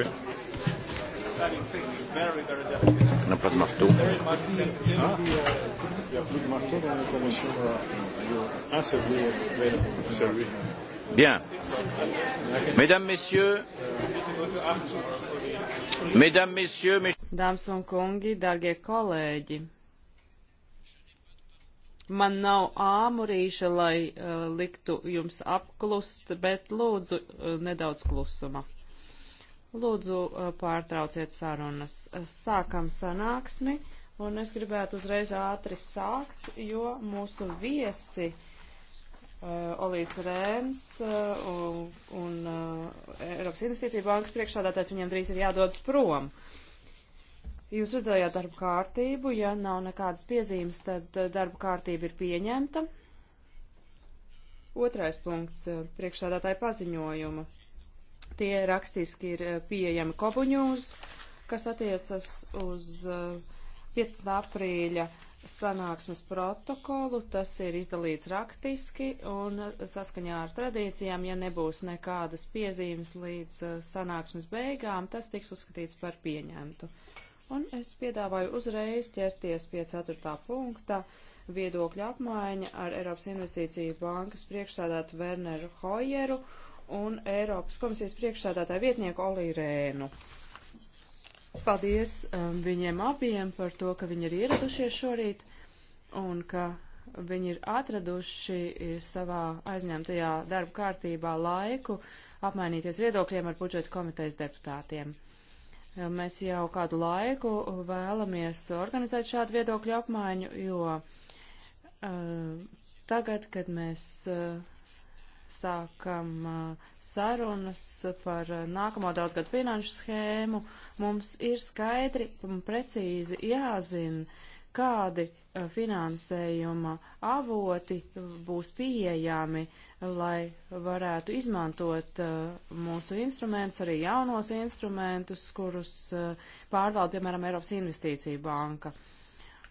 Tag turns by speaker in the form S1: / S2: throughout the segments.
S1: Ok. On n'a pas de marteau. Ah.
S2: Il n'y a plus de marteau dans la commission. Ah, c'est lui. C'est lui.
S1: Bien. Mesdames, Messieurs, Mesdames, Messieurs, mes... Dāmas un kungi, dārgie kolēģi, man nav āmurīša, lai uh, liktu jums apklust, bet lūdzu uh, nedaudz klusuma. Lūdzu, uh, pārtrauciet sarunas. Uh, sākam sanāksmi, un es gribētu uzreiz ātri sākt, jo mūsu viesi uh, Olīds Rēns uh, un uh, Eiropas Investīcija bankas priekšādātais viņam drīz ir jādodas prom. Jūs redzējāt darba kārtību, ja nav nekādas piezīmes, tad uh, darba kārtība ir pieņemta. Otrais punkts priekšādātāja paziņojuma Tie rakstiski ir eh, pieejami kobuņūs, kas attiecas uz 15. Eh, aprīļa sanāksmes protokolu. Tas ir izdalīts raktiski un saskaņā ar tradīcijām, ja nebūs nekādas piezīmes līdz eh, sanāksmes beigām, tas tiks uzskatīts par pieņemtu. Un es piedāvāju uzreiz ķerties pie 4. punkta viedokļa apmaiņa ar Eiropas Investīciju bankas priekšsādātu Werneru Hojeru un Eiropas komisijas priekšsādātāju vietnieku Olī Rēnu. Paldies um, viņiem abiem par to, ka viņi ir ieradušies šorīt un ka viņi ir atraduši savā aizņemtajā darba kārtībā laiku apmainīties viedokļiem ar budžeta komitejas deputātiem. Um, mēs jau kādu laiku vēlamies organizēt šādu viedokļu apmaiņu, jo uh, tagad, kad mēs uh, sākam sarunas par nākamo daudzgadu finanšu schēmu. Mums ir skaidri un precīzi jāzina, kādi finansējuma avoti būs pieejami, lai varētu izmantot mūsu instrumentus, arī jaunos instrumentus, kurus pārvalda, piemēram, Eiropas Investīcija banka.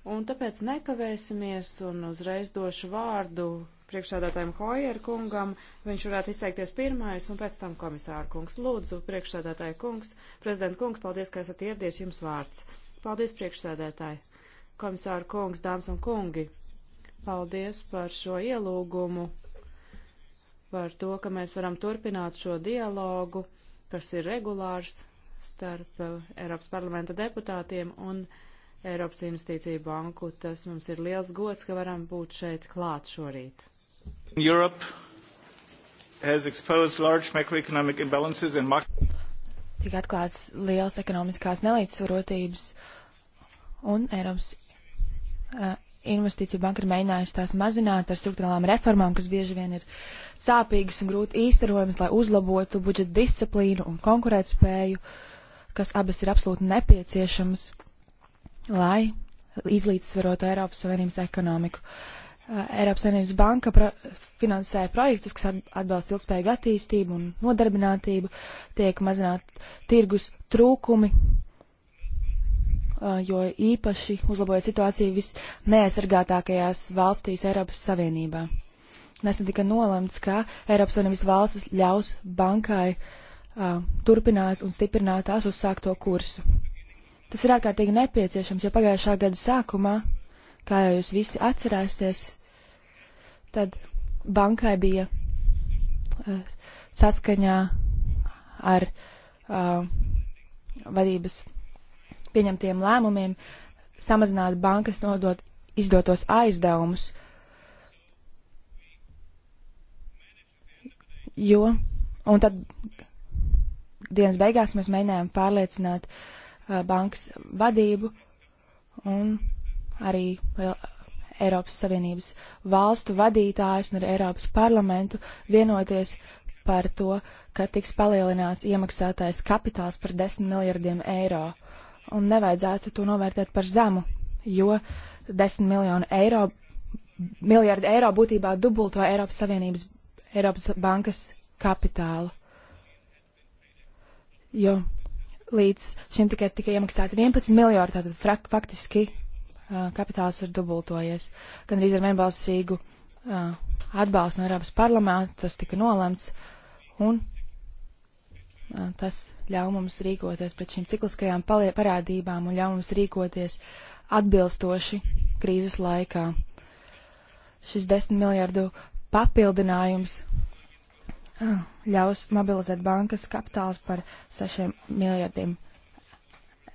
S1: Un tāpēc nekavēsimies un uzreiz došu vārdu priekšsādātājiem Hojer kungam. Viņš varētu izteikties pirmais un pēc tam komisāra kungs. Lūdzu, priekšsādātāja kungs, prezidenta kungs, paldies, ka esat ieradies jums vārds. Paldies, priekšsādātāji, komisāra kungs, dāmas un kungi. Paldies par šo ielūgumu, par to, ka mēs varam turpināt šo dialogu, kas ir regulārs starp uh, Eiropas parlamenta deputātiem un Eiropas investīciju banku. Tas mums ir liels gods, ka varam būt šeit klāt šorīt.
S3: Europe has exposed large macroeconomic imbalances and macro
S2: tika atklāts liels ekonomiskās nelīdzsvarotības, un Eiropas uh, investīciju banka ir mēģinājusi tās mazināt ar struktūrālām reformām, kas bieži vien ir sāpīgas un grūti īsterojamas, lai uzlabotu budžeta disciplīnu un konkurētspēju, kas abas ir absolūti nepieciešamas, lai izlīdzsvarotu Eiropas Savienības ekonomiku. Uh, Eh, Eiropas Savienības banka pro finansēja projektus, kas atbalsta ilgspējīgu attīstību un nodarbinātību, tiek mazināt tirgus trūkumi, eh, jo īpaši uzlaboja situāciju visneaizsargātākajās valstīs Eiropas Savienībā. Nesen tika nolemts, ka Eiropas Savienības valstis ļaus bankai uh, turpināt un stiprināt tās uzsākto kursu. Tas ir ārkārtīgi nepieciešams, jo pagājušā gada sākumā, kā jau jūs visi atcerēsieties, Tad bankai bija uh, saskaņā ar uh, vadības pieņemtiem lēmumiem samazināt bankas nodot izdotos aizdevumus, jo, un tad dienas beigās mēs mēģinājām pārliecināt uh, bankas vadību un arī liel, Eiropas Savienības valstu vadītājus un ar Eiropas parlamentu vienoties par to, ka tiks palielināts iemaksātais kapitāls par 10 miljardiem eiro. Un nevajadzētu to novērtēt par zemu, jo 10 miljonu eiro, miljardi eiro būtībā dubulto Eiropas Savienības, Eiropas bankas kapitālu. Jo līdz šim tikai tika iemaksāti 11 miljardi, tātad frak, faktiski kapitāls ir dubultojies. Gan arī ar vienbalsīgu uh, atbalstu no Eiropas parlamenta tas tika nolemts, un uh, tas ļauj mums rīkoties pret šīm cikliskajām parādībām un ļauj mums rīkoties atbilstoši krīzes laikā. Šis desmit miljardu papildinājums uh, ļaus mobilizēt bankas kapitāls par sešiem miljardiem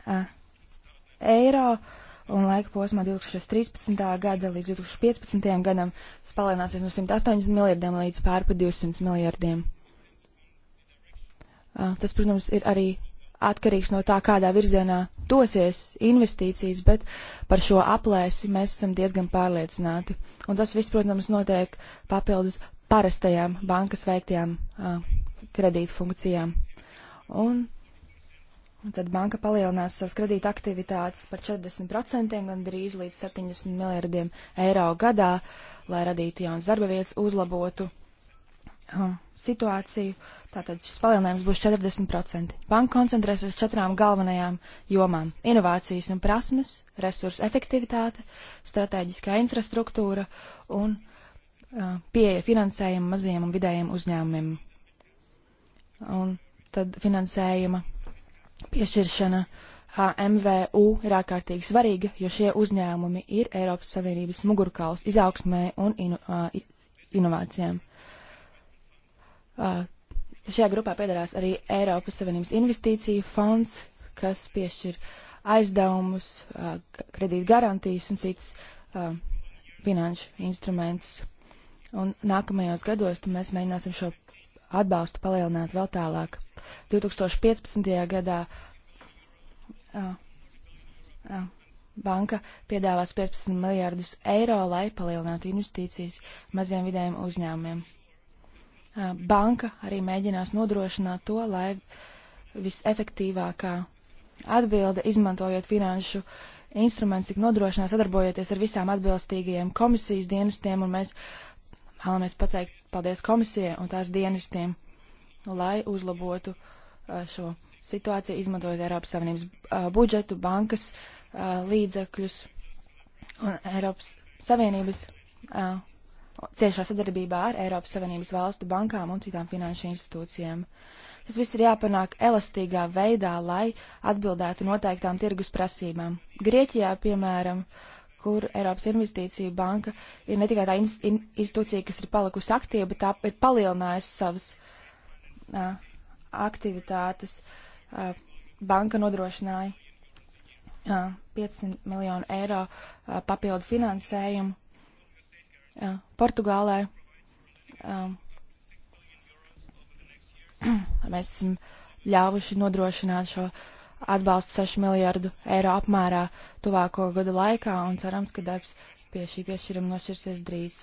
S2: eiro. Uh, un laika posmā 2013. gada līdz 2015. gadam tas palielināsies no 180 miljardiem līdz pārpa 200 miljardiem. Tas, protams, ir arī atkarīgs no tā, kādā virzienā dosies investīcijas, bet par šo aplēsi mēs esam diezgan pārliecināti. Un tas viss, protams, notiek papildus parastajām bankas veiktajām kredītfunkcijām. Un Tad banka palielinās savas kredīta aktivitātes par 40%, gandrīz līdz 70 miljardiem eiro gadā, lai radītu jaunas darba vietas, uzlabotu um, situāciju. Tātad šis palielinājums būs 40%. Banka koncentrēs uz četrām galvenajām jomām - inovācijas un prasmes, resursu efektivitāte, strateģiskā infrastruktūra un uh, pieeja finansējuma mazajiem un vidējiem uzņēmumiem. Un tad finansējuma piešķiršana MVU ir ārkārtīgi svarīga, jo šie uzņēmumi ir Eiropas Savienības mugurkauls izaugsmē un inu, uh, inovācijām. Uh, šajā grupā piedarās arī Eiropas Savienības investīciju fonds, kas piešķir aizdevumus, uh, kredīt garantijas un citas finanšu instrumentus. Un nākamajos gados mēs mēģināsim šo atbalstu palielināt vēl tālāk. 2015. gadā uh, uh, banka piedāvās 15 miljārdus eiro, lai palielinātu investīcijas maziem vidējiem uzņēmumiem. Uh, banka arī mēģinās nodrošināt to, lai visefektīvākā atbilde, izmantojot finanšu instruments, tik nodrošinās sadarbojoties ar visām atbilstīgajiem komisijas dienestiem, un mēs vēlamies pateikt Paldies komisijai un tās dienestiem, lai uzlabotu uh, šo situāciju, izmantojot Eiropas Savienības uh, budžetu, bankas uh, līdzekļus un Eiropas Savienības ciešā sadarbībā ar Eiropas Savienības valstu bankām un citām finanšu institūcijām. Tas viss ir jāpanāk elastīgā veidā, lai atbildētu noteiktām tirgus prasībām. Grieķijā, piemēram, kur Eiropas Investīcija banka ir ne tikai tā institūcija, kas ir palikusi aktīva, bet tā ir palielinājusi savas uh, aktivitātes. Uh, banka nodrošināja uh, 500 miljonu eiro uh, papildu finansējumu uh, Portugālē. Um, mēs esam ļāvuši nodrošināt šo uh, atbalstu 6 miljardu eiro apmērā tuvāko gadu laikā un cerams, ka darbs pie šī piešķiruma nošķirsies drīz.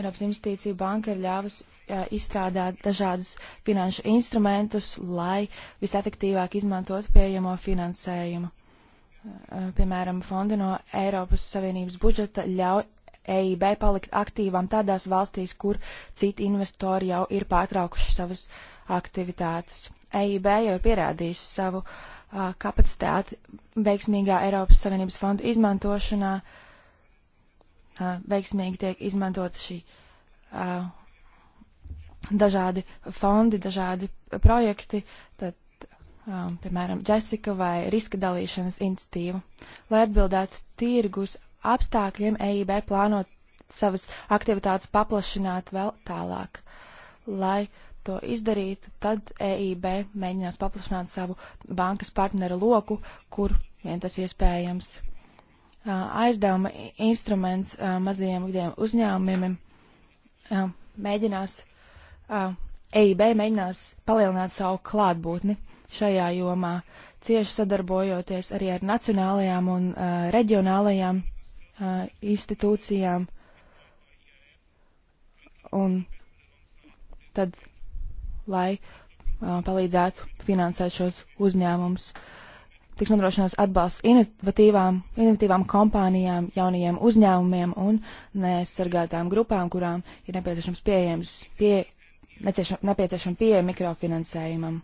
S2: Eiropas Investīcija banka ir ļāvusi uh, izstrādāt dažādus finanšu instrumentus, lai visefektīvāk izmantotu pieejamo finansējumu. Uh, piemēram, fondi no Eiropas Savienības budžeta ļauj EIB palikt aktīvām tādās valstīs, kur citi investori jau ir pārtraukuši savas aktivitātes. EIB jau ir pierādījusi savu uh, Uh, kapacitāti veiksmīgā Eiropas Savienības fonda izmantošanā. Uh, veiksmīgi tiek izmantota šī uh, dažādi fondi, dažādi projekti, tad, um, piemēram, Jessica vai riska dalīšanas institīva. Lai atbildētu tirgus apstākļiem, EIB plāno savas aktivitātes paplašināt vēl tālāk, lai to izdarīt, tad EIB mēģinās paplašināt savu bankas partneru loku, kur vien tas iespējams. Aizdevuma instruments mazajiem uzņēmumiem mēģinās, EIB mēģinās palielināt savu klātbūtni šajā jomā, cieši sadarbojoties arī ar nacionālajām un reģionālajām institūcijām. Un tad lai uh, palīdzētu finansēt šos uzņēmumus. Tiks nodrošinās atbalsts inovatīvām, inovatīvām kompānijām, jaunajiem uzņēmumiem un nesargātām grupām, kurām ir nepieciešams pieejams, pie, nepieciešama pieeja mikrofinansējumam.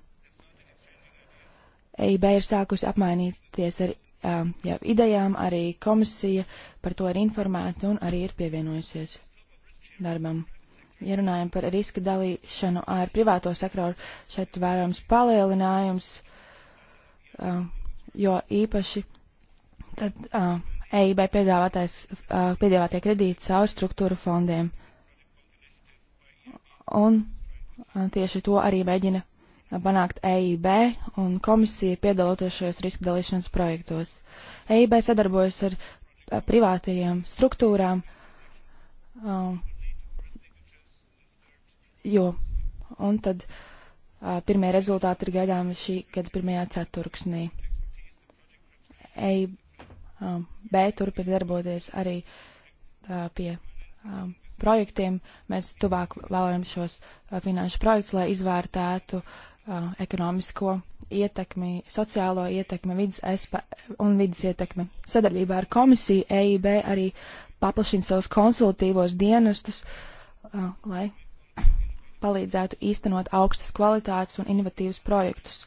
S2: EIB ir sākusi apmainīties ar um, jā, idejām, arī komisija par to ir informēta un arī ir pievienojusies darbam ja runājam par riska dalīšanu ar privāto sektoru, šeit vērojams palielinājums, uh, jo īpaši tad uh, um, EIB piedāvātais, uh, piedāvātie kredīti caur struktūra fondiem. Un uh, tieši to arī mēģina panākt EIB un komisija piedaloties šajos riska dalīšanas projektos. EIB sadarbojas ar uh, privātajām struktūrām, um, jo, un tad uh, pirmie rezultāti ir gaidāmi šī gada pirmajā ceturksnī. EIB turpina darboties arī uh, pie um, projektiem. Mēs tuvāk vēlējam šos uh, finanšu projektus, lai izvērtētu uh, ekonomisko ietekmi, sociālo ietekmi vidas espa, un vidas ietekmi. Sadarbībā ar komisiju EIB arī paplašina savus konsultīvos dienestus, uh, lai palīdzētu īstenot augstas kvalitātes un inovatīvas projektus,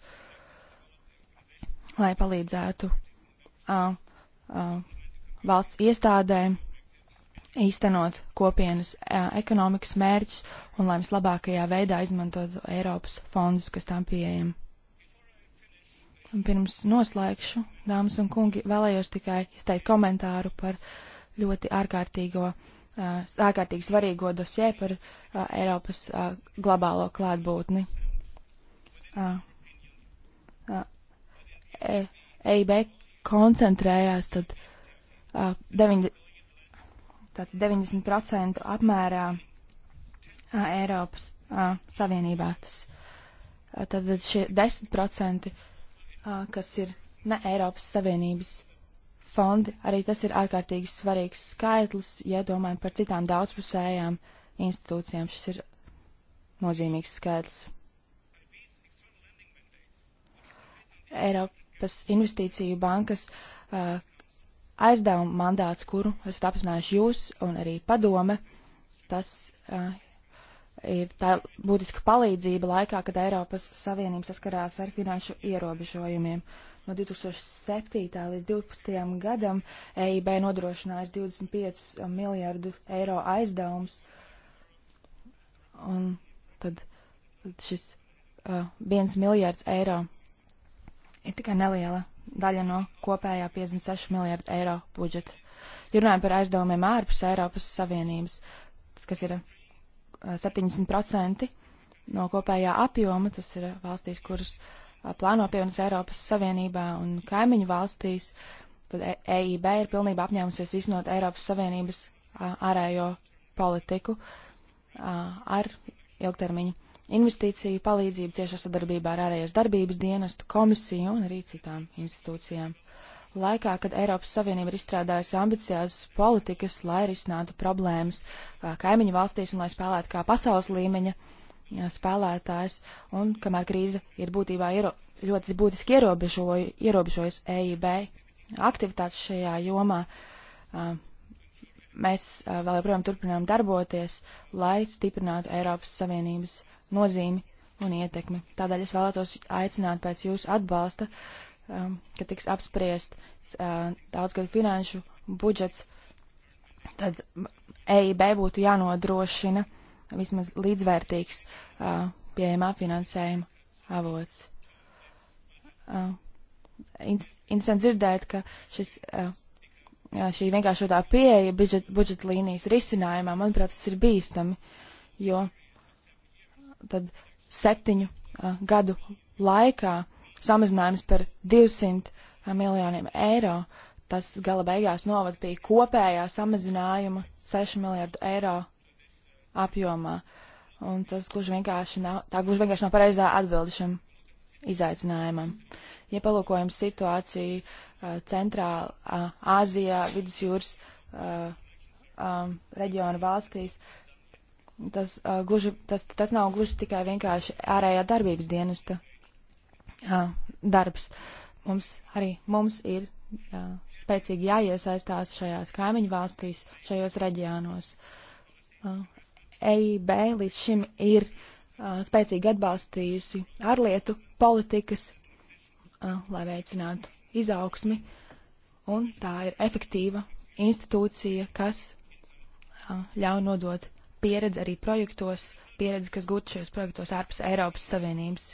S2: lai palīdzētu uh, uh, valsts iestādēm īstenot kopienas uh, ekonomikas mērķus un lai vislabākajā veidā izmantotu Eiropas fondus, kas tām pieejam. Un pirms noslēgšu, dāmas un kungi, vēlējos tikai izteikt komentāru par ļoti ārkārtīgo uh, Uh, ārkārtīgi svarīgo dosē par uh, Eiropas uh, globālo klātbūtni. EIB e koncentrējās tad 90% apmērā Eiropas Savienībā. Tas, tad šie 10%, kas ir ne Eiropas Savienības fondi, arī tas ir ārkārtīgi svarīgs skaitlis, ja domājam par citām daudzpusējām institūcijām. Šis ir nozīmīgs skaitlis. Eiropas investīciju bankas uh, aizdevuma mandāts, kuru esat apzinājuši jūs un arī padome, tas uh, ir tā būtiska palīdzība laikā, kad Eiropas Savienība saskarās ar finanšu ierobežojumiem. Uh, No 2007. līdz 2012. gadam EIB nodrošinājis 25 miljārdu eiro aizdevums. Un tad šis uh, 1 miljārds eiro ir tikai neliela daļa no kopējā 56 miljārdu eiro budžeta. Ja runājam par aizdevumiem ārpus Eiropas Savienības, kas ir uh, 70% no kopējā apjoma, tas ir valstīs, kuras uh, plāno pievienoties Eiropas Savienībā un kaimiņu valstīs, tad EIB e ir pilnībā apņēmusies iznot Eiropas Savienības ārējo politiku ar ilgtermiņu investīciju palīdzību ciešā sadarbībā ar ārējās darbības dienestu, komisiju un arī citām institūcijām. Laikā, kad Eiropas Savienība ir izstrādājusi ambiciozas politikas, lai risinātu problēmas kaimiņu valstīs un lai spēlētu kā pasaules līmeņa uh, spēlētājs, un kamēr krīze ir būtībā iero, ļoti būtiski ierobežojusi e EIB aktivitātes šajā jomā, uh, mēs uh, vēl joprojām turpinām darboties, lai stiprinātu Eiropas Savienības nozīmi un ietekmi. Tādēļ es vēlētos aicināt pēc jūsu atbalsta, um, ka tiks apspriest uh, daudzgadu finanšu budžets, tad EIB būtu jānodrošina uh, vismaz līdzvērtīgs pieejamā finansējuma avots. In, interesanti dzirdēt, ka šis, šī vienkāršotā pieeja budžet, budžeta līnijas risinājumā, manuprāt, tas ir bīstami, jo tad septiņu gadu laikā samazinājums par 200 miljoniem eiro. Tas gala beigās novada pie kopējā samazinājuma 6 miljardu eiro apjomā. Un tas gluži vienkārši nav, tā gluži vienkārši nav pareizā atbildi šim izaicinājumam. Ja palūkojam situāciju uh, centrāla uh, Āzijā, vidusjūras uh, um, reģiona valstīs, tas, uh, gluži, tas, tas nav gluži tikai vienkārši ārējā darbības dienesta uh, darbs. Mums arī mums ir uh, spēcīgi jāiesaistās šajās kaimiņu valstīs, šajos reģionos. Uh, EIB līdz šim ir uh, spēcīgi atbalstījusi ārlietu politikas, uh, lai veicinātu izaugsmi, un tā ir efektīva institūcija, kas uh, ļauj nodot pieredzi arī projektos, pieredzi, kas gūta šajos projektos ārpus Eiropas Savienības.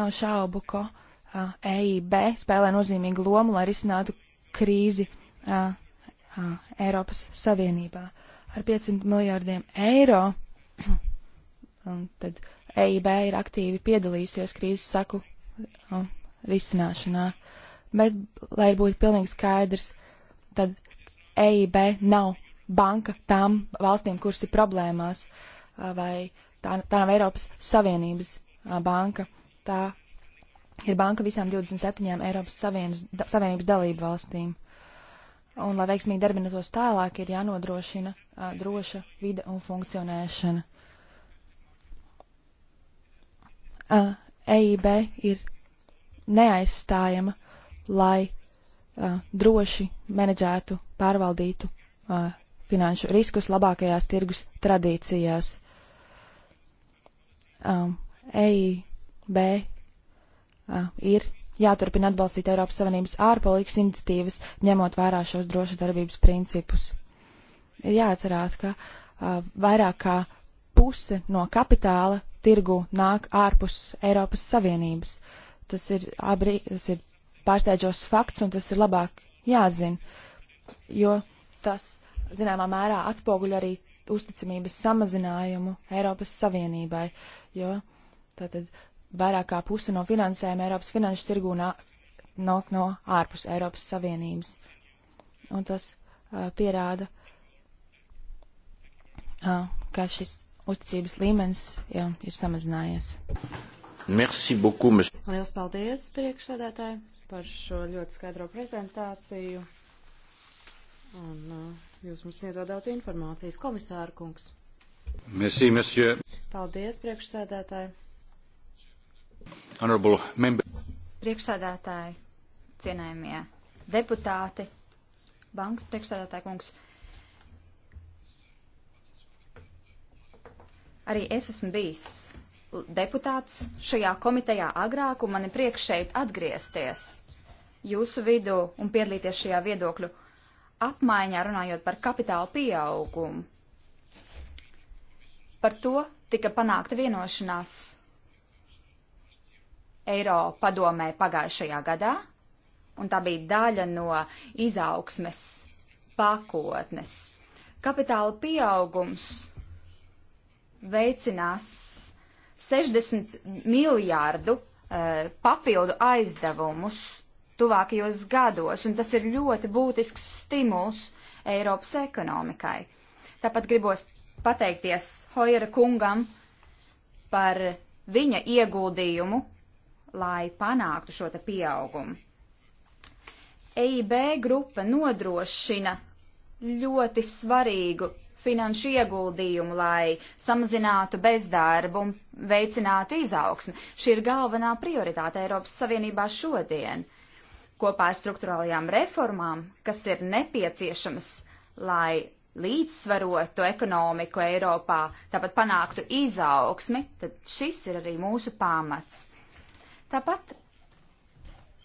S2: Nav šaubu, ka uh, EIB spēlē nozīmīgu lomu, lai risinātu krīzi uh, uh, Eiropas Savienībā. Uh, ar 500 miljārdiem eiro. Un tad EIB ir aktīvi piedalījusies krīzes saku um, risināšanā. Bet, lai būtu pilnīgi skaidrs, tad EIB nav banka tām valstīm, kuras ir problēmās, uh, vai tā, tā nav Eiropas Savienības uh, banka. Tā ir banka visām 27 Eiropas Savienības, Savienības dalību valstīm. Un, lai veiksmīgi darbinātos tālāk, ir jānodrošina uh, droša vide un funkcionēšana. Uh, EIB ir neaizstājama, lai uh, droši menedžētu, pārvaldītu uh, finanšu riskus labākajās tirgus tradīcijās. Um, EIB uh, ir jāturpina atbalstīt Eiropas Savienības ārpolitikas iniciatīvas, ņemot vērā šos drošas darbības principus. Ir jāatcerās, ka uh, vairāk kā puse no kapitāla tirgu nāk ārpus Eiropas Savienības. Tas ir, abri, tas ir pārsteidžos fakts, un tas ir labāk jāzina, jo tas, zināmā mērā, atspoguļ arī uzticamības samazinājumu Eiropas Savienībai, jo tātad vairāk kā puse no finansējuma Eiropas finanšu tirgū nāk no ārpus Eiropas Savienības. Un tas uh, pierāda, uh, ka šis uzticības līmenis jā, ir samazinājies.
S1: Merci beaucoup, mēs... Liels paldies, priekšsēdētāji, par šo ļoti skaidro prezentāciju. Un uh, jūs mums sniedzāt daudz informācijas, komisāra kungs.
S2: Merci, monsieur.
S3: Paldies, priekšsēdētāji. Priekšsēdētāji, cienējamie deputāti, bankas priekšsēdētāji kungs. Arī es esmu bijis deputāts šajā komitejā agrāk, un man ir prieks šeit atgriezties jūsu vidū un piedalīties šajā viedokļu apmaiņā, runājot par kapitāla pieaugumu. Par to tika panākta vienošanās Eiro padomē pagājušajā gadā, un tā bija daļa no izaugsmes pakotnes. Kapitāla pieaugums veicinās 60 miljārdu e, papildu aizdevumus tuvākajos gados, un tas ir ļoti būtisks stimuls Eiropas ekonomikai. Tāpat gribos pateikties Hojera kungam par viņa ieguldījumu lai panāktu šo te pieaugumu. EIB grupa nodrošina ļoti svarīgu finanšu ieguldījumu, lai samazinātu bezdarbu un veicinātu izaugsmu. Šī ir galvenā prioritāte Eiropas Savienībā šodien. Kopā ar struktūrālajām reformām, kas ir nepieciešamas, lai līdzsvarotu ekonomiku Eiropā, tāpat panāktu izaugsmi, tad šis ir arī mūsu pamats. Tāpat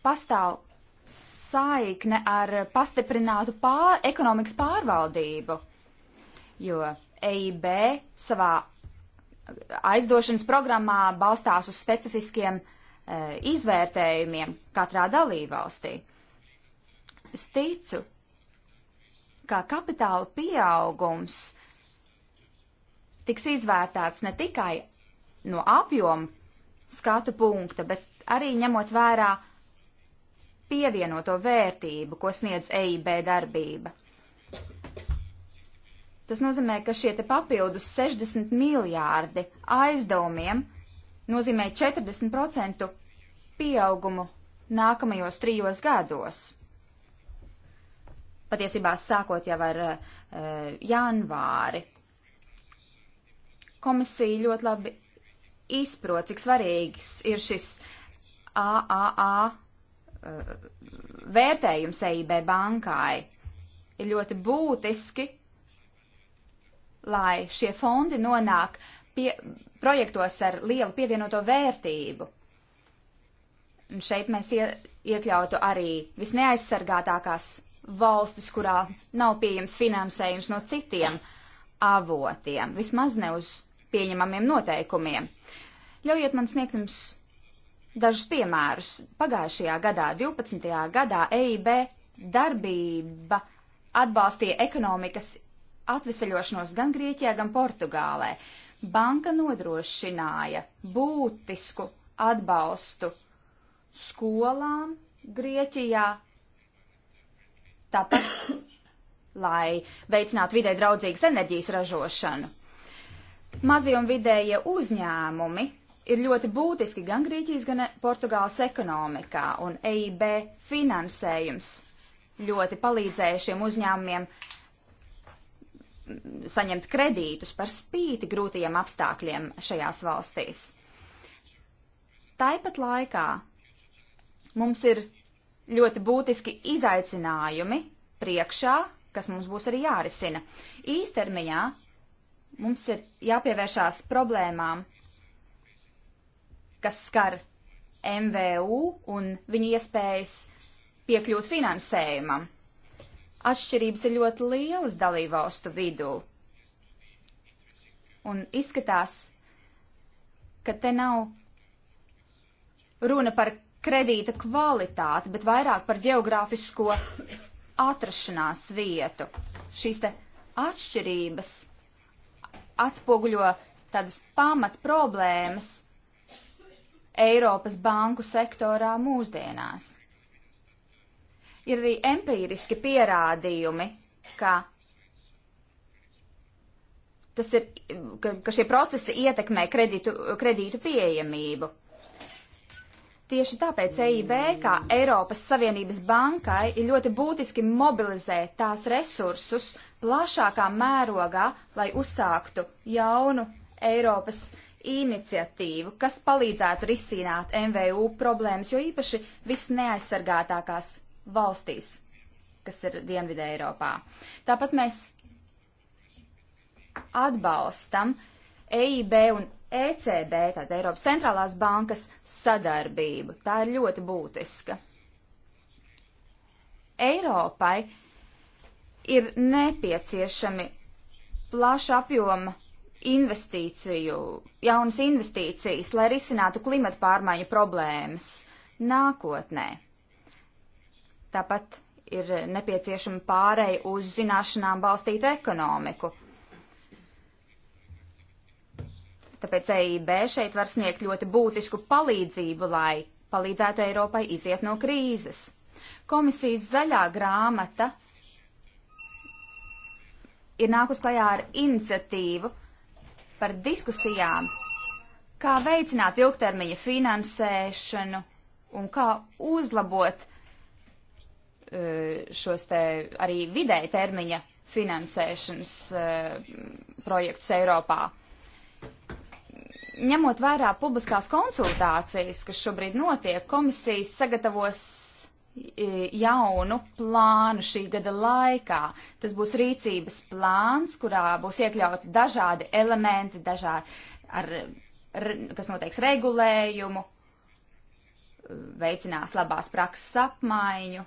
S3: pastāv saikne ar pastiprinātu pār, ekonomikas pārvaldību, jo EIB savā aizdošanas programmā balstās uz specifiskiem e, izvērtējumiem katrā dalībvalstī. Es ticu, ka kapitāla pieaugums tiks izvērtēts ne tikai no apjoma skatu punkta, bet arī ņemot vērā pievienoto vērtību, ko sniedz EIB darbība. Tas nozīmē, ka šie te papildus 60 miljārdi aizdevumiem nozīmē 40% pieaugumu nākamajos trijos gados. Patiesībā sākot jau ar uh, janvāri. Komisija ļoti labi izprot, cik svarīgs ir šis uh, AAA eh, vērtējums EIB bankai ir ļoti būtiski, lai šie fondi nonāk pie, projektos ar lielu pievienoto vērtību. Un šeit mēs ie, iekļautu arī visneaizsargātākās valstis, kurā nav pieejams finansējums no citiem avotiem, vismaz ne uz pieņemamiem noteikumiem. Ļaujiet man sniegt jums dažus piemērus. Pagājušajā gadā, 12. gadā, EIB darbība atbalstīja ekonomikas atveseļošanos gan Grieķijā, gan Portugālē. Banka nodrošināja būtisku atbalstu skolām Grieķijā, tāpat, lai veicinātu vidē draudzīgas enerģijas ražošanu. Mazie un vidējie uzņēmumi ir ļoti būtiski gan Grieķijas, gan Portugāles ekonomikā, un EIB finansējums ļoti palīdzēja šiem uzņēmumiem saņemt kredītus par spīti grūtajiem apstākļiem šajās valstīs. Tāpat laikā mums ir ļoti būtiski izaicinājumi priekšā, kas mums būs arī jārisina. Īstermiņā mums ir jāpievēršās problēmām, kas skar MVU un viņu iespējas piekļūt finansējumam. Atšķirības ir ļoti lielas dalībvalstu vidū. Un izskatās, ka te nav runa par kredīta kvalitāti, bet vairāk par geogrāfisko atrašanās vietu. Šīs te atšķirības atspoguļo tādas pamat problēmas, Eiropas banku sektorā mūsdienās. Ir arī empīriski pierādījumi, ka, ir, ka, ka šie procesi ietekmē kredītu, kredītu pieejamību. Tieši tāpēc EIB, kā Eiropas Savienības bankai, ir ļoti būtiski mobilizēt tās resursus plašākā mērogā, lai uzsāktu jaunu Eiropas iniciatīvu, kas palīdzētu risināt MVU problēmas, jo īpaši visneaizsargātākās valstīs, kas ir Dienvidē Eiropā. Tāpat mēs atbalstam EIB un ECB, tātad Eiropas centrālās bankas sadarbību. Tā ir ļoti būtiska. Eiropai ir nepieciešami plaša apjoma investīciju, jaunas investīcijas, lai risinātu klimata pārmaiņu problēmas nākotnē. Tāpat ir nepieciešama pārēja uz zināšanām balstītu ekonomiku. Tāpēc EIB šeit var sniegt ļoti būtisku palīdzību, lai palīdzētu Eiropai iziet no krīzes. Komisijas zaļā grāmata ir nākus klajā ar iniciatīvu, par diskusijām, kā veicināt ilgtermiņa finansēšanu un kā uzlabot e, šos te arī vidēja termiņa finansēšanas e, projektus Eiropā. Ņemot vērā publiskās konsultācijas, kas šobrīd notiek, komisijas sagatavos E, jaunu plānu šī gada laikā. Tas būs rīcības plāns, kurā būs iekļauti dažādi elementi, dažādi ar, ar, kas noteiks regulējumu, veicinās labās prakses apmaiņu.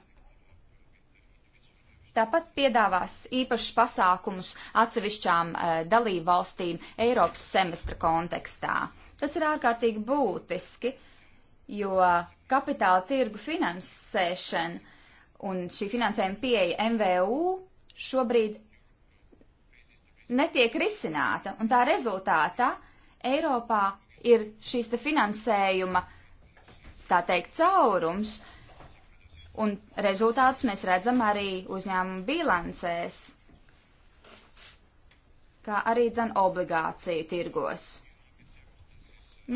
S3: Tāpat piedāvās īpašus pasākumus atsevišķām e, dalību valstīm Eiropas semestra kontekstā. Tas ir ārkārtīgi būtiski, jo kapitāla tirgu finansēšana un šī finansējuma pieeja MVU šobrīd netiek risināta, un tā rezultātā Eiropā ir šīs te finansējuma, tā teikt, caurums, un rezultātus mēs redzam arī uzņēmumu bilancēs, kā arī dzen obligāciju tirgos.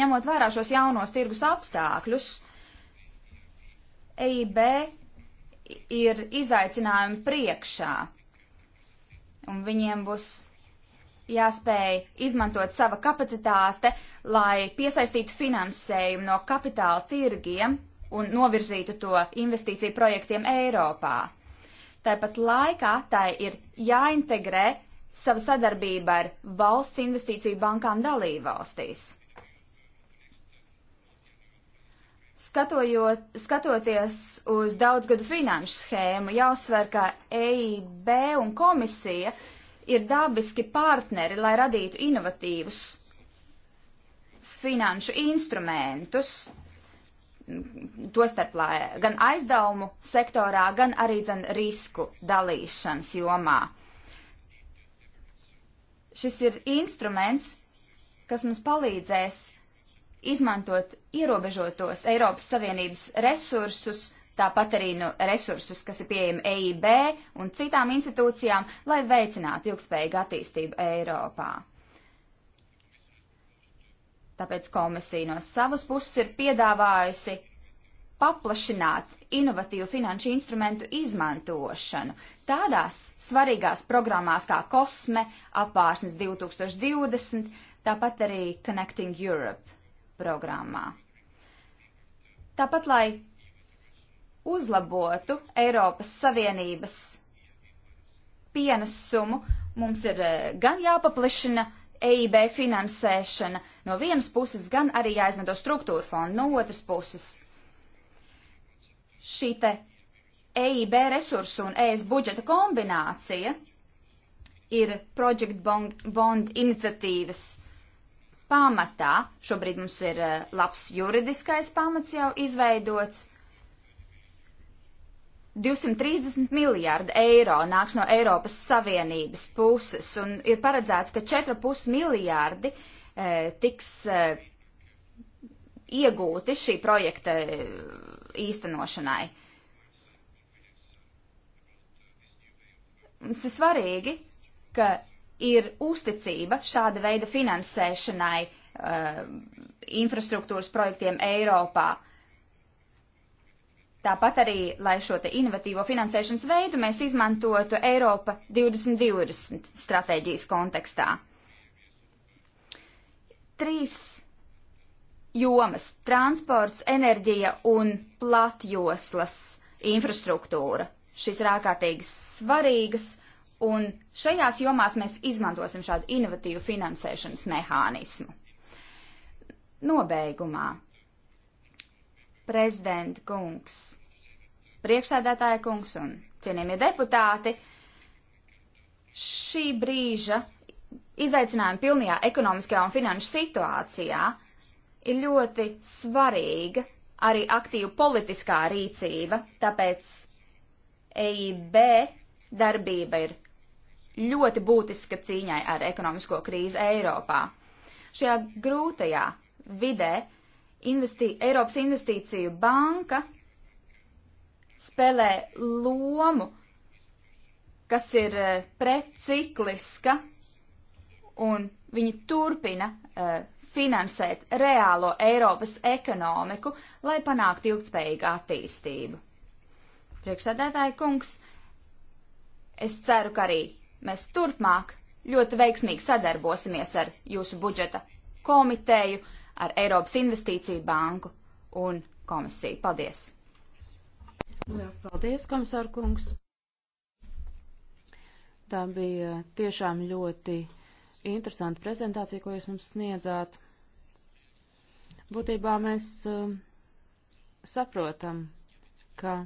S3: Ņemot vērā šos jaunos tirgus apstākļus, EIB ir izaicinājumi priekšā, un viņiem būs jāspēj izmantot sava kapacitāte, lai piesaistītu finansējumu no kapitāla tirgiem un novirzītu to investīciju projektiem Eiropā. Tāpat laikā tai ir jāintegrē sava sadarbība ar valsts investīciju bankām dalībvalstīs. Skatojot, skatoties uz daudzgadu finanšu schēmu, jāuzsver, ka EIB un komisija ir dabiski partneri, lai radītu inovatīvus finanšu instrumentus, tostarp gan aizdevumu sektorā, gan arī gan risku dalīšanas jomā. Šis ir instruments, kas mums palīdzēs izmantot ierobežotos Eiropas Savienības resursus, tāpat arī no nu, resursus, kas ir pieejami EIB un citām institūcijām, lai veicinātu ilgspējīgu attīstību Eiropā. Tāpēc komisija no savas puses ir piedāvājusi paplašināt inovatīvu finanšu instrumentu izmantošanu tādās svarīgās programmās kā Kosme, Apvārsnes 2020, tāpat arī Connecting Europe programmā. Tāpat, lai uzlabotu Eiropas Savienības pienesumu, mums ir eh, gan jāpaplišina EIB finansēšana no vienas puses, gan arī jāizmanto struktūra fonda no otras puses. Šī te EIB resursu un ES budžeta kombinācija ir Project Bond, Bond iniciatīvas pamatā. Šobrīd mums ir eh, labs juridiskais pamats jau izveidots. 230 miljārdi eiro nāks no Eiropas Savienības puses, un ir paredzēts, ka 4,5 miljārdi e, tiks e, iegūti šī projekta īstenošanai. Mums ir svarīgi, ka ir uzticība šāda veida finansēšanai uh, infrastruktūras projektiem Eiropā. Tāpat arī, lai šo te inovatīvo finansēšanas veidu mēs izmantotu Eiropa 2020 stratēģijas kontekstā. Trīs jomas - transports, enerģija un platjoslas infrastruktūra. Šis ir ārkārtīgi svarīgas Un šajās jomās mēs izmantosim šādu inovatīvu finansēšanas mehānismu. Nobeigumā. Prezidenta kungs, priekšsēdētāja kungs un cienījamie deputāti, šī brīža izaicinājuma pilnajā ekonomiskajā un finanšu situācijā ir ļoti svarīga arī aktīva politiskā rīcība, tāpēc EIB darbība ir ļoti būtiska cīņai ar ekonomisko krīzi Eiropā. Šajā grūtajā vidē investī, Eiropas investīciju banka spēlē lomu, kas ir eh, precikliska, un viņi turpina uh, finansēt reālo Eiropas ekonomiku, lai panāktu ilgspējīgu attīstību. Priekšsēdētāji kungs, es ceru, ka arī Mēs turpmāk ļoti veiksmīgi sadarbosimies ar jūsu budžeta komiteju, ar Eiropas Investīciju banku un komisiju. Paldies! Lielas paldies, komisāra kungs!
S1: Tā bija tiešām ļoti interesanta prezentācija, ko jūs mums sniedzāt. Būtībā mēs uh, saprotam, ka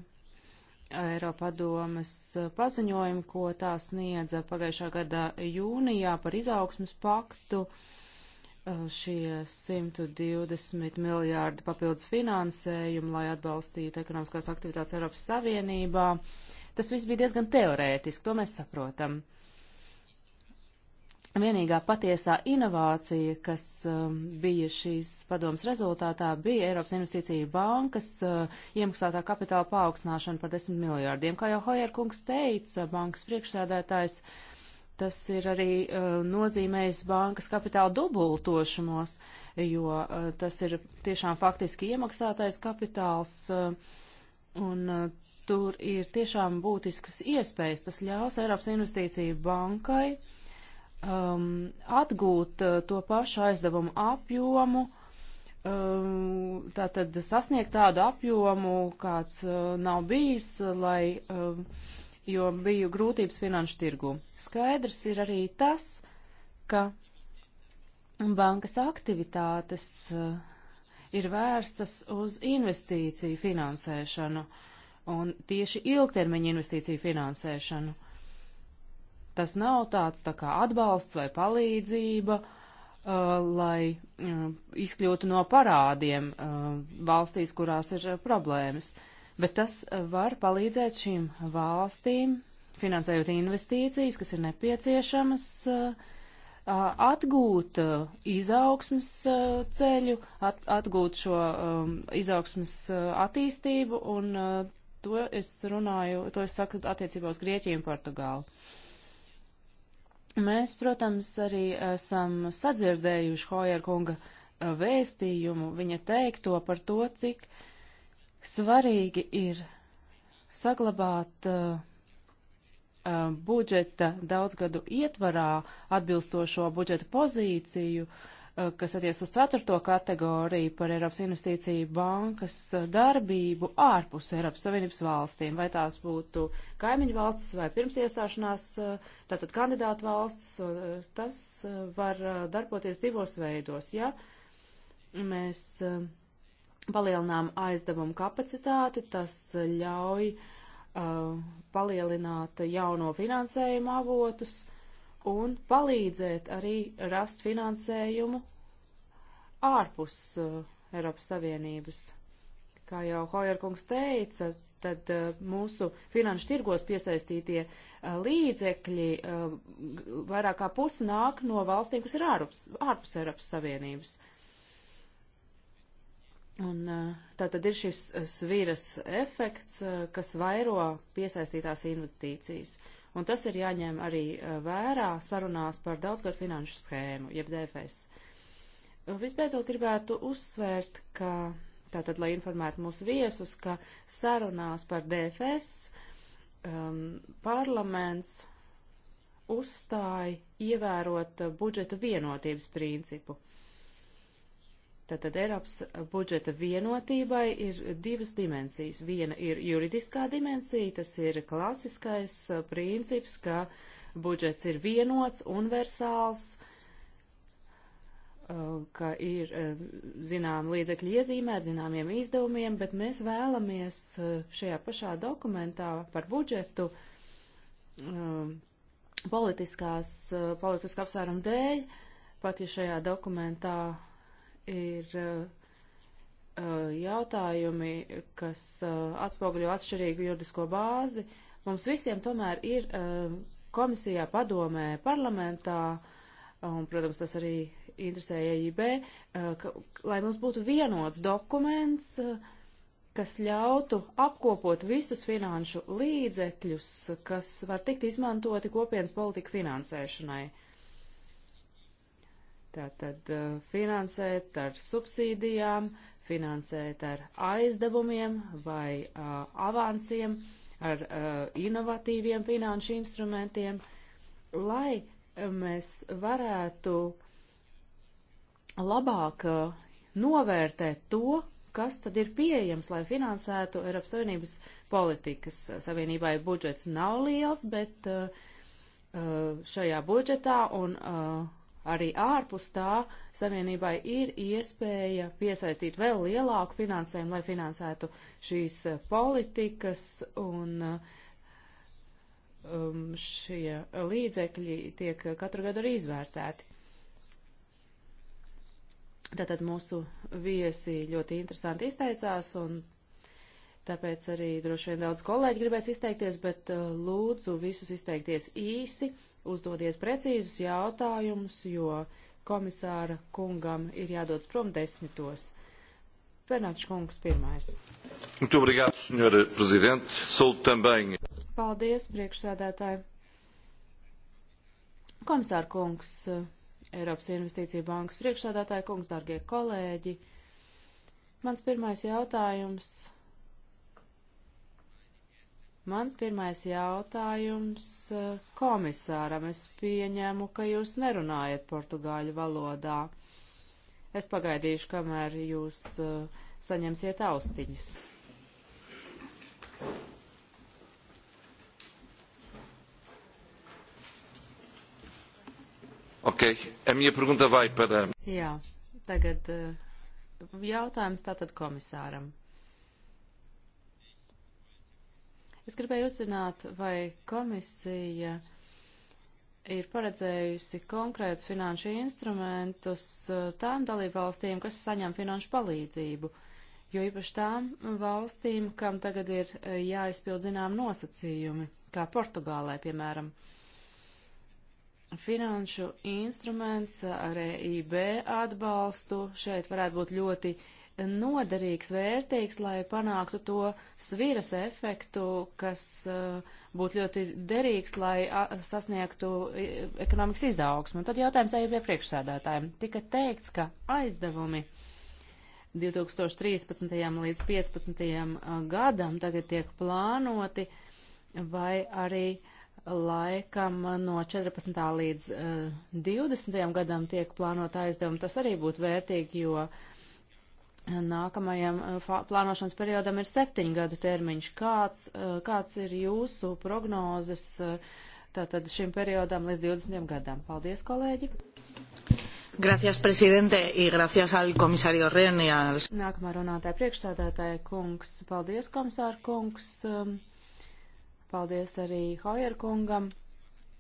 S1: Eiropadomas eh, paziņojumu, ko tā sniedza pagājušā gada jūnijā par izaugsmas paktu. Eh, šie 120 miljārdi papildus finansējumu, lai atbalstītu ekonomiskās aktivitātes Eiropas Savienībā. Tas viss bija diezgan teorētiski, to mēs saprotam. Vienīgā patiesā inovācija, kas uh, bija šīs padomas rezultātā, bija Eiropas investīcija bankas uh, iemaksātā kapitāla paaugstināšana par 10 miljārdiem. Kā jau Hojerkungs teica, bankas priekšsēdētājs, tas ir arī uh, nozīmējis bankas kapitāla dubultošanos, jo uh, tas ir tiešām faktiski iemaksātais kapitāls. Uh, Un uh, tur ir tiešām būtiskas iespējas. Tas ļaus Eiropas investīciju bankai uh, um, atgūt uh, to pašu aizdevumu apjomu, um, tātad sasniegt tādu apjomu, kāds uh, nav bijis, lai, um, jo bija grūtības finanšu tirgu. Skaidrs ir arī tas, ka bankas aktivitātes uh, ir vērstas uz investīciju finansēšanu un tieši ilgtermiņa investīciju finansēšanu. Tas nav tāds tā kā atbalsts vai palīdzība, uh, lai uh, izkļūtu no parādiem uh, valstīs, kurās ir uh, problēmas, bet tas uh, var palīdzēt šīm valstīm, finansējot investīcijas, kas ir nepieciešamas, uh, atgūt izaugsmas ceļu, at, atgūt šo um, izaugsmas attīstību, un to es runāju, to es saku attiecībā uz Grieķiju un Portugālu. Mēs, protams, arī esam sadzirdējuši Hojer kunga vēstījumu, viņa teikto par to, cik svarīgi ir saglabāt uh, budžeta daudzgadu ietvarā atbilstošo budžeta pozīciju uh, Eh, kas attiec uz ceturto kategoriju par Eiropas investīciju bankas eh, darbību ārpus Eiropas Savienības valstīm, vai tās būtu kaimiņu valstis vai pirms iestāšanās, eh, tātad kandidātu valstis, tas var darboties divos veidos. Ja mēs palielinām aizdevumu kapacitāti, tas ļauj uh, palielināt jauno finansējumu avotus, un palīdzēt arī rast finansējumu ārpus uh, Eiropas Savienības. Kā jau Hojerkungs teica, tad uh, mūsu finanšu tirgos piesaistītie uh, līdzekļi uh, vairāk kā pusi nāk no valstīm, kas ir ārpus, ārpus Eiropas Savienības. Un uh, tā tad ir šis uh, sviras efekts, uh, kas vairo piesaistītās investīcijas un tas ir jāņem arī vērā sarunās par daudzgad finanšu schēmu, jeb DFS. Visbeidzot, gribētu uzsvērt, ka, tātad, lai informētu mūsu viesus, ka sarunās par DFS um, parlaments uzstāja ievērot budžeta vienotības principu. Uh, Tātad Eiropas budžeta vienotībai ir divas dimensijas. Viena ir juridiskā dimensija, tas ir klasiskais uh, princips, ka budžets ir vienots, universāls, uh, ka ir uh, zinām līdzekļi iezīmēt, zināmiem izdevumiem, bet mēs vēlamies šajā pašā dokumentā par budžetu um, politiskās, politisku apsvērumu dēļ, pat ja šajā dokumentā ir eh, eh, jautājumi, kas eh, atspoguļo atšķirīgu juridisko bāzi. Mums visiem tomēr ir komisijā, padomē, parlamentā, un, protams, tas arī interesē EIB, ka, lai mums būtu vienots dokuments, kas ļautu apkopot visus finanšu līdzekļus, kas var tikt izmantoti kopienas politika finansēšanai. Uh, Tātad eh, finansēt ar subsīdijām, finansēt ar aizdevumiem vai uh, avansiem, ar uh, inovatīviem finanšu instrumentiem, lai mēs varētu labāk uh, novērtēt to, kas tad ir pieejams, lai finansētu Eiropas Savienības politikas. Savienībai budžets nav liels, bet uh, šajā budžetā un uh, arī ārpus tā savienībai ir iespēja piesaistīt vēl lielāku finansējumu, lai finansētu šīs eh, politikas un eh, um, šie līdzekļi tiek katru gadu arī izvērtēti. Tātad mūsu viesi ļoti interesanti izteicās un tāpēc arī droši vien daudz kolēģi gribēs izteikties, bet uh, lūdzu visus izteikties īsi, uzdodiet precīzus jautājumus, jo komisāra kungam ir jādodas prom desmitos. Pernāčs kungs pirmais. Muito obrigado, senhora Presidente. Sou também. Paldies, priekšsēdētāji. Komisāra kungs, uh, Eiropas Investīcija bankas priekšsēdētāja kungs, dargie kolēģi. Mans pirmais jautājums Mans pirmais jautājums eh, komisāram. Es pieņēmu, ka jūs nerunājat portugāļu valodā. Es pagaidīšu, kamēr jūs eh, saņemsiet austiņas. Ok, a minha pergunta vai para. Jā, tagad eh, jautājums tātad komisāram. Es gribēju uzzināt, vai komisija ir paredzējusi konkrētus finanšu instrumentus uh, tām dalībvalstīm, kas saņem finanšu palīdzību, jo īpaši tām valstīm, kam tagad ir uh, jāizpild zinām nosacījumi, kā Portugālē, piemēram. Finanšu instruments uh, ar EIB atbalstu šeit varētu būt ļoti uh, noderīgs, vērtīgs, lai panāktu to sviras efektu, kas uh, būtu ļoti derīgs, lai sasniegtu e, ekonomikas izaugsmu. Un tad jautājums arī bija priekšsēdētājiem. Tika teikts, ka aizdevumi 2013. līdz 2015. gadam tagad tiek plānoti vai arī laikam no 14. līdz uh, e, 20. gadam tiek plānota aizdevuma, tas arī būtu vērtīgi, jo Nākamajam eh, plānošanas periodam ir septiņu gadu termiņš. Kāds, eh, kāds ir jūsu prognozes eh, tātad šim periodam līdz 20 gadam? Paldies, kolēģi!
S2: Gracias, presidente, y gracias al komisario Reni. Al...
S1: Nākamā runātāja priekšsādātāja kungs. Paldies, komisāra kungs. Um, paldies arī Hojer kungam.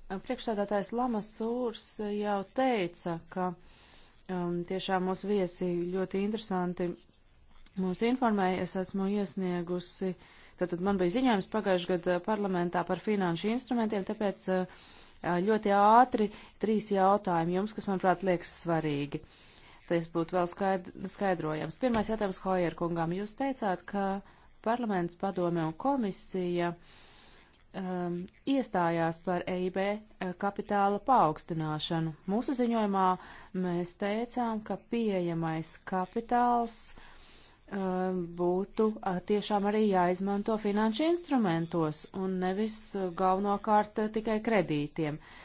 S1: Priekšsādātājs Lamas Sūrs jau teica, ka um, tiešām mūsu viesi ļoti interesanti mūs informēja. Es esmu iesniegusi, tātad man bija ziņojums pagājušajā gadā parlamentā par finanšu instrumentiem, tāpēc uh, ļoti ātri trīs jautājumi jums, kas, manuprāt, liekas svarīgi. Tas būtu vēl skaidrojams. Pirmais jautājums Hojer kungam. Jūs teicāt, ka parlaments padome un komisija uh, um, iestājās par EIB uh, kapitāla paaugstināšanu. Mūsu ziņojumā mēs teicām, ka pieejamais kapitāls um, būtu uh, tiešām arī jāizmanto finanšu instrumentos un nevis uh, galvenokārt uh, tikai kredītiem. Uh,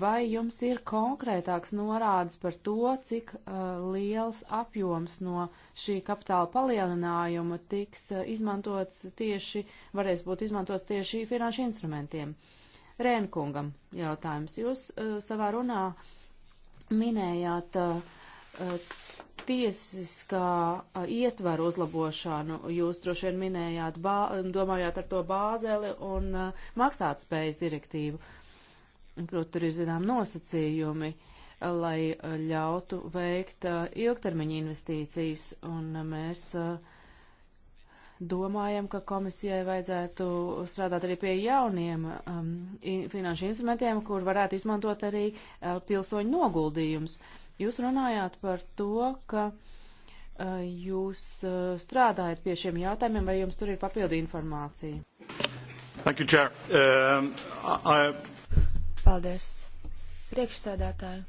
S1: Vai jums ir konkrētāks norādes par to, cik uh, liels apjoms no šī kapitāla palielinājuma tiks uh, izmantots tieši, varēs būt izmantots tieši finanšu instrumentiem? Rēnkungam jautājums. Jūs uh, savā runā minējāt uh, uh, tiesiskā uh, ietvaru uzlabošanu. Jūs droši vien minējāt, bā, domājāt ar to bāzeli un maksātspējas direktīvu. Uh, Protams, tur ir zinām nosacījumi, eh, lai eh, ļautu veikt eh, ilgtermiņa investīcijas, un mēs domājam, ka komisijai vajadzētu strādāt arī pie jauniem um, finanšu instrumentiem, kur varētu izmantot arī uh, pilsoņu noguldījums. Jūs runājāt par to, ka uh, jūs uh, strādājat pie šiem jautājumiem, vai jums tur ir papildi informācija?
S3: Thank you, Chair. Um, I
S2: paldies priekšsēdētāju.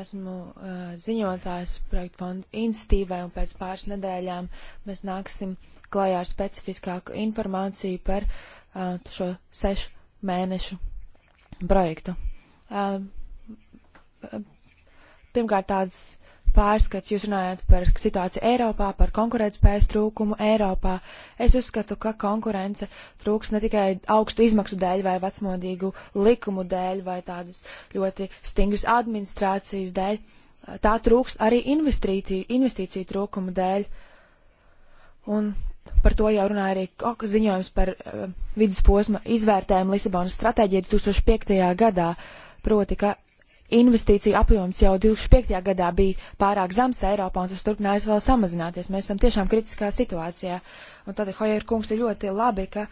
S2: Esmu uh, ziņotājs projektu fondu institīvai un pēc pāris nedēļām mēs nāksim klajā ar specifiskāku informāciju par uh, šo sešu mēnešu projektu. Uh, pirmkārt tādas pārskats. Jūs runājat par situāciju Eiropā, par konkurētspējas trūkumu Eiropā. Es uzskatu, ka konkurence trūks ne tikai augstu izmaksu dēļ vai vecmodīgu likumu dēļ vai tādas ļoti stingras administrācijas dēļ. Tā trūks arī investīciju trūkumu dēļ. Un par to jau runāja arī ziņojums par uh, vidusposma izvērtējumu Lisabonas stratēģiju 2005. gadā. Proti, ka investīciju apjoms jau 25. gadā bija pārāk zems Eiropā, un tas turpinājās vēl samazināties. Mēs esam tiešām kritiskā situācijā. Un tad Hojer kungs ir ļoti labi, ka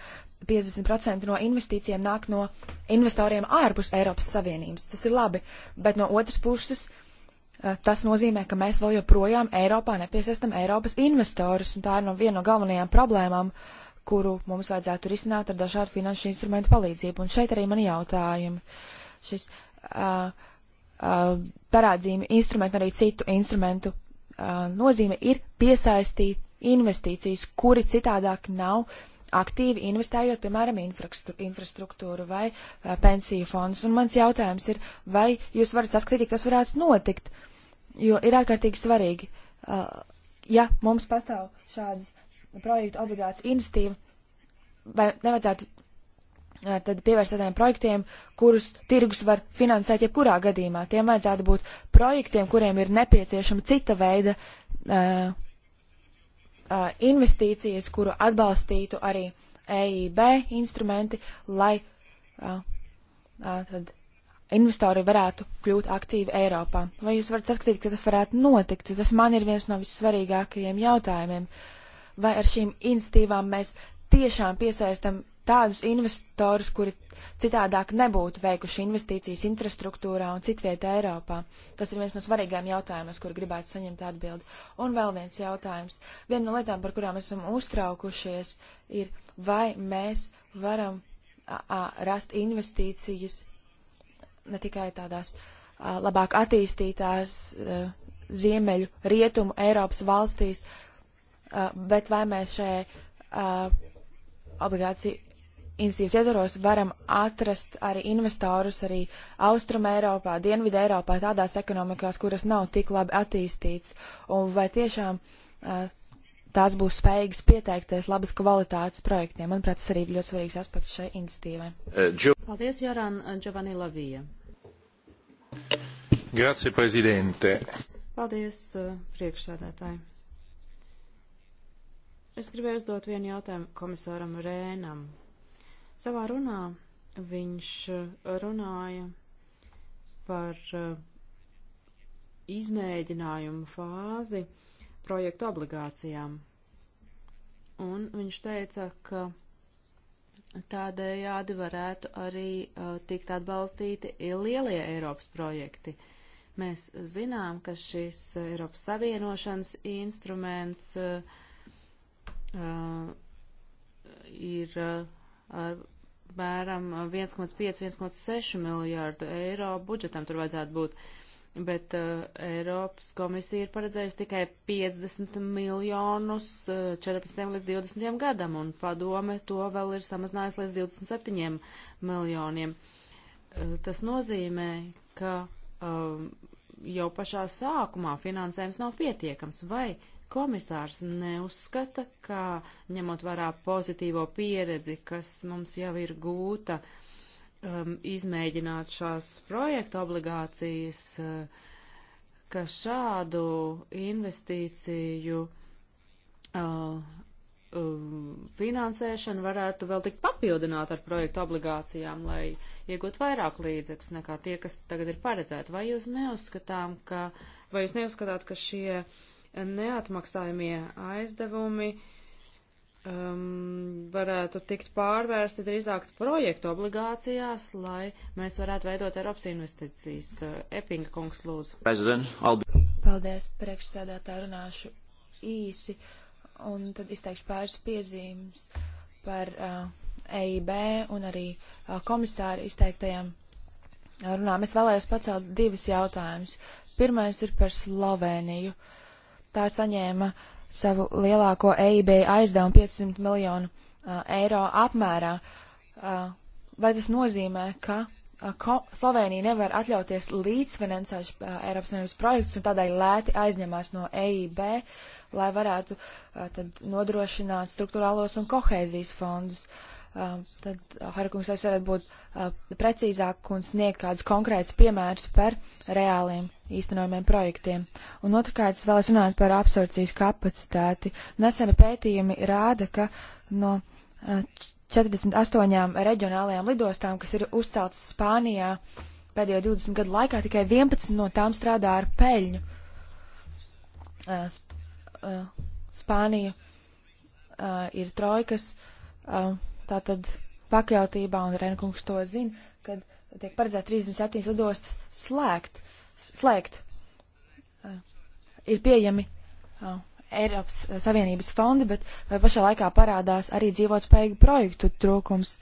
S2: 50% no investīcijiem nāk no investoriem ārpus Eiropas Savienības. Tas ir labi, bet no otras puses eh, tas nozīmē, ka mēs vēl joprojām Eiropā nepiesaistam Eiropas investorus, un tā ir no viena no galvenajām problēmām, kuru mums vajadzētu risināt ar dažādu finanšu instrumentu palīdzību. Un šeit arī mani jautājumi. Šis, uh, Uh, parādzīmi instrumentu, arī citu instrumentu uh, nozīme ir piesaistīt investīcijas, kuri citādāk nav aktīvi investējot, piemēram, infrastruktūru vai uh, pensiju fondus. Un mans jautājums ir, vai jūs varat saskatīt, kas varētu notikt, jo ir ārkārtīgi svarīgi, ja mums pastāv šādas projektu obligāts iniciatīva, vai nevajadzētu tad pievērst tādiem projektiem, kurus tirgus var finansēt jebkurā gadījumā. Tiem vajadzētu būt projektiem, kuriem ir nepieciešama cita veida uh, uh, investīcijas, kuru atbalstītu arī EIB instrumenti, lai uh, uh, investori varētu kļūt aktīvi Eiropā. Vai jūs varat saskatīt, ka tas varētu notikt? Tas man ir viens no vissvarīgākajiem jautājumiem. Vai ar šīm institīvām mēs tiešām piesaistam tādus investorus, kuri citādāk nebūtu veikuši investīcijas infrastruktūrā un citvietā Eiropā? Tas ir viens no svarīgākajiem jautājumiem, kur gribētu saņemt atbildi. Un vēl viens jautājums. Viena no lietām, par kurām esam uztraukušies, ir vai mēs varam a, a, rast investīcijas ne tikai tādās a, labāk attīstītās a, ziemeļu, rietumu Eiropas valstīs, a, bet vai mēs šai obligāciju institīvas ietvaros varam atrast arī investorus arī Austrum Eiropā, Dienvidu Eiropā, tādās ekonomikās, kuras nav tik labi attīstīts, un vai tiešām uh, tās būs spējīgas pieteikties labas kvalitātes projektiem. Manuprāt, tas arī ir ļoti svarīgs aspekts šai institīvai.
S1: Paldies, Jāran Giovanni Lavija.
S2: Grazie, prezidente.
S1: Paldies, priekšsēdētāji. Es gribēju uzdot vienu jautājumu komisāram Rēnam. Savā runā viņš uh, runāja par uh, izmēģinājumu fāzi projektu obligācijām. Un viņš teica, ka tādējādi varētu arī uh, tikt atbalstīti lielie Eiropas projekti. Mēs zinām, ka šis Eiropas Savienošanas instruments uh, uh, ir. Uh, apmēram 1,5-1,6 miljārdu eiro budžetam tur vajadzētu būt. Bet uh, Eiropas komisija ir paredzējusi tikai 50 miljonus uh, 14 līdz 20 gadam, un padome to vēl ir samazinājusi līdz 27 miljoniem. Uh, tas nozīmē, ka uh, jau pašā sākumā finansējums nav pietiekams, vai Komisārs neuzskata, ka ņemot vērā pozitīvo pieredzi, kas mums jau ir gūta, um, izmēģināt šās projektu obligācijas, uh, ka šādu investīciju uh, um, finansēšana varētu vēl tik papildināt ar projektu obligācijām, lai iegūtu vairāk līdzekļus nekā tie, kas tagad ir paredzēti. Vai jūs neuzskatām, ka, vai jūs neuzskatāt, ka šie neatmaksājumie aizdevumi um, varētu tikt pārvērsti drīzāk projektu obligācijās, lai mēs varētu veidot Eiropas investīcijas. Epinga kungs lūdzu.
S2: Paldies, priekšsēdētā runāšu īsi un tad izteikšu pāris piezīmes par uh, EIB un arī uh, komisāru izteiktajām runām. Es vēlējos pacelt divus jautājumus. Pirmais ir par Sloveniju. Uh, tā saņēma savu lielāko EIB aizdevumu 500 miljonu uh, eiro apmērā. Uh, vai tas nozīmē, ka uh, ko, Slovenija nevar atļauties līdzfinansēt uh, Eiropas Savienības projektus un tādēļ lēti aizņemās no EIB, lai varētu uh, tad nodrošināt struktūrālos un kohēzijas fondus? Uh, Um, tad uh, Harkungs es varētu būt uh, precīzāk un sniegt kādus konkrētus piemērus par reāliem īstenojumiem projektiem. Un otrkārt, es vēlos runāt par absorpcijas kapacitāti. Nesena pētījumi rāda, ka no 48 uh, reģionālajām lidostām, kas ir uzceltas Spānijā pēdējo 20 gadu laikā, tikai 11 no tām strādā ar peļņu. Sp Spānija ir trojkas. Uh, tātad pakļautībā, un Renkungs to zina, kad tiek paredzēts 37 lidostas slēgt. slēgt. Uh, ir pieejami uh, Eiropas uh, Savienības fondi, bet vai pašā laikā parādās arī dzīvotspējīgu projektu trūkums?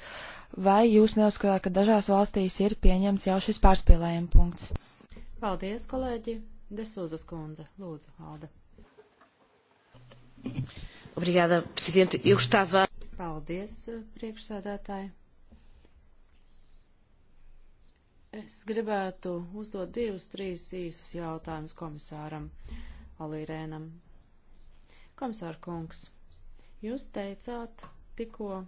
S2: Vai jūs neuzskatāt, ka dažās valstīs ir pieņemts jau šis pārspīlējuma punkts?
S1: Paldies, kolēģi! Desūzas kundze, lūdzu, Alda. Obrigada, presidente. Eu gostava Paldies, eh, priekšsēdētāji. Es gribētu uzdot divus, trīs īsus jautājumus komisāram Alīrēnam. Komisāra kungs, jūs teicāt tikko,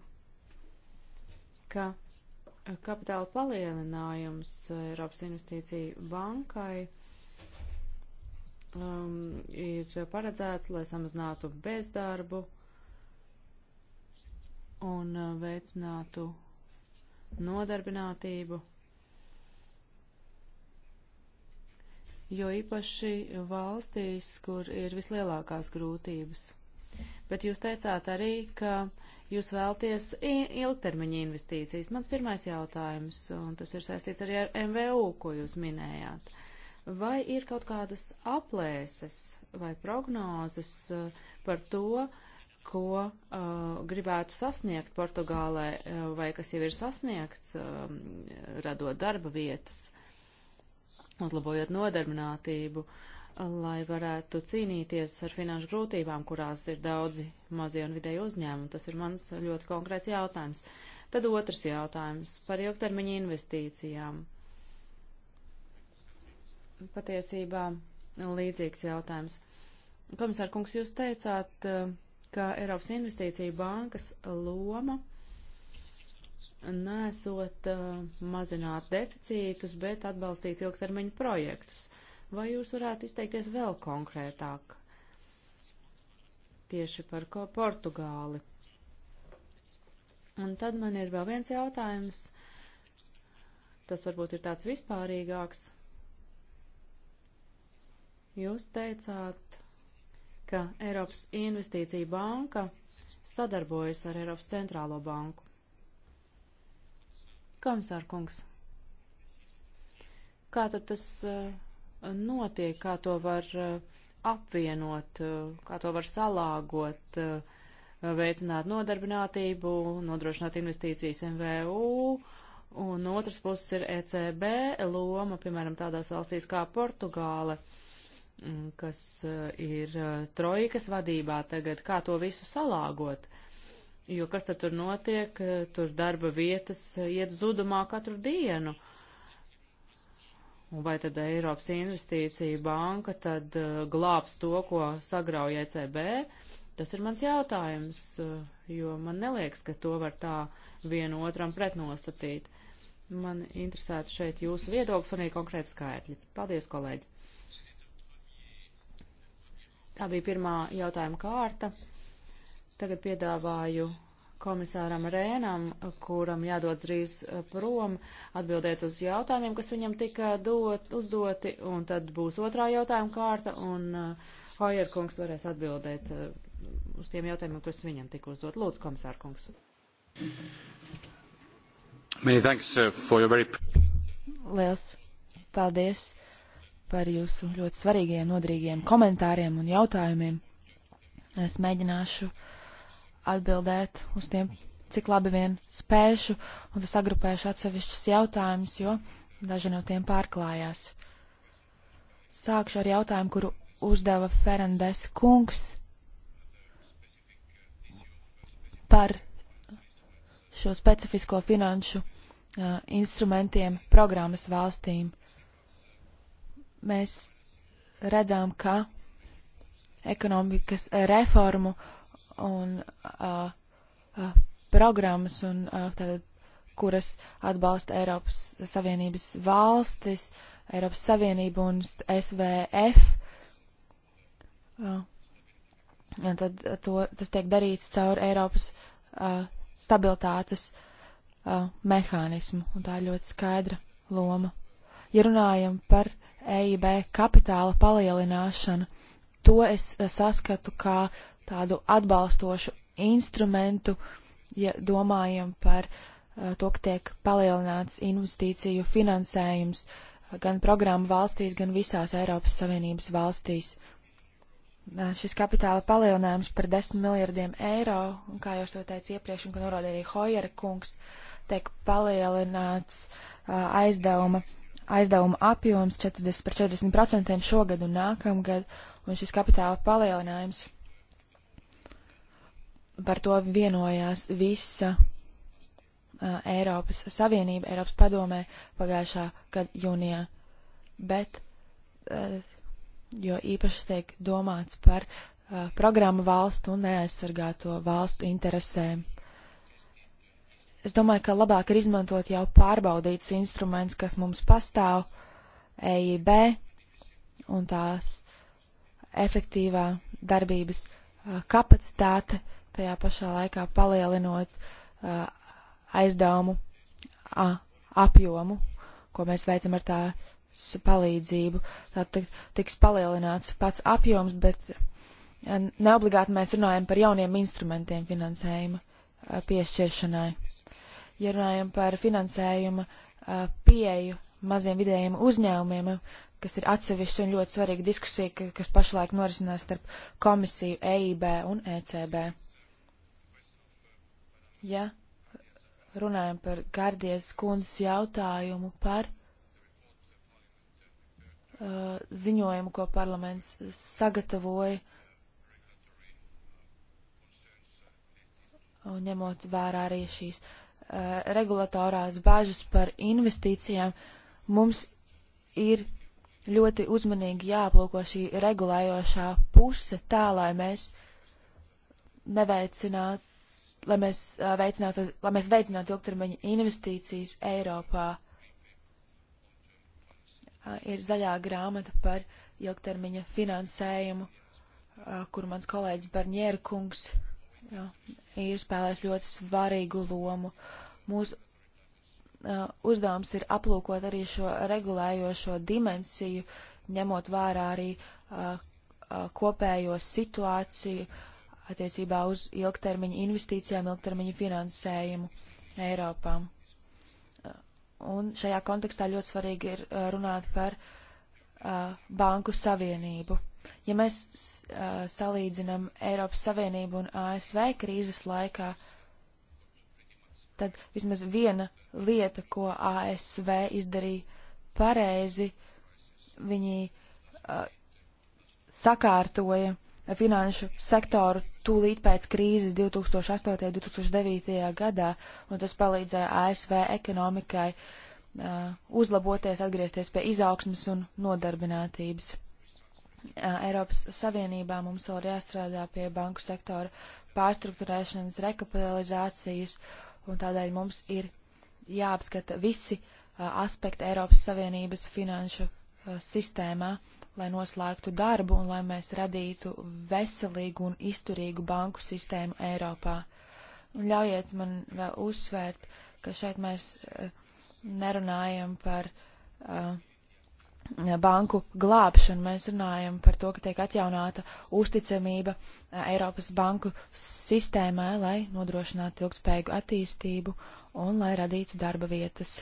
S1: ka eh, kapitāla palielinājums eh, Eiropas investīciju bankai um, ir paredzēts, lai samazinātu bezdarbu un uh, veicinātu nodarbinātību, jo īpaši valstīs, kur ir vislielākās grūtības. Bet jūs teicāt arī, ka jūs vēlties ilgtermiņa investīcijas. Mans pirmais jautājums, un tas ir saistīts arī ar MVU, ko jūs minējāt. Vai ir kaut kādas aplēses vai prognozes uh, par to, uh, ko uh, gribētu sasniegt Portugālē uh, vai kas jau ir sasniegts, uh, radot darba vietas, uzlabojot nodarbinātību, lai varētu cīnīties ar finanšu grūtībām, kurās ir daudzi mazie un vidēji uzņēmumi. Tas ir mans ļoti konkrēts jautājums. Tad otrs jautājums par ilgtermiņa investīcijām. Patiesībā līdzīgs jautājums. Komisār kungs, jūs teicāt, uh, ka Eiropas investīcija bankas loma nesot uh, mazināt deficītus, bet atbalstīt ilgtermiņu projektus. Vai jūs varētu izteikties vēl konkrētāk tieši par ko Portugāli? Un tad man ir vēl viens jautājums, tas varbūt ir tāds vispārīgāks. Jūs teicāt, ka Eiropas Investīcija banka sadarbojas ar Eiropas Centrālo banku. Komisār kungs, kā tad tas eh, notiek, kā to var eh, apvienot, eh, kā to var salāgot, veicināt nodarbinātību, nodrošināt investīcijas MVU, un otrs puses ir ECB loma, piemēram, tādās valstīs kā Portugāle. Uh, Mm, kas eh, ir eh, trojkas vadībā tagad, kā to visu salāgot. Jo kas tad tur notiek? Eh, tur darba vietas iet zudumā katru dienu. Un vai tad Eiropas investīcija banka tad glābs to, ko sagrauj ECB? Tas ir mans jautājums, jo man neliekas, ka to var tā vienu otram pretnostatīt. Man interesētu šeit jūsu viedoklis un arī konkrēti skaitļi. Paldies, kolēģi! Tā bija pirmā jautājuma kārta. Tagad piedāvāju komisāram Rēnam, kuram jādodas drīz eh, prom, atbildēt uz jautājumiem, kas viņam tika dot, uzdoti, un tad būs otrā jautājuma kārta, un uh, eh, Hojerkungs varēs atbildēt uh, uz tiem jautājumiem, kas viņam tika uzdot. Lūdzu, komisārkungs. Many thanks for your very...
S2: Liels paldies par jūsu ļoti svarīgiem, noderīgiem komentāriem un jautājumiem. Es mēģināšu atbildēt uz tiem, cik labi vien spēšu, un tas agrupēšu atsevišķus jautājumus, jo daži no tiem pārklājās. Sākšu ar jautājumu, kuru uzdeva Ferendes kungs par šo specifisko finanšu uh, instrumentiem programmas valstīm mēs redzam, ka ekonomikas reformu un uh, uh, programmas, un, uh, tātad, kuras atbalsta Eiropas Savienības valstis, Eiropas Savienība un SVF, uh, un tad to, tas tiek darīts caur Eiropas uh, stabilitātes uh, mehānismu, un tā ir ļoti skaidra loma. Ja runājam par EIB kapitāla palielināšana. To es e, saskatu kā tādu atbalstošu instrumentu, ja domājam par uh, to, ka tiek palielināts investīciju finansējums e, gan programmu valstīs, gan visās Eiropas Savienības valstīs. Uh, šis kapitāla palielinājums par 10 miljardiem eiro, un kā jau to teicu iepriekš, un ko norādīja arī Hojera kungs, tiek palielināts uh, aizdevuma uh, aizdevuma apjoms 40, par 40% šogad un nākamgad, un šis kapitāla palielinājums. Par to vienojās visa uh, Eiropas Savienība, Eiropas padomē pagājušā gada jūnijā. Bet, uh, jo īpaši tiek domāts par uh, programmu valstu un neaizsargāto valstu interesēm es domāju, ka labāk ir izmantot jau pārbaudīts instruments, kas mums pastāv EIB un tās efektīvā darbības uh, kapacitāte, tajā pašā laikā palielinot uh, aizdevumu uh, apjomu, ko mēs veicam ar tās palīdzību. Tātad tiks palielināts pats apjoms, bet neobligāti mēs runājam par jauniem instrumentiem finansējuma piešķiršanai ja runājam par finansējumu pieeju maziem vidējiem uzņēmumiem, kas ir atsevišķa un ļoti svarīga diskusija, kas pašlaik norisinās starp komisiju EIB un ECB. Ja runājam par Gardies kundzes jautājumu par uh, ziņojumu, ko parlaments sagatavoja, un ņemot vērā arī šīs uh, Eh, regulatorās bāžas par investīcijām, mums ir ļoti uzmanīgi jāaplūko šī regulējošā puse tā, lai mēs neveicinātu, lai mēs eh, veicinātu, lai mēs veicinātu ilgtermiņa investīcijas Eiropā. Eh, ir zaļā grāmata par ilgtermiņa finansējumu, kur mans kolēģis Barņēra kungs jā, ir spēlējis ļoti svarīgu lomu. Mūsu uh, uzdevums ir aplūkot arī šo regulējošo dimensiju, ņemot vērā arī uh, kopējo situāciju attiecībā uz ilgtermiņa investīcijām, ilgtermiņa finansējumu Eiropā. Un šajā kontekstā ļoti svarīgi ir runāt par uh, banku savienību. Ja mēs uh, salīdzinām Eiropas Savienību un ASV krīzes laikā, tad vismaz viena lieta, ko ASV izdarīja pareizi, viņi uh, sakārtoja finanšu sektoru tūlīt pēc krīzes 2008. un 2009. gadā, un tas palīdzēja ASV ekonomikai uh, uzlaboties, atgriezties pie izaugsmas un nodarbinātības. Eiropas Savienībā mums vēl ir jāstrādā pie banku sektora pārstruktūrēšanas, rekapitalizācijas, un tādēļ mums ir jāapskata visi a, aspekti Eiropas Savienības finanšu a, sistēmā, lai noslēgtu darbu un lai mēs radītu veselīgu un izturīgu banku sistēmu Eiropā. Un ļaujiet man vēl uzsvērt, ka šeit mēs a, nerunājam par uh, banku glābšanu. Mēs runājam par to, ka tiek atjaunāta uzticamība eh, Eiropas banku sistēmai, lai nodrošinātu ilgspējīgu attīstību un lai radītu darba vietas.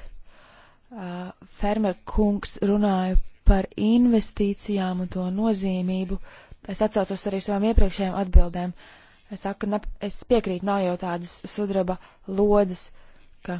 S2: Uh, Fermer kungs runāja par investīcijām un to nozīmību. Es atcaucos arī savām iepriekšējām atbildēm. Es saku, ne, es piekrītu, nav jau tādas sudraba lodes, ka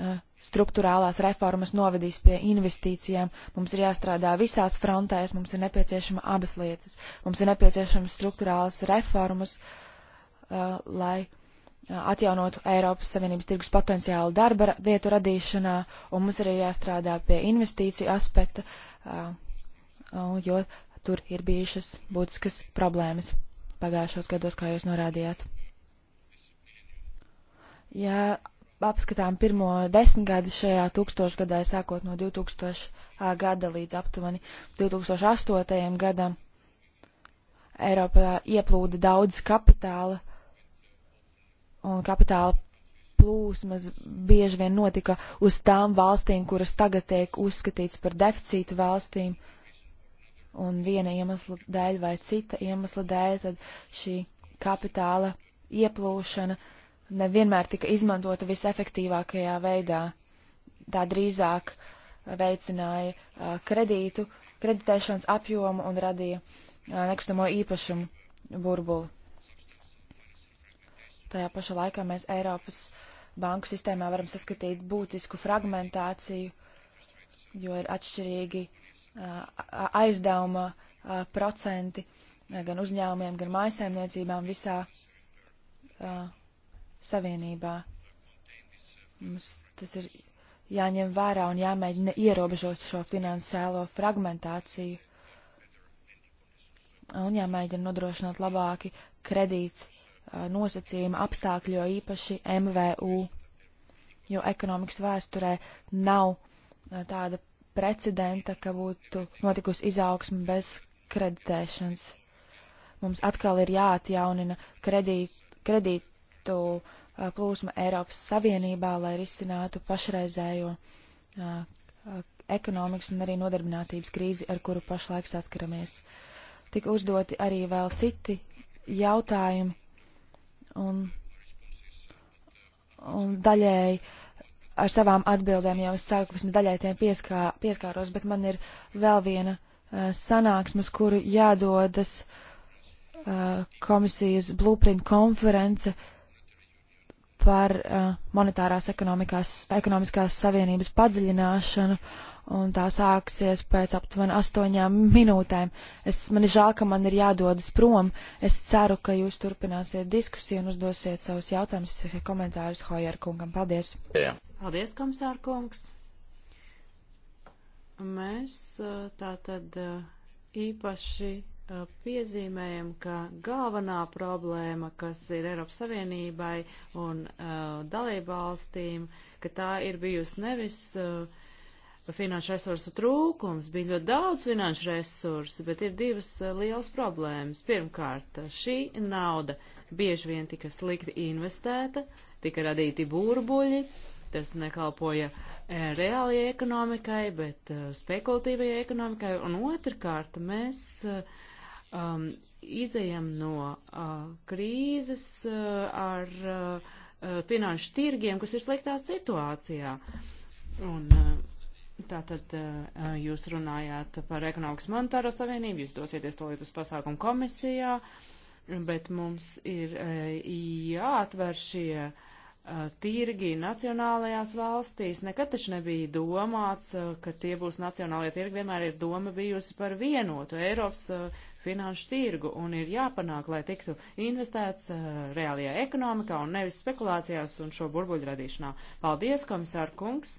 S2: uh, struktūrālās reformas novedīs pie investīcijām. Mums ir jāstrādā visās frontēs, mums ir nepieciešama abas lietas. Mums ir nepieciešama struktūrālas reformas, uh, lai uh, atjaunotu Eiropas Savienības tirgus potenciālu darba vietu radīšanā, un mums arī jāstrādā pie investīciju aspekta, uh, jo tur ir bijušas būtiskas problēmas pagājušos gados, kā jūs norādījāt. Ja apskatām pirmo desmitgadi šajā tūkstošgadā, sākot no 2000. gada līdz aptuveni 2008. gadam, Eiropā ieplūda daudz kapitāla, un kapitāla plūsmas bieži vien notika uz tām valstīm, kuras tagad tiek uzskatīts par deficīta valstīm, un viena iemesla dēļ vai cita iemesla dēļ, tad šī kapitāla ieplūšana uh, nevienmēr tika izmantota visefektīvākajā veidā. Tā drīzāk veicināja uh, kredītu, kreditēšanas apjomu un radīja uh, nekustamo īpašumu burbuli. Tajā pašā laikā mēs Eiropas banku sistēmā varam saskatīt būtisku fragmentāciju, jo ir atšķirīgi uh, aizdevuma uh, procenti gan uzņēmumiem, gan mājasēmniecībām visā uh, Savienībā. Mums tas ir jāņem vērā un jāmēģina ierobežot šo finansiālo fragmentāciju un jāmēģina nodrošināt labāki kredīt nosacījuma apstākļi, jo īpaši MVU, jo ekonomikas vēsturē nav tāda precedenta, ka būtu notikusi izaugsme bez kreditēšanas. Mums atkal ir jāatjaunina kredīt, kredīt migrantu plūsma Eiropas Savienībā, lai risinātu pašreizējo ekonomikas un arī nodarbinātības krīzi, ar kuru pašlaik saskaramies. Tika uzdoti arī vēl citi jautājumi, un, un daļēji ar savām atbildēm jau es ceru, ka vismaz daļai tiem pieskā, pieskāros, bet man ir vēl viena uh, sanāksmes, kuru jādodas uh, komisijas blueprint konference uh, par uh, monetārās ekonomiskās savienības padziļināšanu, un tā sāksies pēc aptuveni astoņām minūtēm. Es, man ir žēl, ka man ir jādodas prom. Es ceru, ka jūs turpināsiet diskusiju un uzdosiet savus jautājumus, komentārus Hojer kungam. Paldies!
S1: Jā. Paldies, komisār kungs! Mēs uh, tā tad uh, īpaši piezīmējam, ka galvenā problēma, kas ir Eiropas Savienībai un uh, dalībvalstīm, ka tā ir bijusi nevis uh, finanšu resursu trūkums, bija ļoti daudz finanšu resursu, bet ir divas uh, lielas problēmas. Pirmkārt, šī nauda bieži vien tika slikti investēta, tika radīti burbuļi, tas nekalpoja reālajai ekonomikai, bet spekulatīvajai ekonomikai, un otrkārt mēs uh, um, izējam no uh, krīzes uh, ar uh, uh, finanšu tirgiem, kas ir sliktā situācijā. Un, uh, Tātad uh, uh jūs runājāt par ekonomikas monetāro savienību, jūs dosieties to lietu uz pasākumu komisijā, bet mums ir uh, jāatver šie uh, tirgi nacionālajās valstīs. Nekad taču nebija domāts, ka tie būs nacionālajie tirgi, vienmēr ir doma bijusi par vienotu Eiropas finanšu tirgu un ir jāpanāk, lai tiktu investēts uh, reālajā ekonomikā un nevis spekulācijās un šo burbuļu radīšanā. Paldies, komisāra kungs!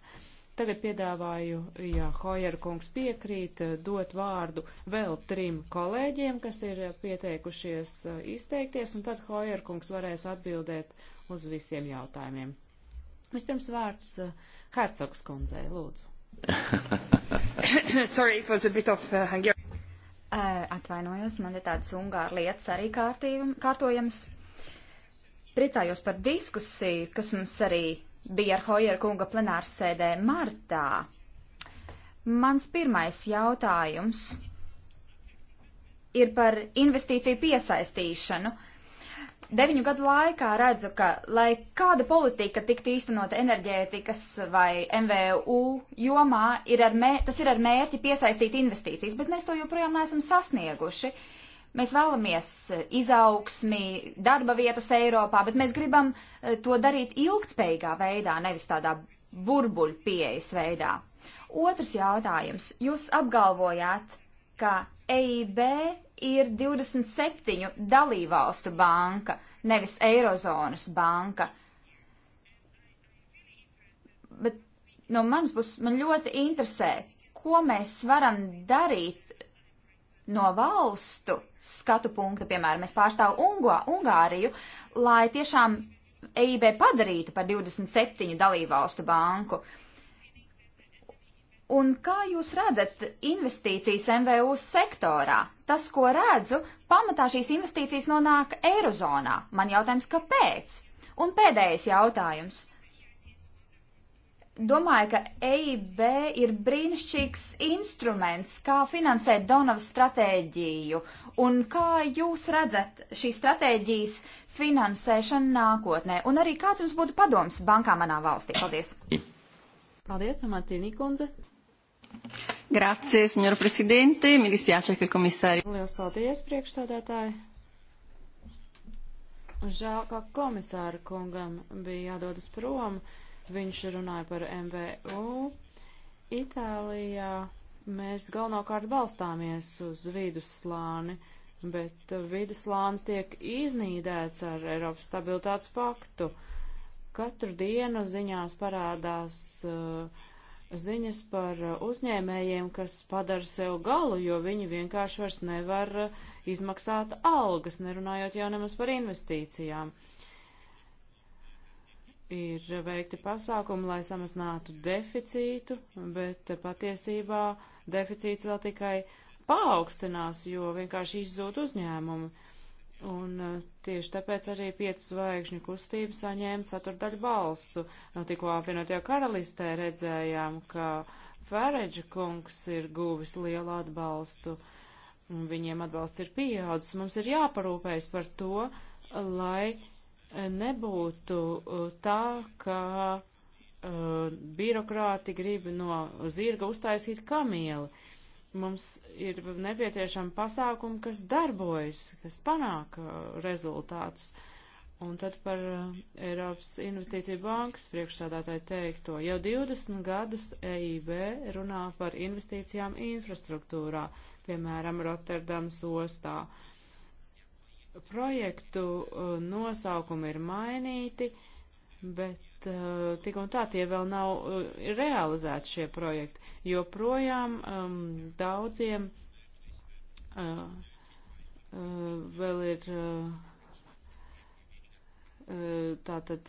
S1: Tagad piedāvāju, ja Hojer kungs piekrīt, eh, dot vārdu vēl trim kolēģiem, kas ir pieteikušies uh, izteikties, un tad Hojer kungs varēs atbildēt uz visiem jautājumiem. Vispirms vārds uh, Hercogs kundzei, lūdzu.
S3: Sorry, it was a bit of uh, Hungarian. Atvainojos, man ir tādas ungāra lietas arī kārtojamas. Priecājos par diskusiju, kas mums arī bija ar Hojera kunga plenārs sēdē martā. Mans pirmais jautājums ir par investīciju piesaistīšanu. Uh, deviņu gadu laikā redzu, ka, lai kāda politika tiktu īstenota enerģētikas vai MVU jomā, ir mē, tas ir ar mērķi piesaistīt investīcijas, bet mēs to joprojām neesam sasnieguši. Mēs vēlamies e, izaugsmi, darba vietas Eiropā, bet mēs gribam e, to darīt ilgtspējīgā veidā, nevis tādā burbuļu pieejas veidā. Otrs jautājums. Jūs apgalvojāt, ka EIB ir 27 dalībvalstu banka, nevis Eirozonas banka. Bet no nu, manas puses man ļoti interesē, ko mēs varam darīt no valstu skatu punkta, piemēram, es pārstāvu Ungo, Ungāriju, lai tiešām EIB padarītu par 27 dalībvalstu banku. Uh, Un kā jūs redzat investīcijas MVU sektorā? Tas, ko redzu, pamatā šīs investīcijas nonāk Eirozonā. Man jautājums, kāpēc? Un pēdējais jautājums. Domāju, ka EIB ir brīnišķīgs instruments, kā finansēt Donavu stratēģiju. Un kā jūs redzat šīs stratēģijas finansēšanu nākotnē? Un arī kāds jums būtu padoms bankā manā valstī? Paldies! Paldies, Amatīnī kundze! Grazie, signor Presidente. Mi dispiace, ka komisāri.
S1: Lielas paldies, priekšsādātāji. Žēl, ka komisāra kungam bija jādodas prom. Viņš runāja par MVU. Itālijā mēs galvenokārt balstāmies uz vidusslāni, bet vidusslānis tiek iznīdēts ar Eiropas stabilitātes paktu. Katru dienu ziņās parādās uh, ziņas par uh, uzņēmējiem, kas padara sev galu, jo viņi vienkārši vairs nevar uh, izmaksāt algas, nerunājot jau nemaz par investīcijām. Ir veikti pasākumi, lai samazinātu deficītu, bet uh, patiesībā deficīts vēl tikai paaugstinās, jo vienkārši izzūd uzņēmumi. Uh, Un eh, tieši tāpēc arī piecu zvaigžņu kustība saņēma ceturdaļu balsu. No tikko apvienotajā karalistē redzējām, ka Fēreģa kungs ir guvis lielu atbalstu. Viņiem atbalsts ir pieaudzis. Mums ir jāparūpējas par to, lai eh, nebūtu eh, tā, ka uh, birokrāti grib no zirga uztaisīt kamieli. Uh, Mums ir nepieciešama pasākuma, kas darbojas, kas panāk uh, rezultātus. Un tad par uh, Eiropas investīciju bankas priekšsādātāju teikto. Jau 20 gadus EIB runā par investīcijām infrastruktūrā, piemēram, Rotterdams ostā. Projektu uh, nosaukumi ir mainīti, bet Eh, tik un tā tie vēl nav eh, realizēti šie projekti, jo projām um, daudziem uh, uh, vēl ir. Uh, tā tad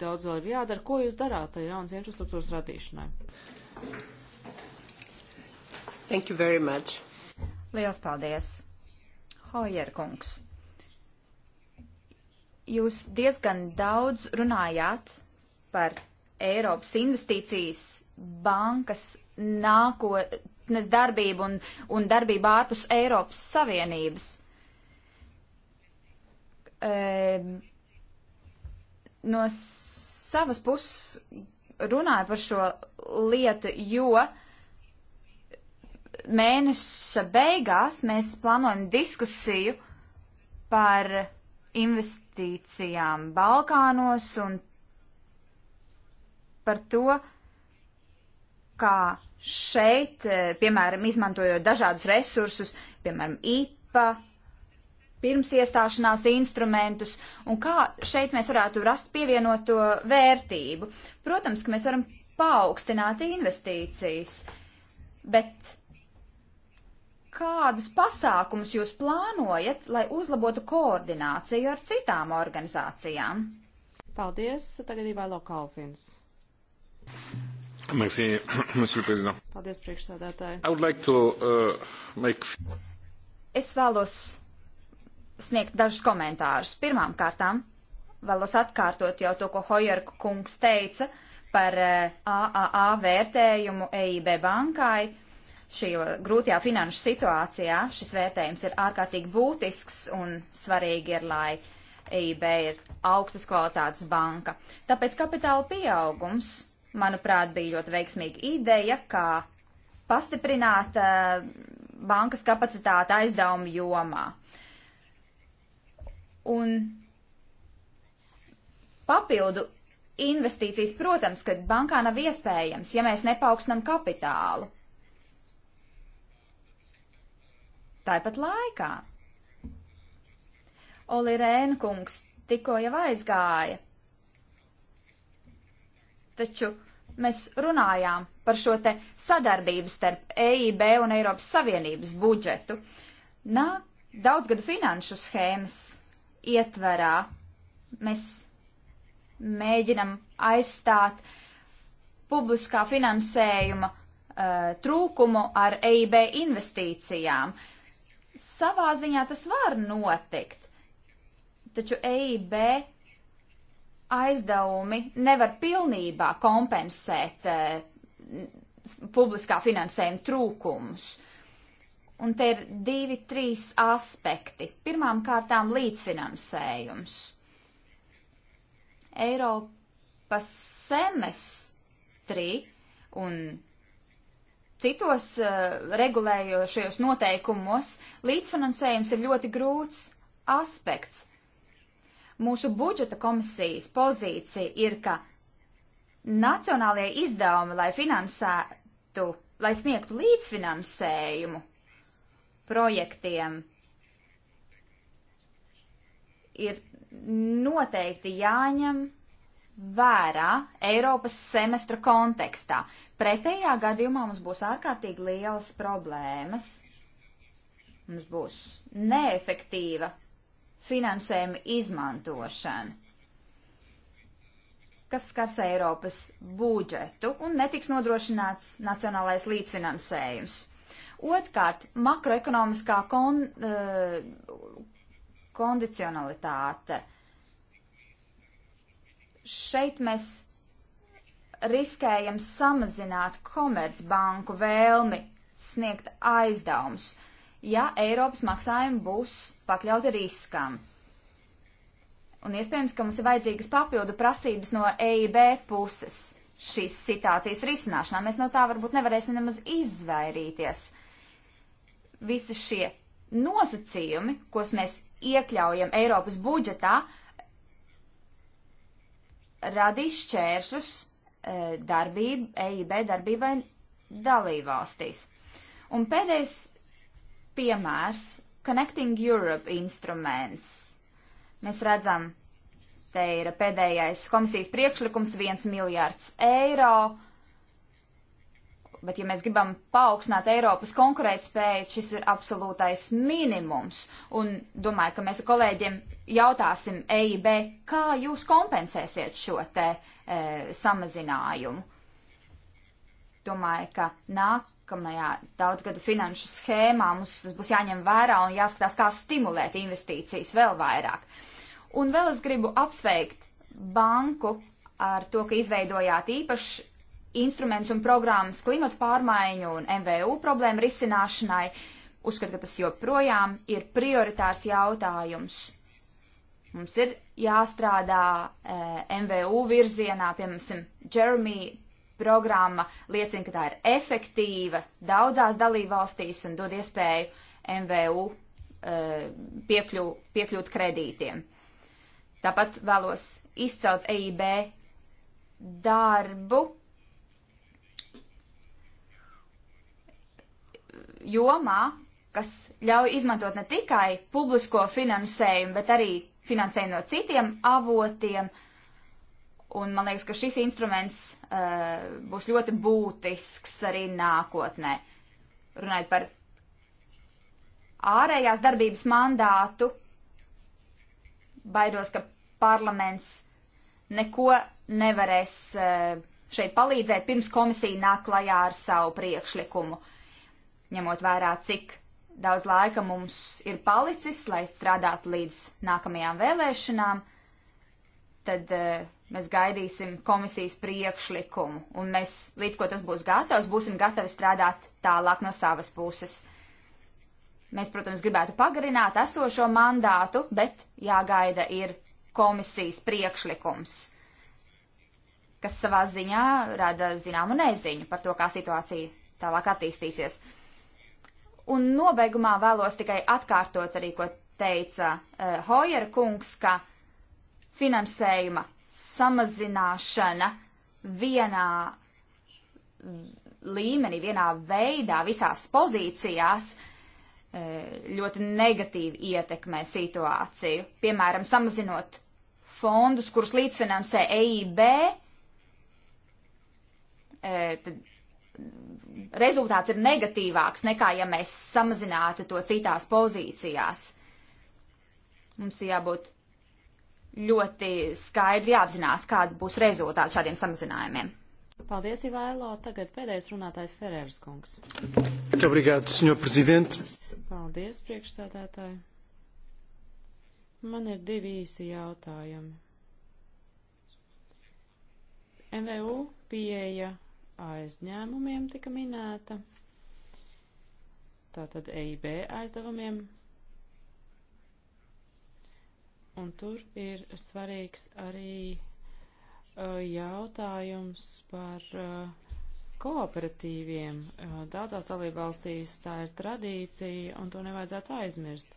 S1: daudz vēl ir jādara. Ko jūs darāt ar jaunas infrastruktūras radīšanai? Thank you very much.
S3: Lielas paldies. Hojer kungs. Jūs diezgan daudz runājāt par Eiropas investīcijas bankas nākotnes darbību un, un darbību ārpus Eiropas Savienības. E, no savas puses runāju par šo lietu, jo mēneša beigās mēs plānojam diskusiju par invest investīcijām Balkānos un par to, kā šeit, eh, piemēram, izmantojot dažādus resursus, piemēram, IPA, pirms iestāšanās instrumentus, un kā šeit mēs varētu rast pievienoto vērtību. Protams, ka mēs varam paaugstināt investīcijas, bet Kādus pasākumus jūs plānojat, lai uzlabotu koordināciju ar citām organizācijām? Paldies, tagad Ivailo Kalfins.
S1: Merci, monsieur le président.
S3: Paldies, priekšsādātāji. I
S1: would like to uh, make...
S3: Es vēlos sniegt dažus komentārus. Pirmām kārtām vēlos atkārtot jau to, ko Hojerku kungs teica par AAA eh, vērtējumu EIB bankai šajā uh, grūtajā finanšu situācijā šis vērtējums ir ārkārtīgi būtisks un svarīgi ir, lai EIB ir augstas kvalitātes banka. Tāpēc kapitāla pieaugums, manuprāt, bija ļoti veiksmīga ideja, kā pastiprināt uh, bankas kapacitāti aizdevumu jomā. Un papildu investīcijas, protams, kad bankā nav iespējams, ja mēs nepaukstinam kapitālu. Tāpat laikā Oli Rēnkungs tikko jau aizgāja, taču mēs runājām par šo te sadarbību starp EIB un Eiropas Savienības budžetu. Nā, daudzgadu finanšu schēmas ietverā mēs mēģinam aizstāt publiskā finansējuma uh, trūkumu ar EIB investīcijām. Uh, savā ziņā tas var notikt, taču EIB aizdevumi nevar pilnībā kompensēt eh, publiskā finansējuma trūkumus. Un te ir divi, trīs aspekti. Pirmām kārtām līdzfinansējums. Eiropas semestri un citos uh, regulējošajos noteikumos līdzfinansējums ir ļoti grūts aspekts. Mūsu budžeta komisijas pozīcija ir, ka nacionālajie izdevumi, lai finansētu, lai sniegtu līdzfinansējumu projektiem, ir noteikti jāņem vērā Eiropas semestra kontekstā. Pretējā gadījumā mums būs ārkārtīgi lielas problēmas. Mums būs neefektīva finansējuma izmantošana, kas skars Eiropas budžetu un netiks nodrošināts nacionālais līdzfinansējums. Otkārt, makroekonomiskā kon, uh, kondicionalitāte. Uh, šeit mēs riskējam samazināt komercbanku vēlmi sniegt aizdevumus, ja Eiropas maksājumi būs pakļauti riskam. Un iespējams, ka mums ir vajadzīgas papildu prasības no EIB puses šīs situācijas risināšanā. Mēs no tā varbūt nevarēsim nemaz izvairīties. Visi šie nosacījumi, kos mēs iekļaujam Eiropas budžetā, uh, radīs šķēršļus e, darbību, EIB darbībai dalībvalstīs. Un pēdējais piemērs - Connecting Europe instruments. Mēs redzam, te ir pēdējais komisijas priekšlikums - 1 miljārds eiro bet ja mēs gribam paaugstināt Eiropas konkurētspēju, šis ir absolūtais minimums. Un domāju, ka mēs kolēģiem jautāsim EIB, kā jūs kompensēsiet šo te e, samazinājumu. Domāju, ka nākamajā daudzgadu finanšu schēmā mums tas būs jāņem vērā un jāskatās, kā stimulēt investīcijas vēl vairāk. Un vēl es gribu apsveikt banku ar to, ka izveidojāt īpašu instruments un programmas klimatu pārmaiņu un MVU problēmu risināšanai. Uzskatu, ka tas joprojām ir prioritārs jautājums. Mums ir jāstrādā eh, MVU virzienā, piemēram, Jeremy programma liecina, ka tā ir efektīva daudzās dalībvalstīs un dod iespēju MVU eh, piekļu, piekļūt kredītiem. Tāpat vēlos izcelt EIB darbu jomā, kas ļauj izmantot ne tikai publisko finansējumu, bet arī finansējumu no citiem avotiem. Un man liekas, ka šis instruments uh, būs ļoti būtisks arī nākotnē. Runājot par ārējās darbības mandātu, baidos, ka parlaments neko nevarēs uh, šeit palīdzēt, pirms komisija nāk klajā ar savu priekšlikumu. Uh, ņemot vērā, cik daudz laika mums ir palicis, lai strādātu līdz nākamajām vēlēšanām, tad uh, mēs gaidīsim komisijas priekšlikumu, un mēs, līdz ko tas būs gatavs, būsim gatavi strādāt tālāk no savas puses. Mēs, protams, gribētu pagarināt esošo mandātu, bet jāgaida ir komisijas priekšlikums, kas savā ziņā rada zināmu neziņu par to, kā situācija tālāk attīstīsies. Un nobeigumā vēlos tikai atkārtot arī, ko teica uh, eh, Hojer kungs, ka finansējuma samazināšana vienā līmenī, vienā veidā, visās pozīcijās eh, ļoti negatīvi ietekmē situāciju. Piemēram, samazinot fondus, kurus līdzfinansē EIB, eh, tad rezultāts ir negatīvāks nekā, ja mēs samazinātu to citās pozīcijās. Mums jābūt ļoti skaidri jāapzinās, kāds būs rezultāts šādiem samazinājumiem.
S1: Paldies, Ivailo. Tagad
S3: pēdējais runātājs
S1: Ferēras kungs.
S2: Obrigado, senhor presidente.
S1: Paldies, priekšsēdētāji. Man ir divi īsi jautājumi. MVU pieeja aizņēmumiem tika minēta, tātad EIB aizdevumiem, un tur ir svarīgs arī uh, jautājums par uh, kooperatīviem. Uh, daudzās dalībvalstīs tā ir tradīcija, un to nevajadzētu aizmirst.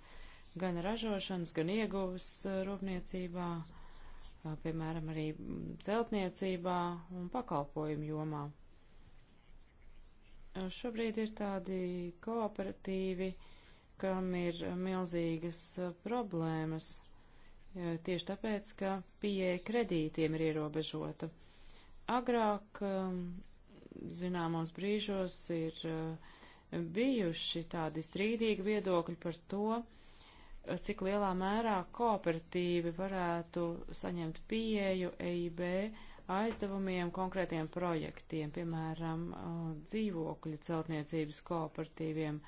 S1: Gan ražošanas, gan ieguvas rūpniecībā, piemēram, arī celtniecībā un pakalpojumu jomā. Šobrīd ir tādi kooperatīvi, kam ir milzīgas problēmas, tieši tāpēc, ka pieeja kredītiem ir ierobežota. Agrāk, zināmos brīžos, ir bijuši tādi strīdīgi viedokļi par to, cik lielā mērā kooperatīvi varētu saņemt pieeju EIB aizdevumiem konkrētiem projektiem, piemēram, dzīvokļu celtniecības kooperatīviem,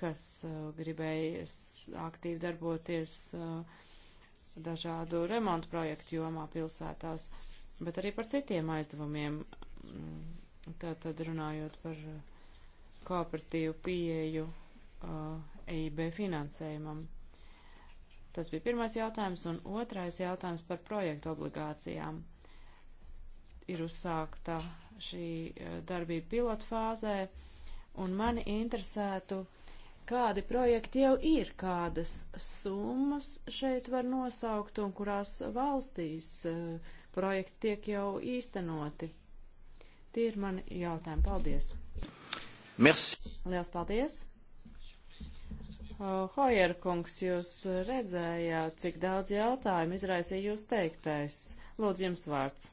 S1: kas gribēja aktīvi darboties dažādu remontu projektu jomā pilsētās, bet arī par citiem aizdevumiem. Mm, Tātad runājot par kooperatīvu pieeju EIB finansējumam. Tas bija pirmais jautājums, un otrais jautājums par projektu obligācijām ir uzsākta šī e, darbība pilotfāzē, un mani interesētu, kādi projekti jau ir, kādas summas šeit var nosaukt un kurās valstīs uh, projekti tiek jau īstenoti. Tie ir mani jautājumi. Paldies! Merci! Liels paldies! Hojer kungs, jūs redzējāt, cik daudz jautājumu izraisīja jūs teiktais. Lūdzu, jums vārds.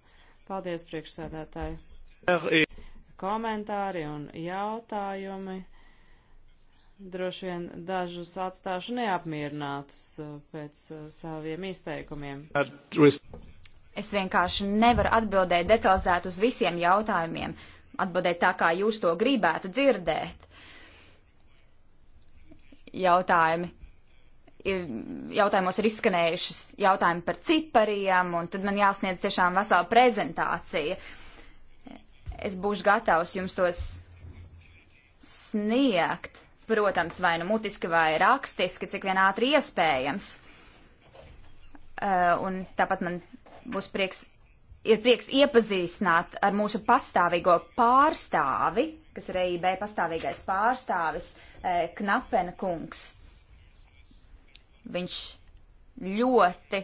S1: Paldies, priekšsēdētāji. Komentāri un jautājumi. Droši vien dažus atstāšu neapmierinātus uh, pēc uh, saviem
S3: izteikumiem. Es vienkārši nevaru atbildēt detalizēt uz visiem jautājumiem, atbildēt tā, kā jūs to gribētu dzirdēt. Jautājumi jautājumos ir izskanējušas jautājumi par cipariem, un tad man jāsniedz tiešām vesela prezentācija. Es būšu gatavs jums tos sniegt, protams, vai nu mutiski, vai rakstiski, cik vien ātri iespējams. Uh, un tāpat man būs prieks, ir prieks iepazīstināt ar mūsu pastāvīgo pārstāvi, kas ir EIB pastāvīgais pārstāvis, uh, Knapena kungs. Viņš ļoti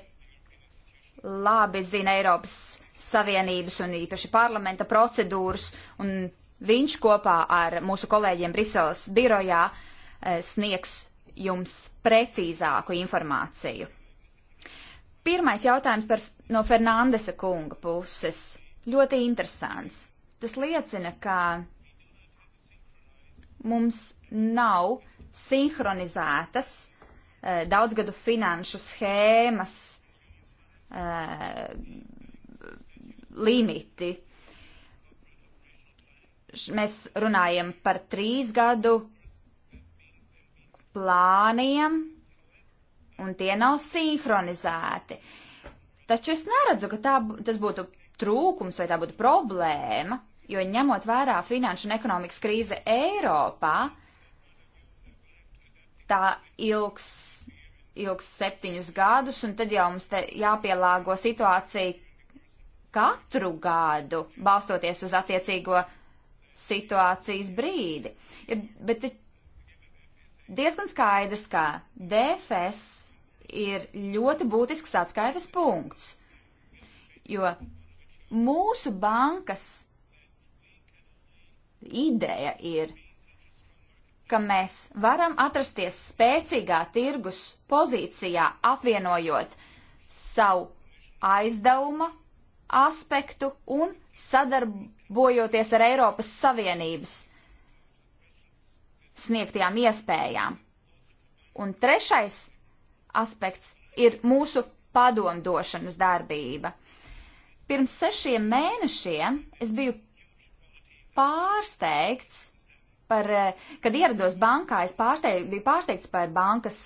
S3: labi zina Eiropas Savienības un īpaši parlamenta procedūras, un viņš kopā ar mūsu kolēģiem Briseles birojā eh, sniegs jums precīzāku informāciju. Pirmais jautājums par, no Fernandesa kunga puses. Ļoti interesants. Tas liecina, ka mums nav sinhronizētas Eh, daudzgadu finanšu schēmas eh, limiti. Mēs runājam par trīs gadu plāniem, un tie nav sinhronizēti. Taču es neredzu, ka tā, tas būtu trūkums vai tā būtu problēma, jo ņemot vērā finanšu un ekonomikas krīze Eiropā, tā ilgs ilgs septiņus gadus, un tad jau mums te jāpielāgo situācija katru gadu, balstoties uz attiecīgo situācijas brīdi. Ja, bet ir diezgan skaidrs, ka DFS ir ļoti būtisks atskaites punkts, jo mūsu bankas ideja ir ka mēs varam atrasties spēcīgā tirgus pozīcijā, apvienojot savu aizdevuma aspektu un sadarbojoties ar Eiropas Savienības sniegtajām iespējām. Un trešais aspekts ir mūsu padomdošanas darbība. Pirms sešiem mēnešiem es biju pārsteigts, par, eh, kad ierados bankā, es pārsteig, biju pārsteigts par bankas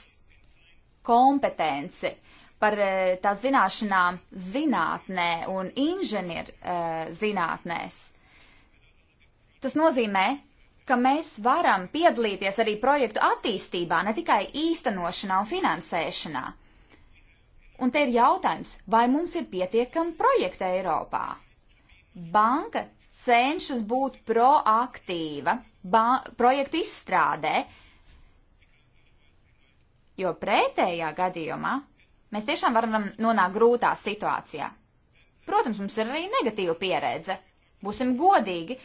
S3: kompetenci, par eh, tā zināšanām zinātnē un inženieru uh, zinātnēs. Tas nozīmē, ka mēs varam piedalīties arī projektu attīstībā, ne tikai īstenošanā un finansēšanā. Un te ir jautājums, vai mums ir pietiekami projekti Eiropā? Banka cenšas būt proaktīva projektu izstrādē, jo pretējā gadījumā mēs tiešām varam nonākt grūtā situācijā. Protams, mums ir arī negatīva pieredze. Būsim godīgi.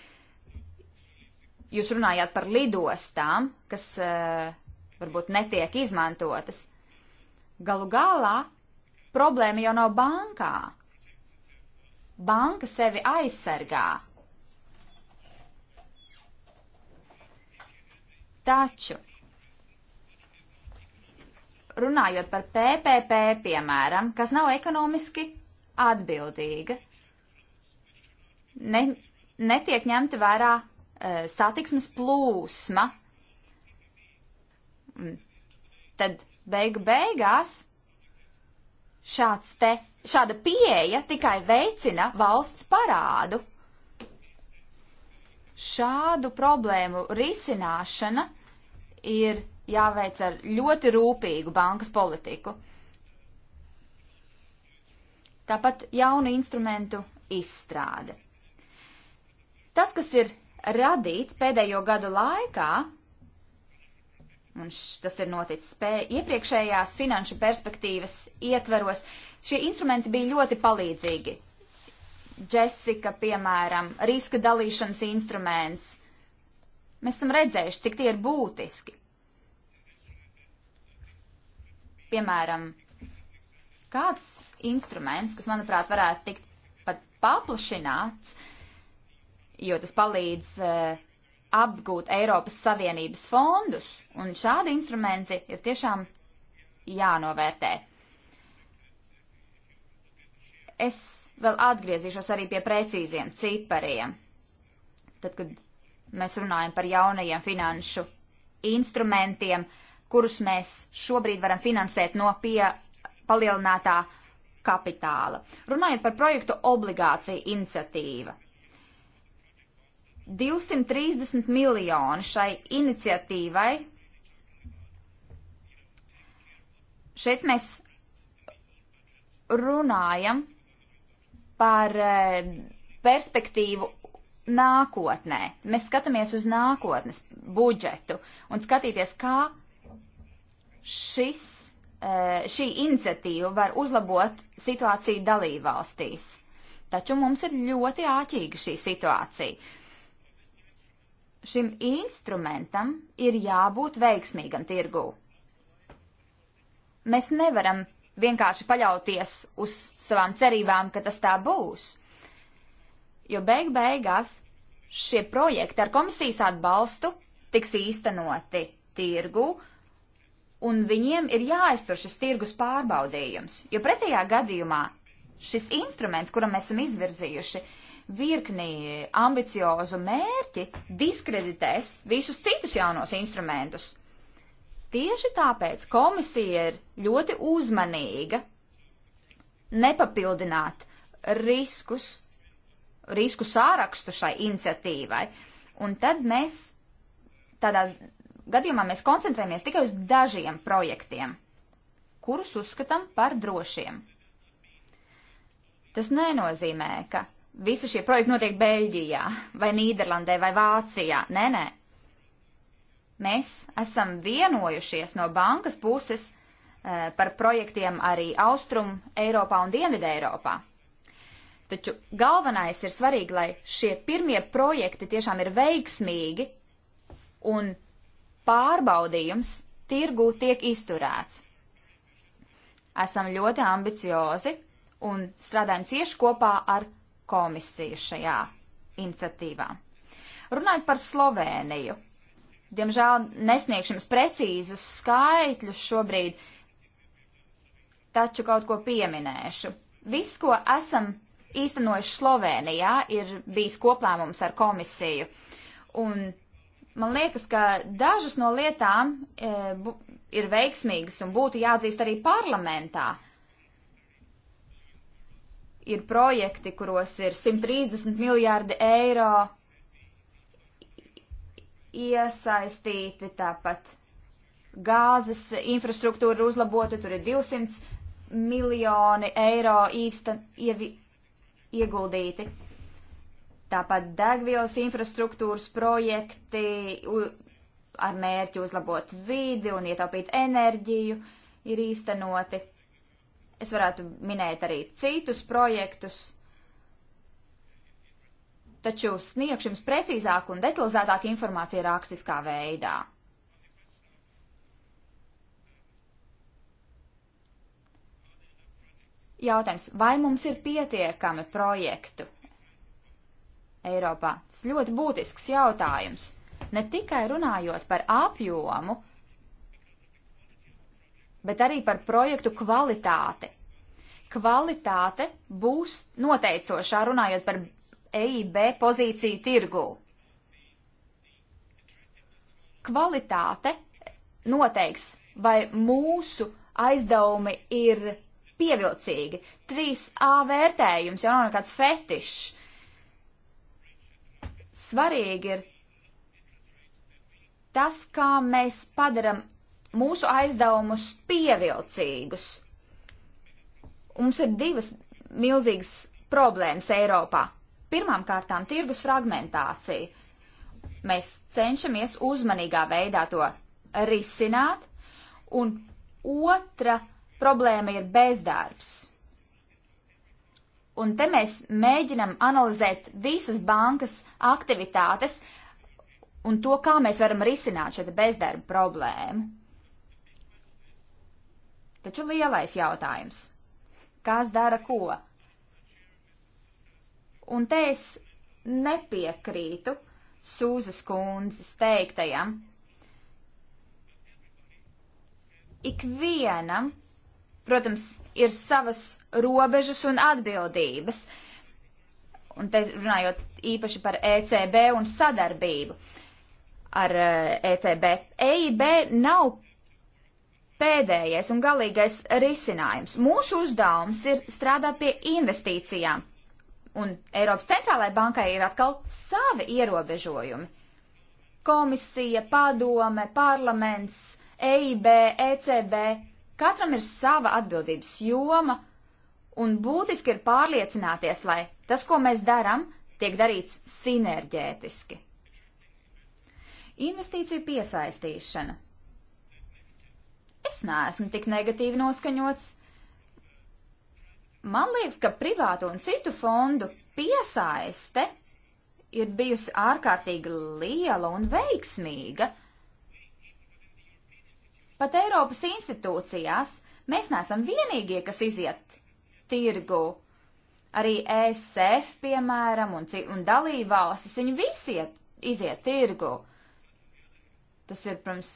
S3: Jūs runājāt par lidostām, kas uh, varbūt netiek izmantotas. Galu galā problēma jau nav bankā. Banka sevi aizsargā Taču, runājot par PPP, piemēram, kas nav ekonomiski atbildīga, ne, netiek ņemta vērā uh, satiksmes plūsma, tad beigu beigās šāds te, šāda pieeja tikai veicina valsts parādu. Šādu problēmu risināšana ir jāveic ar ļoti rūpīgu bankas politiku. Tāpat jaunu instrumentu izstrāde. Tas, kas ir radīts pēdējo gadu laikā, un š, tas ir noticis pē, iepriekšējās finanšu perspektīvas ietveros, šie instrumenti bija ļoti palīdzīgi Jessica, piemēram, riska dalīšanas instruments. Mēs esam redzējuši, cik tie ir būtiski. Piemēram, kāds instruments, kas, manuprāt, varētu tikt pat paplašināts, jo tas palīdz uh, apgūt Eiropas Savienības fondus, un šādi instrumenti ir tiešām jānovērtē. Es vēl atgriezīšos arī pie precīziem cipariem. Tad, kad mēs runājam par jaunajiem finanšu instrumentiem, kurus mēs šobrīd varam finansēt no pie palielinātā kapitāla. Runājot par projektu obligācija iniciatīva. 230 miljoni šai iniciatīvai. Šeit mēs runājam par eh, perspektīvu nākotnē. Mēs skatāmies uz nākotnes budžetu un skatīties, kā šis, eh, šī iniciatīva var uzlabot situāciju dalībvalstīs. Taču mums ir ļoti āķīga šī situācija. Šim instrumentam ir jābūt veiksmīgam tirgū. Mēs nevaram vienkārši paļauties uz savām cerībām, ka tas tā būs. Jo beig beigās šie projekti ar komisijas atbalstu tiks īstenoti tirgu, un viņiem ir jāaiztur šis tirgus pārbaudījums, jo pretējā gadījumā šis instruments, kuram esam izvirzījuši virkni ambiciozu mērķi, diskreditēs visus citus jaunos instrumentus, Tieši tāpēc komisija ir ļoti uzmanīga nepapildināt riskus, risku sārakstu šai iniciatīvai. Un tad mēs tādā gadījumā mēs koncentrējamies tikai uz dažiem projektiem, kurus uzskatām par drošiem. Tas nenozīmē, ka visi šie projekti notiek Beļģijā vai Nīderlandē vai Vācijā. Nē, nē, Mēs esam vienojušies no bankas puses eh, par projektiem arī Austrum Eiropā un Dienvidē Eiropā. Taču galvenais ir svarīgi, lai šie pirmie projekti tiešām ir veiksmīgi un pārbaudījums tirgu tiek izturēts. Esam ļoti ambiciozi un strādājam cieši kopā ar komisiju šajā iniciatīvā. Runājot par Slovēniju, Diemžēl nesniegšu jums precīzus skaitļus šobrīd, taču kaut ko pieminēšu. Viss, ko esam īstenojuši Slovenijā, ir bijis koplēmums ar komisiju. Un man liekas, ka dažas no lietām e, bu, ir veiksmīgas un būtu jāatzīst arī parlamentā. Ir projekti, kuros ir 130 miljārdi eiro iesaistīti, tāpat gāzes infrastruktūra ir uzlabota, tur ir 200 miljoni eiro īsta ievi, ieguldīti. Tāpat degvielas infrastruktūras projekti ar mērķi uzlabot vidi un ietaupīt enerģiju ir īstenoti. Es varētu minēt arī citus projektus, taču sniegšu jums precīzāku un detalizētāku informāciju rakstiskā veidā. Jautājums, vai mums ir pietiekami projektu Eiropā? Tas ļoti būtisks jautājums. Ne tikai runājot par apjomu, bet arī par projektu kvalitāti. Kvalitāte būs noteicošā runājot par EIB pozīciju tirgū. Kvalitāte noteiks, vai mūsu aizdevumi ir pievilcīgi. 3A vērtējums jau nav nekāds fetišs. Svarīgi ir tas, kā mēs padaram mūsu aizdevumus pievilcīgus. Mums ir divas milzīgas problēmas Eiropā. Pirmām kārtām tirgus fragmentācija. Mēs cenšamies uzmanīgā veidā to risināt, un otra problēma ir bezdarbs. Un te mēs mēģinam analizēt visas bankas aktivitātes un to, kā mēs varam risināt šo bezdarba problēmu. Taču lielais jautājums - kas dara ko? Un te es nepiekrītu Sūzas kundzes teiktajam. Ikvienam, protams, ir savas robežas un atbildības. Un te runājot īpaši par ECB un sadarbību ar ECB. Eh, e EIB nav pēdējais un galīgais risinājums. Mūsu uzdevums ir strādāt pie investīcijām. Un Eiropas centrālajai bankai ir atkal savi ierobežojumi. Komisija, padome, parlaments, EIB, ECB - katram ir sava atbildības joma, un būtiski ir pārliecināties, lai tas, ko mēs darām, tiek darīts sinerģētiski. Investīciju piesaistīšana. Es neesmu tik negatīvi noskaņots Man liekas, ka privātu un citu fondu piesaiste ir bijusi ārkārtīgi liela un veiksmīga. Pat Eiropas institūcijās mēs neesam vienīgie, kas iziet tirgu. Arī ESF, piemēram, un, un dalībvalstis, viņi visi iet, iziet tirgu. Tas ir, protams,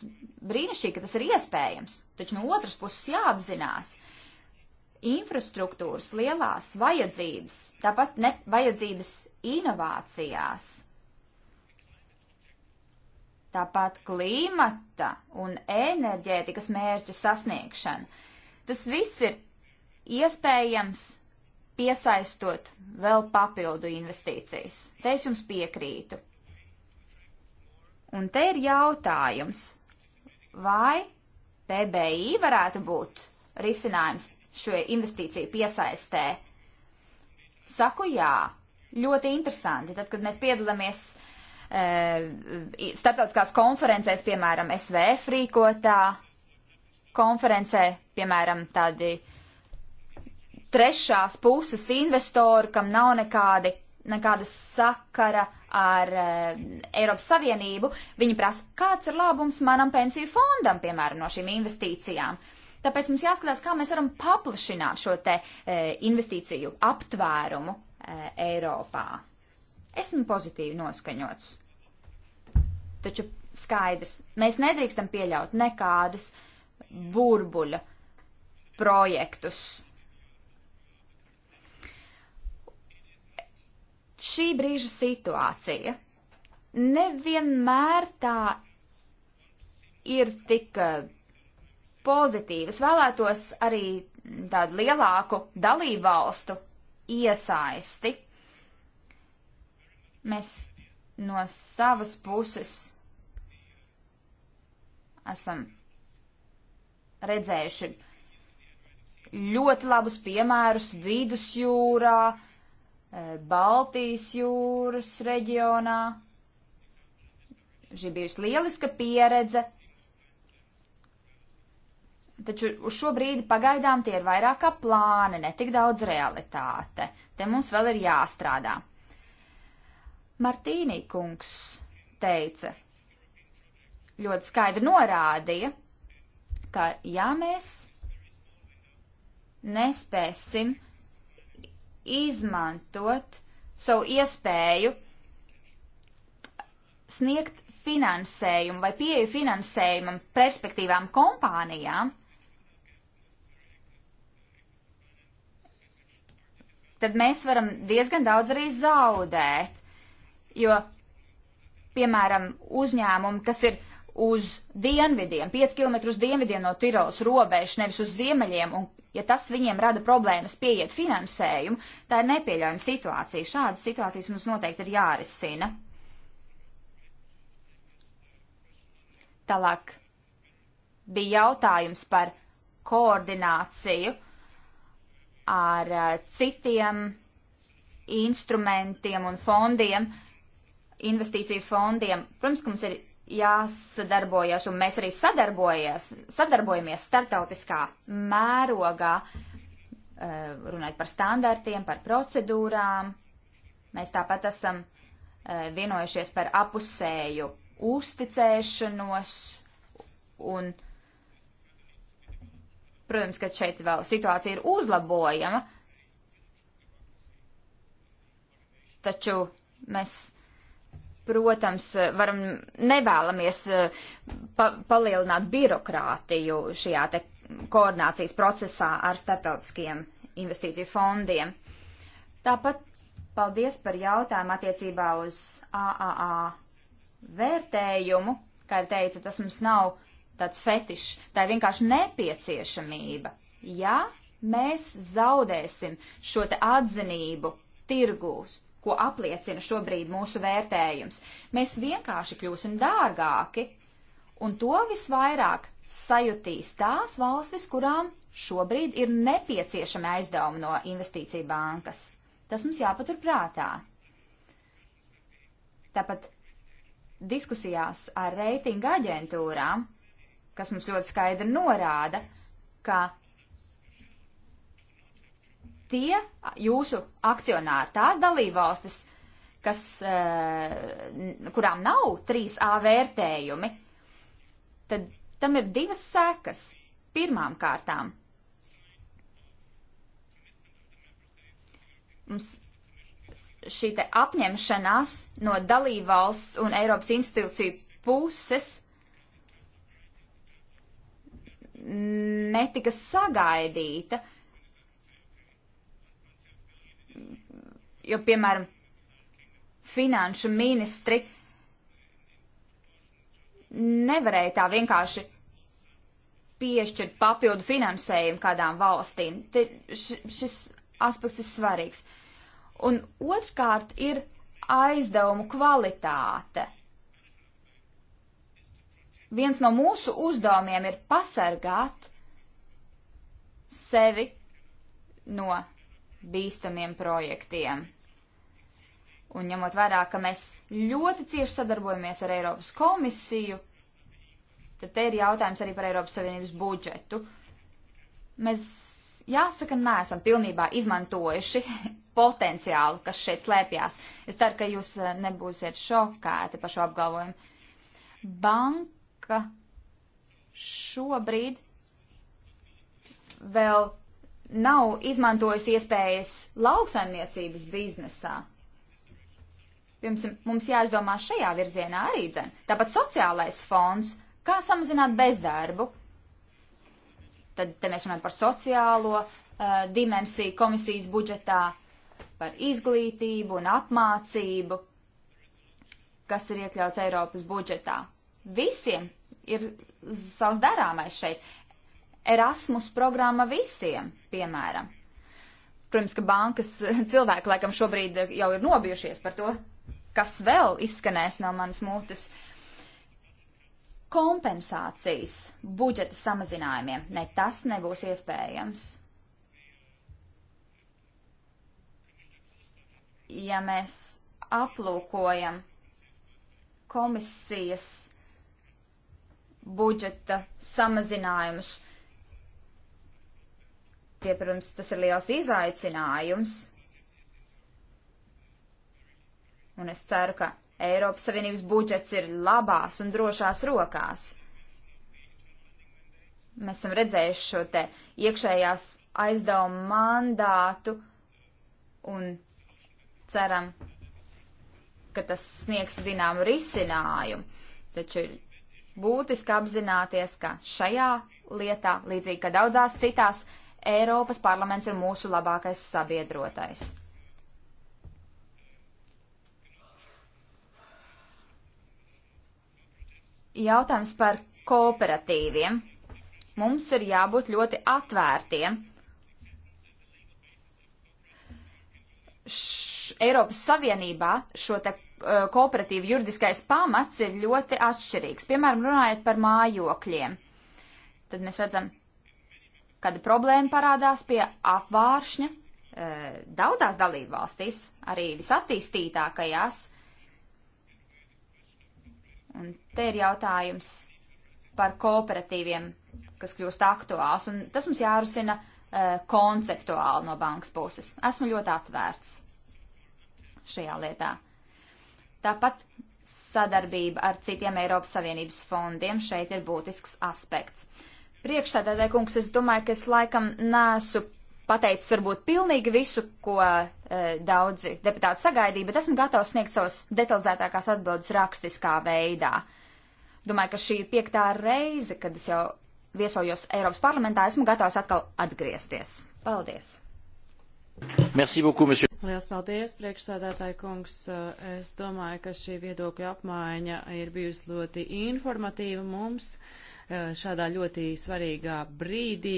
S3: brīnišķīgi, ka tas ir iespējams, taču no otras puses jāapzinās, infrastruktūras lielās vajadzības, tāpat ne, vajadzības inovācijās. Tāpat klimata un enerģētikas mērķu sasniegšana. Tas viss ir iespējams piesaistot vēl papildu investīcijas. Te es jums piekrītu. Un te ir jautājums, vai PBI varētu būt risinājums šo investīciju piesaistē? Saku jā. Ļoti interesanti. Tad, kad mēs piedalāmies e, starptautiskās konferencēs, piemēram, SVF rīkotā konferencē, piemēram, tādi trešās puses investori, kam nav nekādi, nekāda sakara ar e, Eiropas Savienību, viņi prasa, kāds ir labums manam pensiju fondam, piemēram, no šīm investīcijām. Uh, Tāpēc mums jāskatās, kā mēs varam paplašināt šo te e, investīciju aptvērumu e, Eiropā. Esmu pozitīvi noskaņots. Taču skaidrs, mēs nedrīkstam pieļaut nekādas burbuļa projektus. Šī brīža situācija nevienmēr tā ir tik e, pozitīvas. Vēlētos arī tādu lielāku dalībvalstu iesaisti. Mēs no savas puses esam redzējuši ļoti labus piemērus vidusjūrā, e, Baltijas jūras reģionā. Šī bijusi lieliska pieredze, Taču uz šo brīdi pagaidām tie ir vairāk kā plāni, ne tik daudz realitāte. Te mums vēl ir jāstrādā. Martīnī kungs teica, ļoti skaidri norādīja, ka ja mēs nespēsim izmantot savu iespēju sniegt finansējumu vai pieeju finansējumam perspektīvām kompānijām, tad mēs varam diezgan daudz arī zaudēt. Jo, piemēram, uzņēmumi, kas ir uz dienvidiem, 5 km uz dienvidiem no Tirolas robežas, nevis uz ziemeļiem, un ja tas viņiem rada problēmas pieiet finansējumu, tā ir nepieļaujama situācija. Šādas situācijas mums noteikti ir jārisina. Tālāk bija jautājums par koordināciju ar eh, citiem instrumentiem un fondiem, investīciju fondiem. Protams, ka mums ir jāsadarbojas, un mēs arī sadarbojamies startautiskā mērogā, eh, runājot par standartiem, par procedūrām. Mēs tāpat esam eh, vienojušies par apusēju uzticēšanos un uh, Protams, ka šeit vēl situācija ir uzlabojama, taču mēs, protams, varam nevēlamies eh, pa palielināt birokrātiju šajā te koordinācijas procesā ar starptautiskiem investīciju fondiem. Tāpat paldies par jautājumu attiecībā uz AAA vērtējumu. Kā jau teicu, tas mums nav tāds fetišs, tā ir vienkārši nepieciešamība. Ja mēs zaudēsim šo te atzinību tirgūs, ko apliecina šobrīd mūsu vērtējums, mēs vienkārši kļūsim dārgāki, un to visvairāk sajutīs tās valstis, kurām šobrīd ir nepieciešami aizdevumi no investīcija bankas. Tas mums jāpatur prātā. Tāpat diskusijās ar reitinga aģentūrām kas mums ļoti skaidri norāda, ka tie jūsu akcionāri, tās dalībvalstis, kas, eh, kurām nav 3A vērtējumi, tad tam ir divas sekas. Pirmām kārtām mums šī apņemšanās no dalībvalsts un Eiropas institūciju puses netika sagaidīta. Jo, piemēram, finanšu ministri nevarēja tā vienkārši piešķirt papildu finansējumu kādām valstīm. Te šis aspekts ir svarīgs. Un otrkārt ir aizdevumu kvalitāte viens no mūsu uzdevumiem ir pasargāt sevi no bīstamiem projektiem. Un ņemot vērā, ka mēs ļoti cieši sadarbojamies ar Eiropas komisiju, tad te ir jautājums arī par Eiropas Savienības budžetu. Mēs, jāsaka, neesam pilnībā izmantojuši potenciālu, kas šeit slēpjas. Es ceru, ka jūs eh, nebūsiet šokēti par šo apgalvojumu. Bank ka šobrīd vēl nav izmantojusi iespējas lauksaimniecības biznesā. Pirms mums jāizdomā šajā virzienā arī dzen. Tāpat sociālais fonds, kā samazināt bezdarbu. Tad te mēs runājam par sociālo uh, dimensiju komisijas budžetā, par izglītību un apmācību, kas ir iekļauts Eiropas budžetā. Visiem ir savs darāmais šeit. Erasmus programma visiem, piemēram. Protams, ka bankas cilvēki laikam šobrīd jau ir nobijušies par to, kas vēl izskanēs no manas mutes. Kompensācijas budžeta samazinājumiem. Ne tas nebūs iespējams. Ja mēs aplūkojam komisijas budžeta samazinājumus. Tie, protams, tas ir liels izaicinājums. Un es ceru, ka Eiropas Savienības budžets ir labās un drošās rokās. Mēs esam redzējuši šo te iekšējās aizdevumu mandātu un ceram, ka tas sniegs zināmu risinājumu. Taču ir būtiski apzināties, ka šajā lietā, līdzīgi kā daudzās citās, Eiropas parlaments ir mūsu labākais sabiedrotais. Jautājums par kooperatīviem. Mums ir jābūt ļoti atvērtiem. Š Eiropas Savienībā šo te Eh, kooperatīvu juridiskais pamats ir ļoti atšķirīgs. Piemēram, runājot par mājokļiem, tad mēs redzam, kad problēma parādās pie apvāršņa eh, daudzās dalībvalstīs, arī visattīstītākajās. Un te ir jautājums par kooperatīviem, kas kļūst aktuāls, un tas mums jārusina eh, konceptuāli no bankas puses. Esmu ļoti atvērts šajā lietā. Tāpat sadarbība ar citiem Eiropas Savienības fondiem šeit ir būtisks aspekts. Priekšsēdētāji kungs, es domāju, ka es laikam nesu pateicis varbūt pilnīgi visu, ko e, daudzi deputāti sagaidīja, bet esmu gatavs sniegt savas detalizētākās atbildes rakstiskā veidā. Domāju, ka šī ir piektā reize, kad es jau viesojos Eiropas parlamentā, esmu gatavs atkal atgriezties. Paldies!
S2: Merci beaucoup, monsieur.
S3: Liels paldies, priekšsādātāji
S1: kungs. Es domāju, ka šī viedokļa apmaiņa ir bijusi ļoti informatīva mums eh, šādā ļoti svarīgā brīdī,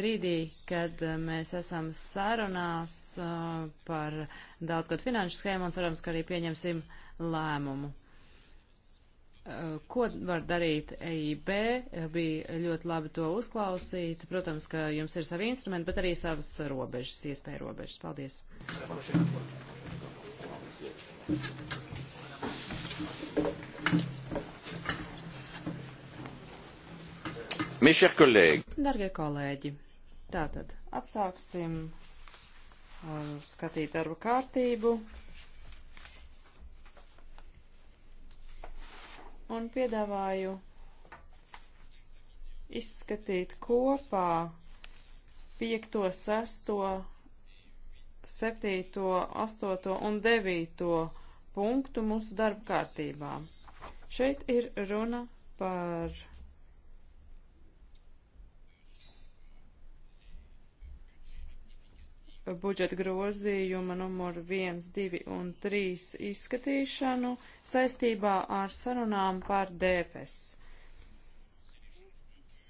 S1: brīdī, kad eh, mēs esam sarunās eh, par daudzgad finanšu schēmu un cerams, ka arī pieņemsim lēmumu. Eh, ko var darīt EIB? Eh, bija ļoti labi to uzklausīt. Protams, ka jums ir savi instrumenti, bet arī savas robežas, iespēja robežas. Paldies! Darbie kolēģi, tātad atsāksim eh, skatīt darba kārtību. un piedāvāju izskatīt kopā 5, 6, 7, 8 un 9 punktu mūsu darba kārtībā. Šeit ir runa par budžeta grozījuma numur 1, 2 un 3 izskatīšanu saistībā ar sarunām par DFS.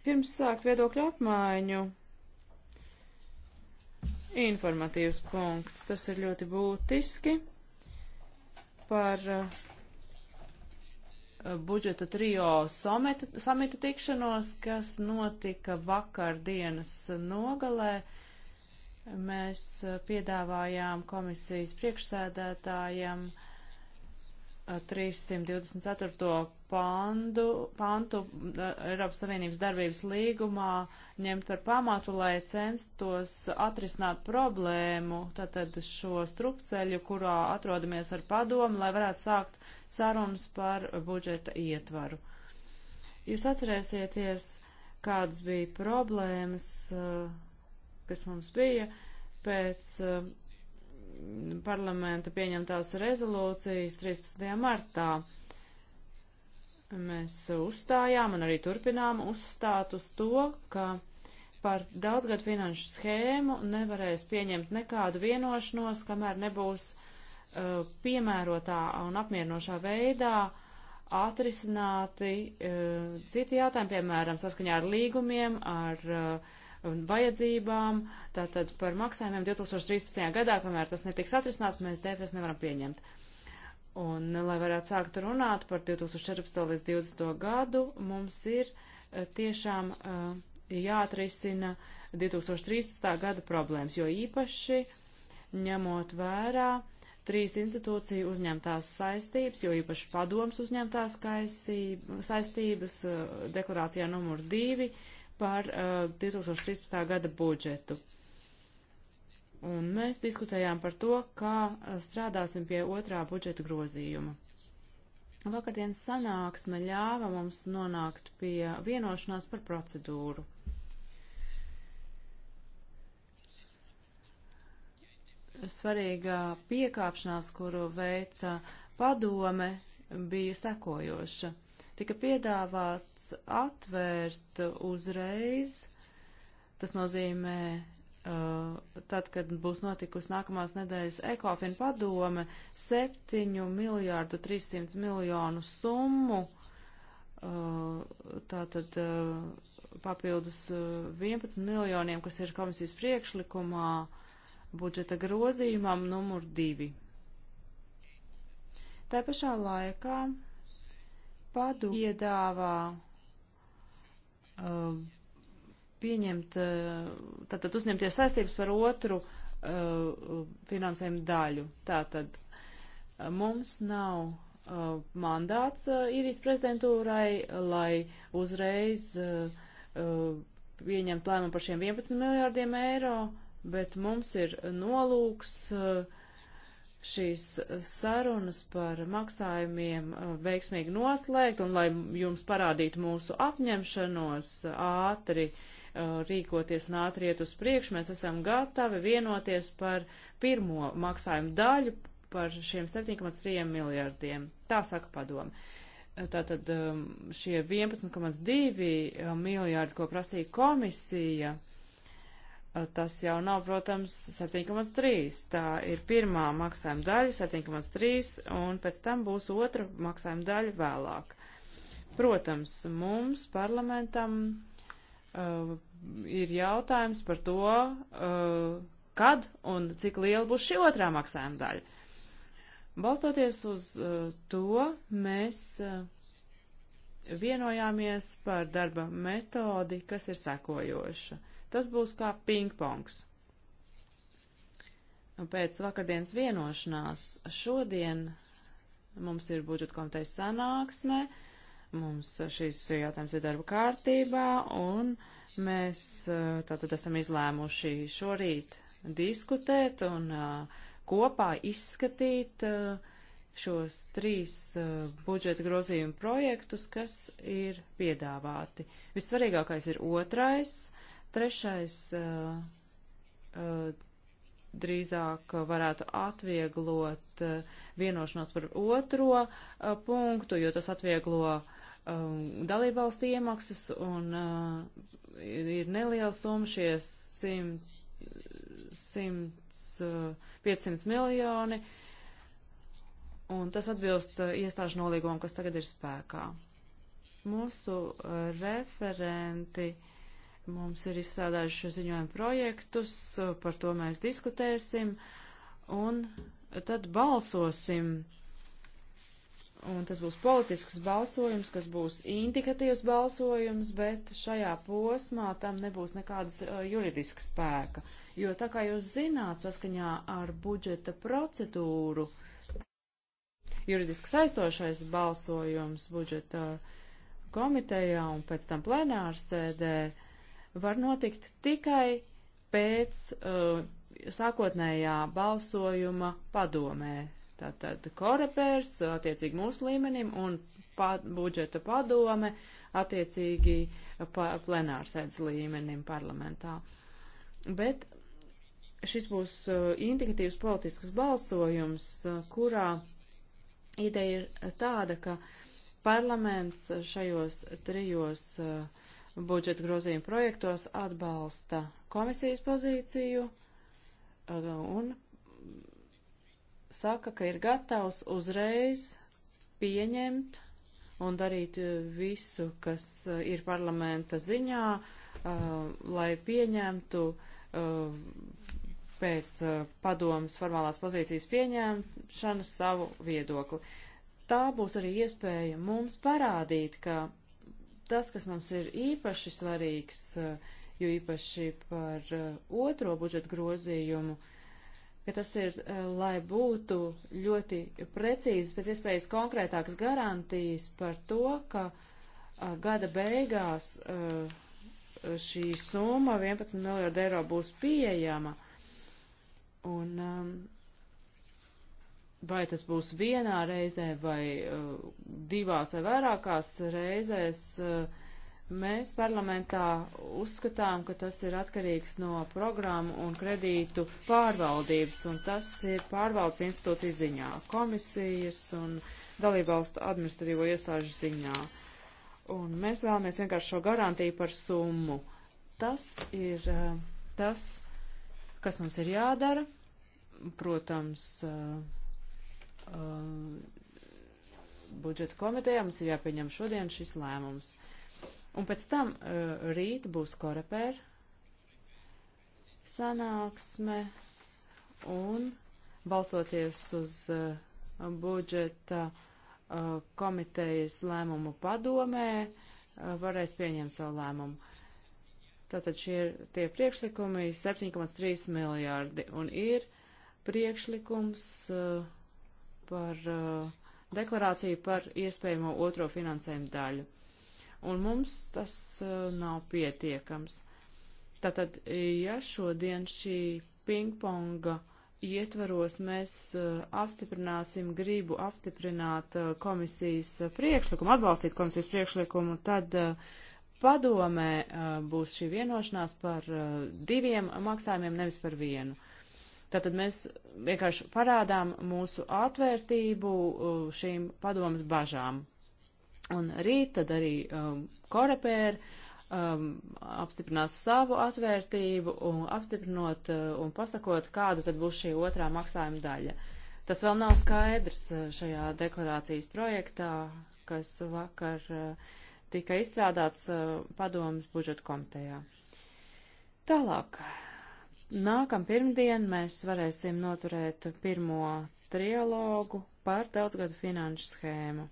S1: Pirms sākt viedokļu apmaiņu, informatīvs punkts, tas ir ļoti būtiski par eh, budžeta trio samita tikšanos, kas notika vakardienas nogalē. Uh, Mēs eh, piedāvājām komisijas priekšsēdētājiem 324. Eh, pandu, pantu eh, Eiropas Savienības darbības līgumā ņemt par pamatu, lai censtos atrisināt problēmu, tātad šo strupceļu, kurā atrodamies ar padomu, lai varētu sākt sarunas par budžeta ietvaru. Jūs atcerēsieties, kādas bija problēmas uh, kas mums bija pēc uh, parlamenta pieņemtās rezolūcijas 13. martā. Mēs uzstājām un arī turpinām uzstāt uz to, ka par daudzgadu finanšu schēmu nevarēs pieņemt nekādu vienošanos, kamēr nebūs uh, piemērotā un apmierinošā veidā atrisināti uh, citi jautājumi, piemēram, saskaņā ar līgumiem, ar uh, vajadzībām, tātad par maksājumiem 2013. gadā, kamēr tas netiks atrisināts, mēs DFS nevaram pieņemt. Un, lai varētu sākt runāt par 2014. līdz 2020. gadu, mums ir eh, tiešām eh, jāatrisina 2013. gada problēmas, jo īpaši ņemot vērā trīs institūciju uzņemtās saistības, jo īpaši padoms uzņemtās kaisība, saistības eh, deklarācijā numur divi, uh, par uh, eh, 2013. gada budžetu. Un mēs diskutējām par to, kā eh, strādāsim pie otrā budžeta grozījuma. Vakardienas sanāksme ļāva mums nonākt pie vienošanās par procedūru. Svarīgā piekāpšanās, kuru veica padome, bija sekojoša tika piedāvāts atvērt uzreiz, tas nozīmē, uh, tad, kad būs notikusi nākamās nedēļas ekofina padome, 7 miljārdu 300 miljonu summu, uh, tātad uh, papildus 11 miljoniem, kas ir komisijas priekšlikumā, budžeta grozījumam numur 2. Tā pašā laikā Padu piedāvā uh, pieņemt, uh, tātad uzņemties saistības par otru uh, finansējumu daļu. Tātad uh, mums nav uh, mandāts uh, īrijas prezidentūrai, lai uzreiz pieņemt lēmumu par šiem 11 miljārdiem eiro, bet mums ir nolūks uh, šīs sarunas par maksājumiem uh, veiksmīgi noslēgt un lai jums parādītu mūsu apņemšanos ātri uh, rīkoties un ātri iet uz priekšu, mēs esam gatavi vienoties par pirmo maksājumu daļu par šiem 7,3 miljardiem. Tā saka padomu. Uh, tātad um, šie 11,2 miljārdi, ko prasīja komisija, uh, tas jau nav, protams, 7,3. Tā ir pirmā maksājuma daļa, 7,3, un pēc tam būs otra maksājuma daļa vēlāk. Protams, mums parlamentam uh, ir jautājums par to, uh, kad un cik liela būs šī otrā maksājuma daļa. Balstoties uz uh, to, mēs uh, vienojāmies par darba metodi, kas ir sekojoša. Uh, Tas būs kā pingpongs. Pēc vakardienas vienošanās šodien mums ir budžeta komitejas sanāksme, mums šīs jautājums ir darba kārtībā, un mēs tātad esam izlēmuši šorīt diskutēt un kopā izskatīt šos trīs budžeta grozījumu projektus, kas ir piedāvāti. Vissvarīgākais ir otrais Trešais uh, uh, drīzāk varētu atvieglot eh, vienošanos par otro punktu, jo tas atvieglo um, dalībvalstu iemaksas un uh, ir neliela summa šie 500 miljoni, un tas atbilst uh, iestāžu nolīgumam, kas tagad ir spēkā. Mūsu uh, referenti uh, Mums ir izstrādājuši šo ziņojumu projektus, par to mēs diskutēsim un tad balsosim. Un tas būs politisks balsojums, kas būs indikatīvs balsojums, bet šajā posmā tam nebūs nekādas uh, juridiska spēka. Jo tā kā jūs zināt, saskaņā ar budžeta procedūru, juridiski saistošais balsojums budžeta komitejā un pēc tam plenārsēdē var notikt tikai pēc uh, sākotnējā balsojuma padomē. Tātad korepērs uh, attiecīgi mūsu līmenim un pa, budžeta padome attiecīgi pa, plenārsēdz līmenim parlamentā. Bet šis būs uh, indikatīvs politisks balsojums, uh, kurā ideja ir tāda, ka parlaments šajos trijos uh, budžeta grozījuma projektos atbalsta komisijas pozīciju uh, un saka, ka ir gatavs uzreiz pieņemt un darīt uh, visu, kas uh, ir parlamenta ziņā, lai pieņemtu pēc padomas formālās pozīcijas pieņemšanas savu viedokli. Tā būs arī iespēja mums parādīt, ka tas, kas mums ir īpaši svarīgs, eh, jo īpaši par eh, otro budžeta grozījumu, ka tas ir, eh, lai būtu ļoti precīzes, pēc iespējas konkrētākas garantijas par to, ka gada beigās šī summa 11 miljardu eiro būs pieejama. Un um, vai tas būs vienā reizē vai uh, divās vai vairākās reizēs, uh, mēs parlamentā uzskatām, ka tas ir atkarīgs no programmu un kredītu pārvaldības, un tas ir pārvaldes institūcijas ziņā, komisijas un dalībvalstu administratīvo iestāžu ziņā. Un mēs vēlamies vienkārši šo garantiju par summu. Tas ir uh, tas, kas mums ir jādara. Protams, uh, uh, budžeta komitejā. Mums ir jāpieņem šodien šis lēmums. Un pēc tam uh, rīt būs korepēra sanāksme un balstoties uz uh, budžeta uh, komitejas lēmumu padomē, uh, varēs pieņemt savu lēmumu. Tātad šie ir tie priekšlikumi 7,3 miljārdi un ir priekšlikums uh, par uh, deklarāciju par iespējamo otro finansējumu daļu. Un mums tas uh, nav pietiekams. Tātad, ja šodien šī pingponga ietvaros mēs uh, apstiprināsim gribu apstiprināt uh, komisijas priekšlikumu, atbalstīt komisijas priekšlikumu, tad uh, padomē būs šī vienošanās par diviem maksājumiem, nevis par vienu. Tātad mēs vienkārši parādām mūsu atvērtību šīm padomas bažām. Un rīt tad arī um, korepēri um, apstiprinās savu atvērtību un apstiprinot uh, un pasakot, kāda tad būs šī otrā maksājuma daļa. Tas vēl nav skaidrs uh, šajā deklarācijas projektā, kas vakar uh, tika izstrādāts uh, padomas budžeta komitejā. Tālāk. Uh, Nākam pirmdien mēs varēsim noturēt pirmo trialogu par daudzgadu finanšu schēmu.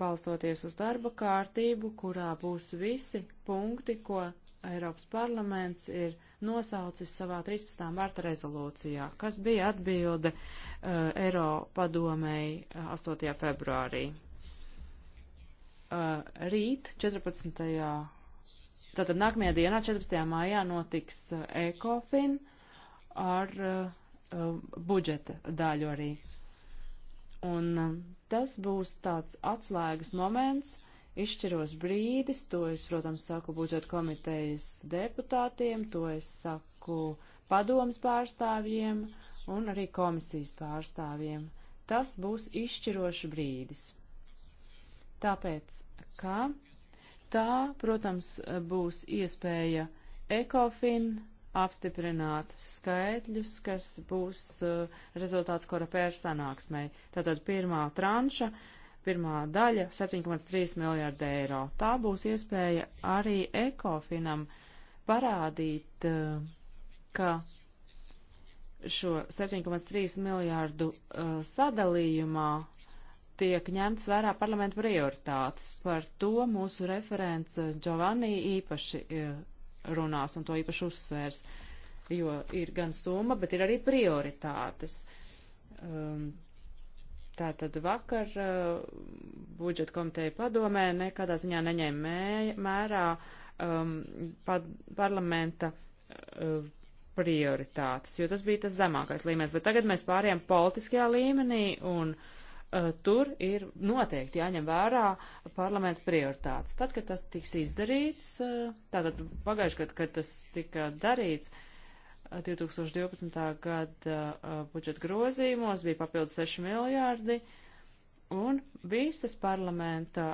S1: Balstoties uz darba kārtību, kurā būs visi punkti, ko Eiropas parlaments ir nosaucis savā 13. marta rezolūcijā, kas bija atbilde uh, eh, Eiro padomēji uh, eh, 8. februārī. Uh, rīt, 14. Tātad nākamajā dienā, 14. maijā, notiks uh, ECOFIN ar uh, uh, budžeta daļu arī. Un um, tas būs tāds atslēgas moments, izšķiros brīdis, to es, protams, saku budžeta komitejas deputātiem, to es saku padomas pārstāvjiem un arī komisijas pārstāvjiem. Tas būs izšķirošs brīdis. Tāpēc, ka Tā, protams, būs iespēja ECOFIN apstiprināt skaitļus, kas būs uh, rezultāts korapēra sanāksmei. Tātad pirmā tranša, pirmā daļa - 7,3 miljārda eiro. Tā būs iespēja arī ekofinam parādīt, uh, ka šo 7,3 miljārdu uh, sadalījumā tiek ņemts vērā parlamenta prioritātes. Par to mūsu referents eh, Giovanni īpaši eh, runās un to īpaši uzsvērs, jo ir gan summa, bet ir arī prioritātes. Um, Tātad vakar uh, budžeta komiteja padomē nekādā ziņā neņēma mē, mērā um, pad, parlamenta uh, prioritātes, jo tas bija tas zemākais līmenis. Bet tagad mēs pārējām politiskajā līmenī un uh, Eh, tur ir noteikti jāņem vērā parlamenta prioritātes. Tad, kad tas tiks izdarīts, eh, tātad pagājuši gadu, kad tas tika darīts, 2012. Eh, gada budžeta grozījumos bija papildus 6 miljārdi, un visas parlamenta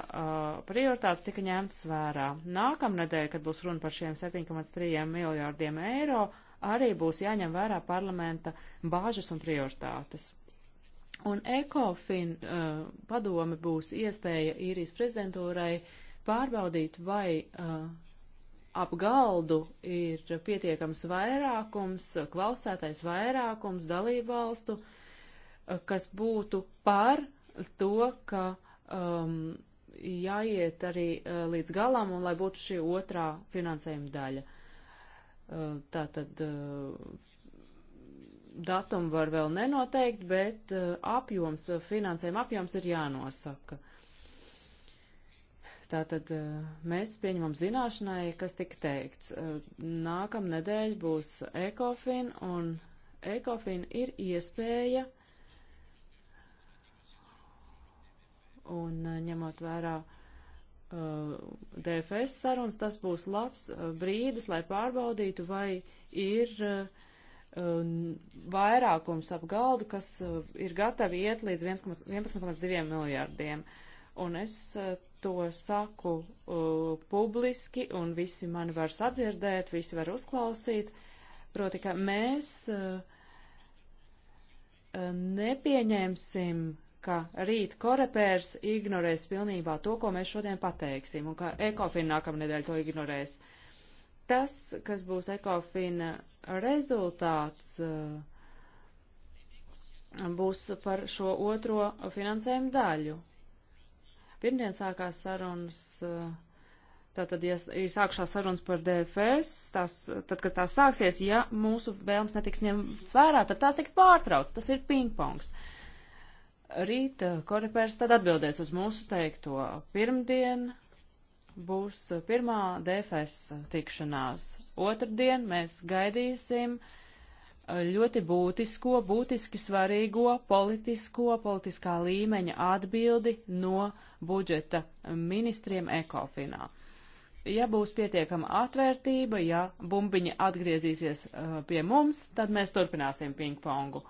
S1: prioritātes tika ņemtas vērā. Nākamnedēļ, kad būs runa par šiem 7,3 miljārdiem eiro, arī būs jāņem vērā parlamenta bāžas un prioritātes. Un ECOFIN uh, padome būs iespēja īrijas prezidentūrai pārbaudīt, vai uh, ap galdu ir pietiekams vairākums, kvalificētais vairākums dalību valstu, uh, kas būtu par to, ka um, jāiet arī uh, līdz galam un lai būtu šī otrā finansējuma daļa. Uh, Tātad uh, datumu var vēl nenoteikt, bet eh, apjoms, eh, finansējuma apjoms ir jānosaka. Tātad eh, mēs pieņemam zināšanai, kas tika teikts. Nākam nedēļ būs ECOFIN, un ECOFIN ir iespēja, un ņemot vērā DFS sarunas, tas būs labs brīdis, lai pārbaudītu, vai ir uh, Um, vairākums ap galdu, kas uh, ir gatavi iet līdz 11,2 miljārdiem. Un es uh, to saku uh, publiski, un visi mani var sadzirdēt, visi var uzklausīt. Proti, ka mēs uh, uh nepieņemsim, ka rīt korepērs ignorēs pilnībā to, ko mēs šodien pateiksim, un ka ekofina nākamnedēļ to ignorēs. Tas, kas būs ekofina rezultāts eh, būs par šo otro finansējumu daļu. Pirmdien sākās sarunas, eh, tātad, ja ir sākšās sarunas par DFS, tās, tad, kad tās sāksies, ja mūsu vēlms netiks ņemts vērā, tad tās tiks pārtrauc. Tas ir pingpongs. Rīt Korepērs tad atbildēs uz mūsu teikto pirmdien būs pirmā DFS tikšanās. Otradien mēs gaidīsim eh, ļoti būtisko, būtiski svarīgo politisko, politiskā līmeņa atbildi no budžeta ministriem ekofinā. Ja būs pietiekama atvērtība, ja bumbiņa atgriezīsies eh, pie mums, tad mēs turpināsim pingpongu.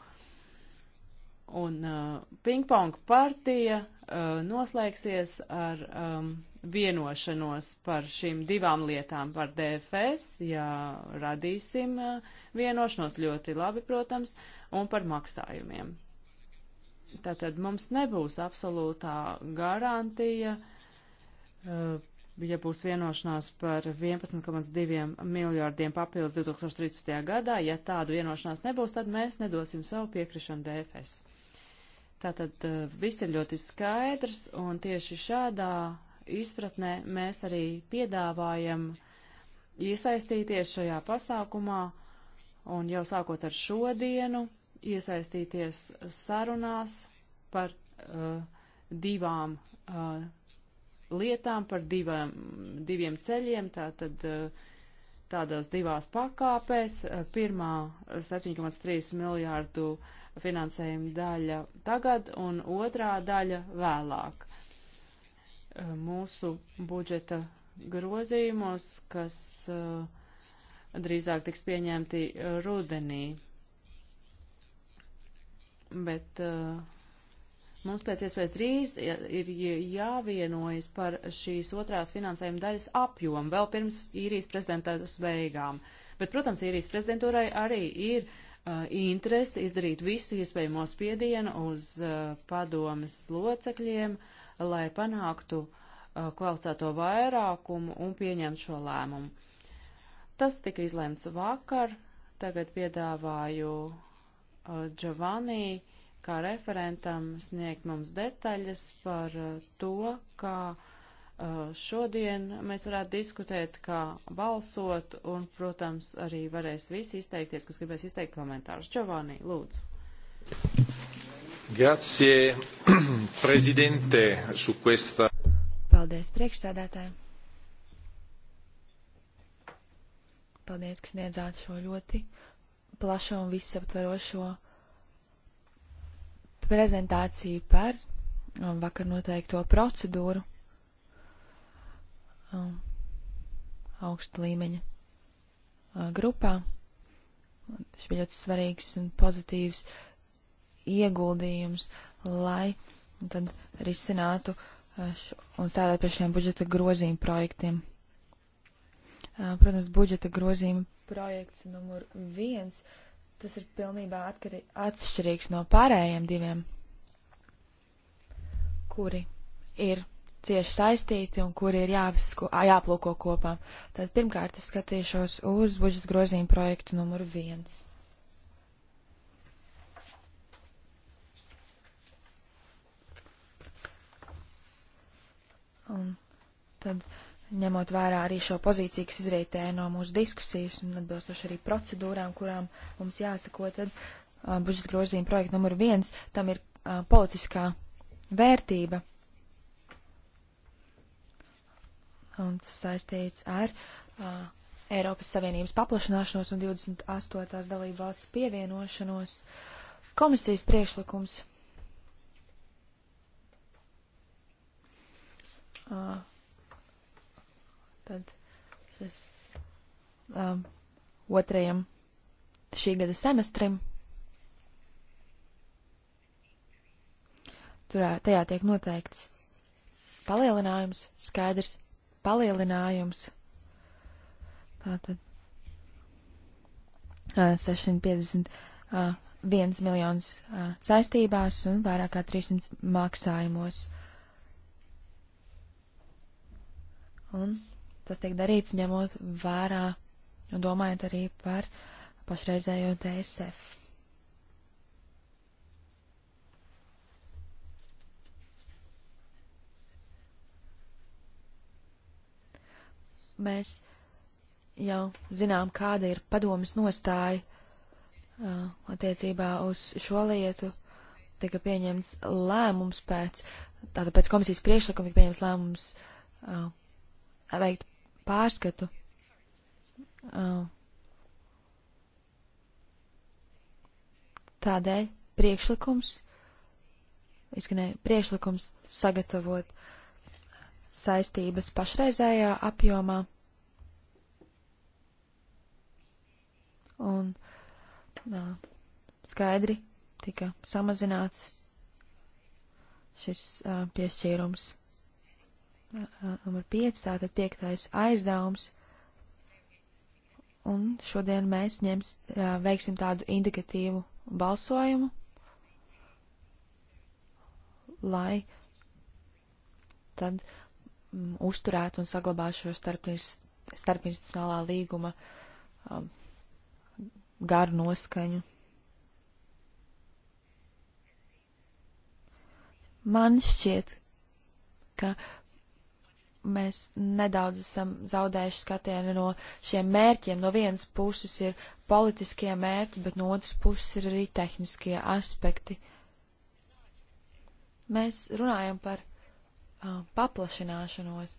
S1: Un uh, pingpong partija uh, noslēgsies ar um, vienošanos par šīm divām lietām, par DFS, ja radīsim eh, vienošanos ļoti labi, protams, un par maksājumiem. Tātad mums nebūs absolūtā garantija, eh, ja būs vienošanās par 11,2 miljārdiem papildus 2013. gadā, ja tādu vienošanās nebūs, tad mēs nedosim savu piekrišanu DFS. Tātad eh, viss ir ļoti skaidrs, un tieši šādā izpratnē mēs arī piedāvājam iesaistīties šajā pasākumā un jau sākot ar šodienu iesaistīties sarunās par uh, divām uh, lietām, par divām, diviem ceļiem, tātad uh, tādās divās pakāpēs. Uh, pirmā 7,3 miljārdu finansējuma daļa tagad un otrā daļa vēlāk. Uh, Eh, mūsu budžeta grozījumos, kas eh, drīzāk tiks pieņemti rudenī. Bet uh, mums pēc iespējas drīz ir jāvienojas par šīs otrās finansējuma daļas apjomu vēl pirms īrijas prezidentūras beigām. Bet, protams, īrijas prezidentūrai arī ir uh, interese izdarīt visu iespējamo spiedienu uz uh, padomes locekļiem, lai panāktu uh, kvalificēto vairākumu un pieņemtu šo lēmumu. Tas tika izlemts vakar, tagad piedāvāju uh, Giovanni kā referentam sniegt mums detaļas par uh, to, kā šodien mēs varētu diskutēt, kā balsot, un, protams, arī varēs visi izteikties, kas gribēs izteikt komentārus. Giovanni, lūdzu.
S2: Grazie, prezidente, su questa. Paldies, priekšsēdētāji. Paldies, ka sniedzāt šo ļoti plašo un visaptverošo prezentāciju par um, vakar noteikto procedūru um, augsta līmeņa uh, grupā. Tas bija ļoti svarīgs un pozitīvs uh, ieguldījums, lai tad risinātu eh, un strādāt pie šiem budžeta grozījuma projektiem. Eh, protams, budžeta grozījuma projekts numur viens, tas ir pilnībā atkarī, atšķirīgs no pārējiem diviem, kuri ir cieši saistīti un kuri ir jāpasko, jāplūko kopā. Tad pirmkārt es skatīšos uz budžeta grozījuma projektu numur viens. Un tad ņemot vērā arī šo pozīciju, kas izrietēja no mūsu diskusijas un atbilstoši arī procedūrām, kurām mums jāsako, tad uh, budžeta grozījuma projekta numur viens, tam ir uh, politiskā vērtība. Un tas saistīts ar uh, Eiropas Savienības paplašanāšanos un 28. dalību valsts pievienošanos. Komisijas priekšlikums Uh, tad šis uh, otrajam šī gada semestrim. Tur tajā tiek noteikts palielinājums, skaidrs palielinājums. Tātad uh, 650 uh, viens miljons uh, saistībās un vairāk kā 300 maksājumos. Uh, Un tas tiek darīts ņemot vērā un domājot arī par pašreizējo DSF. Mēs jau zinām, kāda ir padomas nostāja uh, attiecībā uz šo lietu. Tika pieņemts lēmums pēc, tātad pēc komisijas priekšlikuma tika pieņemts lēmums uh, veikt pārskatu. Uh, tādēļ priekšlikums, izskanēja priekšlikums sagatavot saistības pašreizējā apjomā un nā, uh, skaidri tika samazināts šis uh, piešķīrums numur 5, tātad piektais aizdevums. Un šodien mēs ņems, veiksim tādu indikatīvu balsojumu, lai tad um, uzturētu un saglabātu šo starpinstitucionālā starp līguma um, garu noskaņu. Man šķiet, ka mēs nedaudz esam zaudējuši skatienu no šiem mērķiem. No vienas puses ir politiskie mērķi, bet no otras puses ir arī tehniskie aspekti. Mēs runājam par uh, paplašināšanos.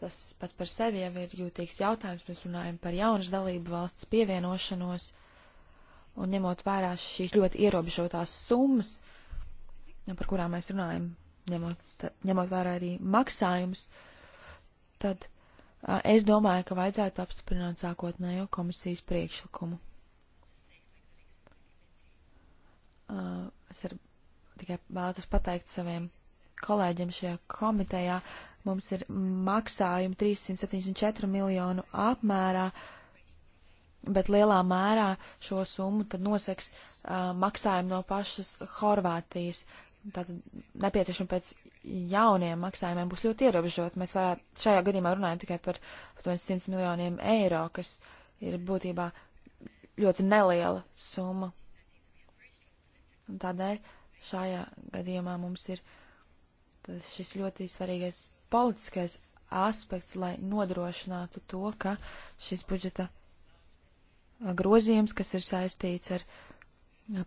S2: Tas pats par sevi jau ir jūtīgs jautājums. Mēs runājam par jaunas dalību valsts pievienošanos. Un ņemot vērā šīs ļoti ierobežotās summas, par kurām mēs runājam, ņemot, ņemot vērā arī maksājumus, uh, tad a, es domāju, ka vajadzētu apstiprināt sākotnējo komisijas priekšlikumu. A, es ar, tikai vēlētos pateikt saviem kolēģiem šajā komitejā. Mums ir maksājumi 374 miljonu apmērā, bet lielā mērā šo summu tad noseks uh, maksājumi no pašas Horvātijas. Uh, tātad nepieciešami pēc jauniem maksājumiem būs ļoti ierobežot. Mēs varētu šajā gadījumā runājam tikai par 800 miljoniem eiro, kas ir būtībā ļoti neliela summa. Un tādēļ šajā gadījumā mums ir šis ļoti svarīgais politiskais aspekts, lai nodrošinātu to, ka šis budžeta grozījums, kas ir saistīts ar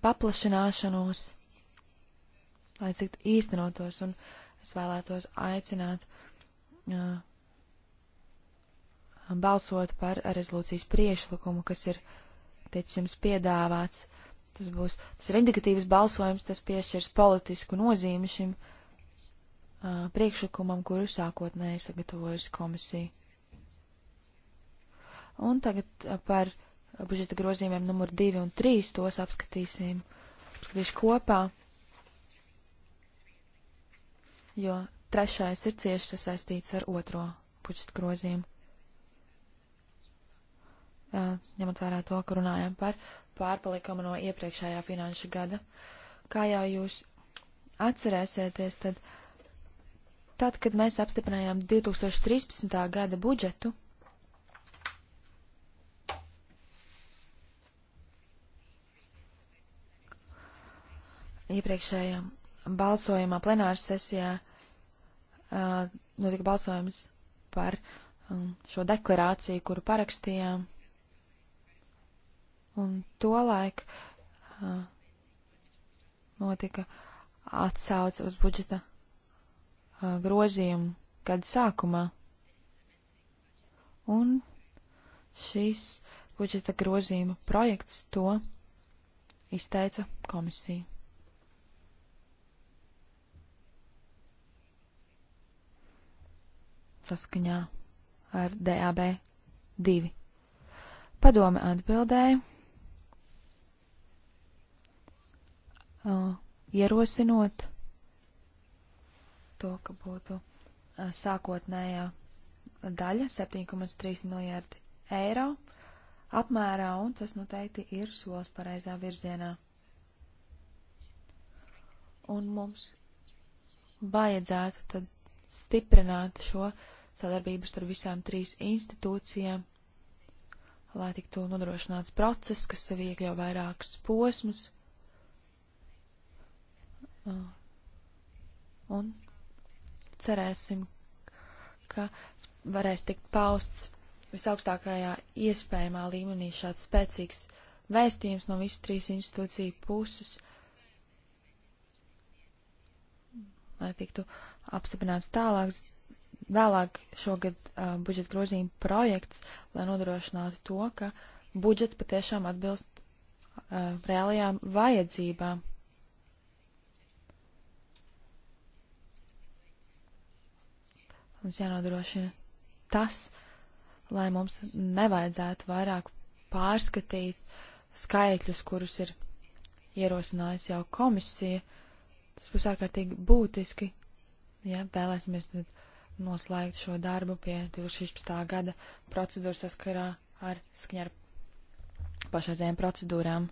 S2: paplašināšanos, lai tiktu īstenotos, un es vēlētos aicināt uh, balsot par rezolūcijas priešlikumu, kas ir teicis jums piedāvāts. Tas būs, tas ir indikatīvs balsojums, tas piešķirs politisku nozīmi šim uh, priekšlikumam, kuru sākotnēji sagatavojusi komisija. Un tagad uh, par budžeta grozījumiem numur 2 un 3 tos apskatīsim, apskatīšu kopā jo trešais ir cieši sasaistīts ar otro budžeta grozījumu. Ņemot vērā to, ka runājam par pārpalikumu no iepriekšējā finanšu gada. Kā jau jūs atcerēsieties, tad, tad kad mēs apstiprinājām 2013. gada budžetu, iepriekšējā balsojumā plenāra sesijā notika balsojums par um, šo deklarāciju, kuru parakstījām. Un tolaik notika atsauce uz budžeta grozījumu gada sākumā. Un šīs budžeta grozījuma projekts to izteica komisija. saskaņā ar DAB 2. Padome atbildēja, uh, ierosinot to, ka būtu uh, sākotnējā daļa 7,3 miljardi eiro apmērā, un tas noteikti ir solis pareizā virzienā. Un mums vajadzētu tad stiprināt šo uh, sadarbības ar visām trīs institūcijām, lai tiktu nodrošināts process, kas sev iekļauj vairākus posmus. Un cerēsim, ka varēs tikt pausts visaugstākajā iespējamā līmenī šāds spēcīgs vēstījums no visu trīs institūciju puses, lai tiktu apstiprināts tālāks vēlāk šogad uh, budžeta grozījuma projekts, lai nodrošinātu to, ka budžets patiešām atbilst uh, reālajām vajadzībām. Mums jānodrošina tas, lai mums nevajadzētu vairāk pārskatīt skaitļus, kurus ir ierosinājusi jau komisija. Tas būs ārkārtīgi būtiski, ja vēlēsimies tad noslēgt šo darbu pie 2016. gada procedūras saskarā ar skņar pašreizējām procedūrām.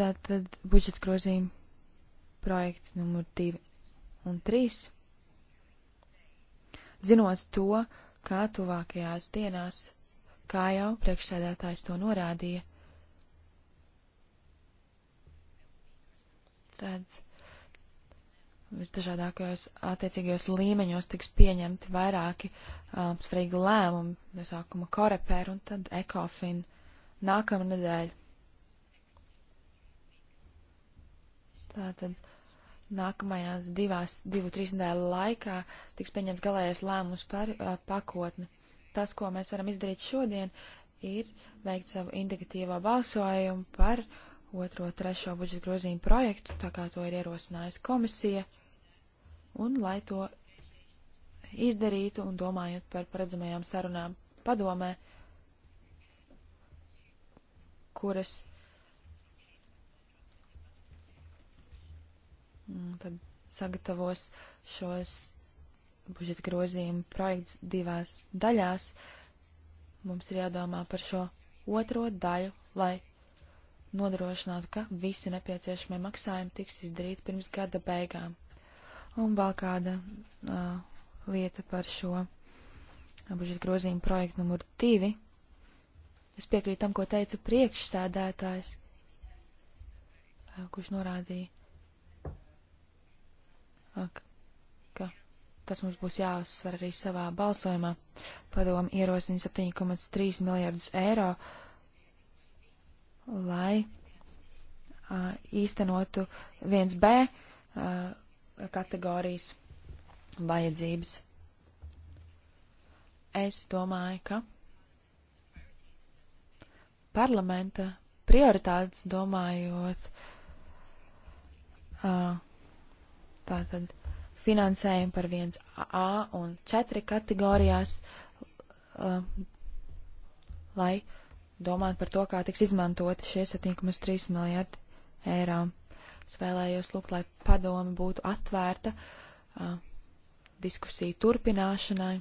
S2: Tātad budžeta grozījuma projekti numur 2 un 3. Zinot to, kā tuvākajās dienās, kā jau priekšsēdētājs to norādīja, tad visdažādākajos attiecīgajos līmeņos tiks pieņemti vairāki uh, svarīgi lēmumi, no sākuma korepēra un tad ekofin nākamā nedēļa. Tātad nākamajās divās, divu, trīs nedēļu laikā tiks pieņemts galējais lēmums par uh, pakotni. Tas, ko mēs varam izdarīt šodien, ir veikt savu indikatīvo balsojumu par uh, otro, trešo budžeta grozījumu projektu, tā kā to ir ierosinājusi komisija, un lai to izdarītu un domājot par paredzamajām sarunām padomē, kuras mm, tad sagatavos šos budžeta grozījumu projekts divās daļās. Mums ir jādomā par šo otro daļu, lai nodrošinātu, ka visi nepieciešamie maksājumi tiks izdarīti pirms gada beigām. Un vēl kāda uh, lieta par šo budžeta grozījumu projektu numur divi. Es piekrītu tam, ko teica priekšsēdētājs, uh, kurš norādīja, ak, ka tas mums būs jāuzsver arī savā balsojumā. Padomu ierosina 7,3 miljardus eiro. Uh, lai uh, īstenotu 1B uh, kategorijas vajadzības. Es domāju, ka parlamenta prioritātes domājot uh, tātad finansējumu par 1A un 4 kategorijās, uh, lai uh, domāt par to, kā tiks izmantoti šie 7,3 miljardi eiro. Es vēlējos lūgt, lai padome būtu atvērta uh, diskusiju turpināšanai,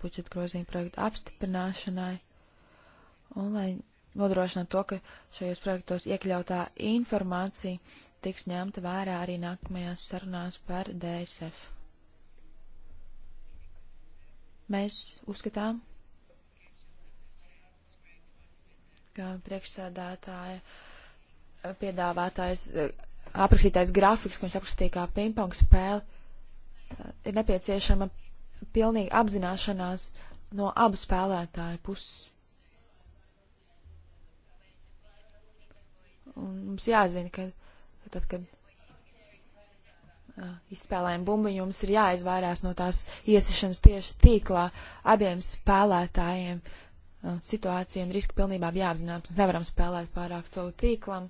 S2: budžeta grozījuma projektu apstiprināšanai, un lai nodrošinātu to, ka šajos projektos iekļautā informācija tiks ņemta vērā arī nākamajās sarunās par DSF. Mēs uzskatām, priekšsēdētāja eh, piedāvātais, eh, aprakstītais grafiks, ko viņš aprakstīja kā pingpong spēli, eh, ir nepieciešama pilnīga apzināšanās no abu spēlētāju puses. Un mums jāzina, ka tad, kad uh, izspēlējam bumbu, jums ir jāizvairās no tās iesišanas tieši tīklā abiem spēlētājiem. Uh, situācija un riski pilnībā jāapzinās. Mēs nevaram spēlēt pārāk tuvu tīklam.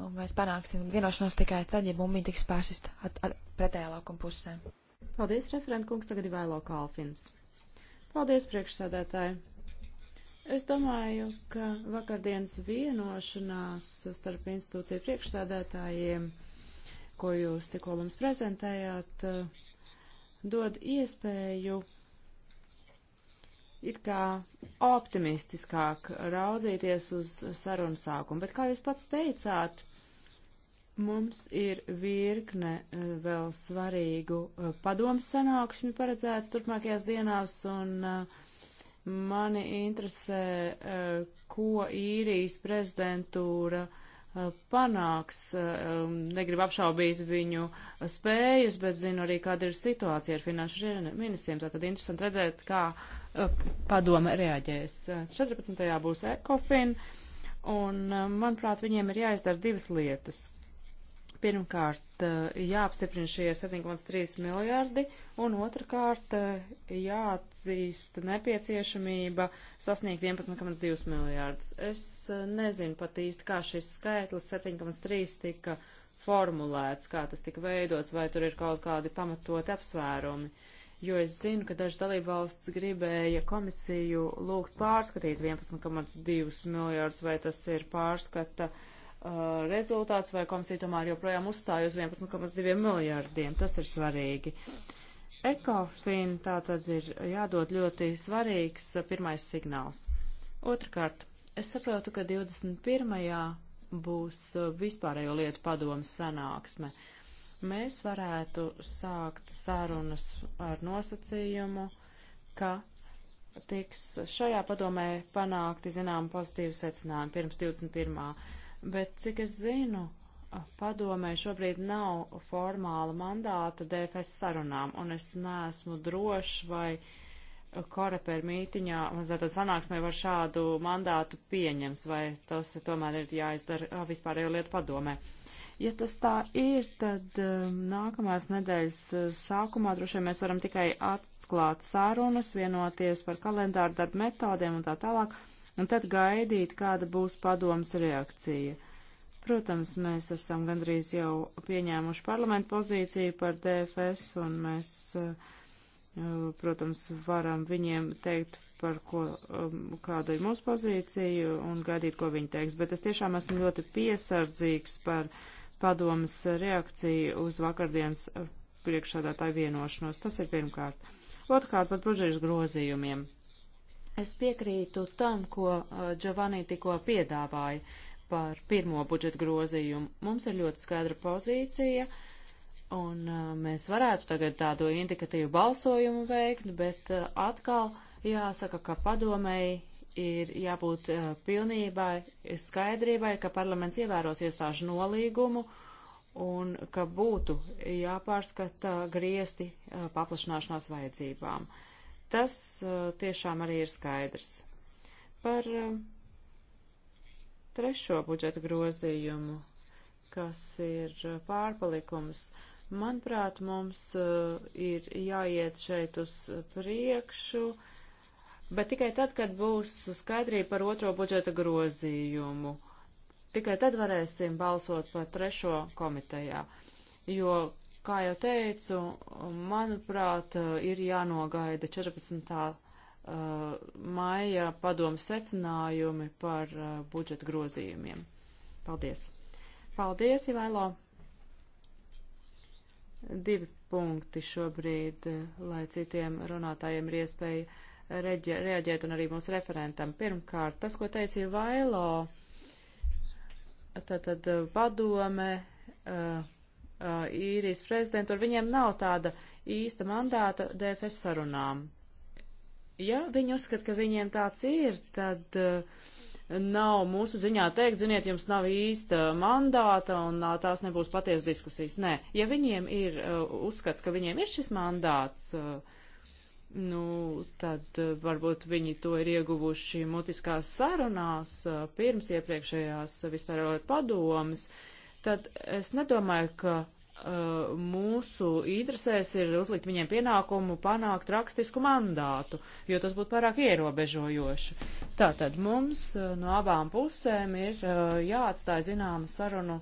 S2: Un mēs panāksim vienošanos tikai tad, ja bumbiņa tiks pārsist pretējā laukuma
S1: pusē. Paldies, referentkungs, tagad ir Vailo Kalfins. Paldies, priekšsādātāji. Es domāju, ka vakardienas vienošanās starp institūciju priekšsādātājiem, ko jūs tikko mums prezentējāt, uh, dod iespēju it kā optimistiskāk raudzīties uz sarunu sākumu, bet kā jūs pats teicāt, mums ir virkne eh, vēl svarīgu eh, padomu sanākšņu paredzēts turpmākajās dienās, un eh, mani interesē, ko īrijas prezidentūra panāks. Negribu apšaubīt viņu spējas, bet zinu arī, kāda ir situācija ar finanšu ministriem. Tātad interesanti redzēt, kā padome reaģēs. 14. būs ECOFIN, un, eh, manuprāt, viņiem ir jāizdara divas lietas. Pirmkārt, eh, jāapstiprina šie 7,3 miljardi, un otrkārt, eh, jāatzīst nepieciešamība sasniegt 11,2 miljārdus. Es nezinu pat īsti, kā šis skaitlis 7,3 tika formulēts, kā tas tika veidots, vai tur ir kaut kādi pamatoti apsvērumi. Uh, jo es zinu, ka dažas dalībvalsts gribēja komisiju lūgt pārskatīt 11,2 miljardus, vai tas ir pārskata uh, rezultāts, vai komisija tomēr joprojām uzstāja uz 11,2 miljardiem. Tas ir svarīgi. ECOFIN tā tad ir jādod ļoti svarīgs uh, pirmais signāls. Otrakārt, es saprotu, ka 21. būs uh, vispārējo lietu padomas sanāksme. Uh, mēs varētu sākt sarunas ar nosacījumu, ka tiks šajā padomē panākti, zinām, pozitīvi secinājumi pirms 21. Bet, cik es zinu, padomē šobrīd nav formāla mandāta DFS sarunām, un es neesmu drošs, vai korepēr mītiņā, tātad sanāksmē var šādu mandātu pieņems, vai tas tomēr ir jāizdara vispārējo lietu padomē. Uh, Ja tas tā ir, tad um, nākamās nedēļas uh, sākumā droši vien mēs varam tikai atklāt sārunas, vienoties par kalendāru darba metodēm un tā tālāk, un tad gaidīt, kāda būs padomas reakcija. Protams, mēs esam gandrīz jau pieņēmuši parlamentu pozīciju par DFS, un mēs, uh, uh, protams, varam viņiem teikt, par ko, um, kāda ir mūsu pozīcija un gaidīt, ko viņi teiks. Bet es tiešām esmu ļoti piesardzīgs par uh, padomas reakciju uz vakardienas priekšsādātāju vienošanos. Tas ir pirmkārt. Otrkārt par budžetas grozījumiem. Es piekrītu tam, ko uh, Giovanni tikko piedāvāja par pirmo budžeta grozījumu. Mums ir ļoti skaidra pozīcija, un uh, mēs varētu tagad tādu indikatīvu balsojumu veikt, bet uh, atkal jāsaka, ka padomēji ir jābūt uh, pilnībai skaidrībai, ka parlaments ievēros iestāžu nolīgumu un ka būtu jāpārskata griesti uh, eh, paplašanāšanās vajadzībām. Tas uh, tiešām arī ir skaidrs. Par trešo budžeta grozījumu, kas ir pārpalikums, manuprāt, mums ir jāiet šeit uz priekšu bet tikai tad, kad būs skaidrība par otro budžeta grozījumu. Tikai tad varēsim balsot par trešo komitejā, jo, kā jau teicu, manuprāt, ir jānogaida 14. Uh, maija padomu secinājumi par uh, budžeta grozījumiem. Paldies! Paldies, Ivailo! Divi punkti šobrīd, uh, lai citiem runātājiem ir iespēja reģi, reaģēt un arī mūsu referentam. Pirmkārt, tas, ko teica Ivailo, tātad eh, padome, eh, eh, īrijas prezidentu, ar viņiem nav tāda īsta mandāta DFS sarunām. Ja viņi uzskata, ka viņiem tāds ir, tad uh, nav mūsu ziņā teikt, ziniet, jums nav īsta mandāta un tās nebūs patiesas diskusijas. Nē, ja viņiem ir uh, uzskats, ka viņiem ir šis mandāts, uh, nu, tad eh, varbūt viņi to ir ieguvuši mutiskās sarunās eh, pirms iepriekšējās vispārējot padomas, tad es nedomāju, ka uh, mūsu interesēs ir uzlikt viņiem pienākumu panākt rakstisku mandātu, jo tas būtu pārāk ierobežojoši. Tātad mums uh, no abām pusēm ir uh, jāatstāj zināma sarunu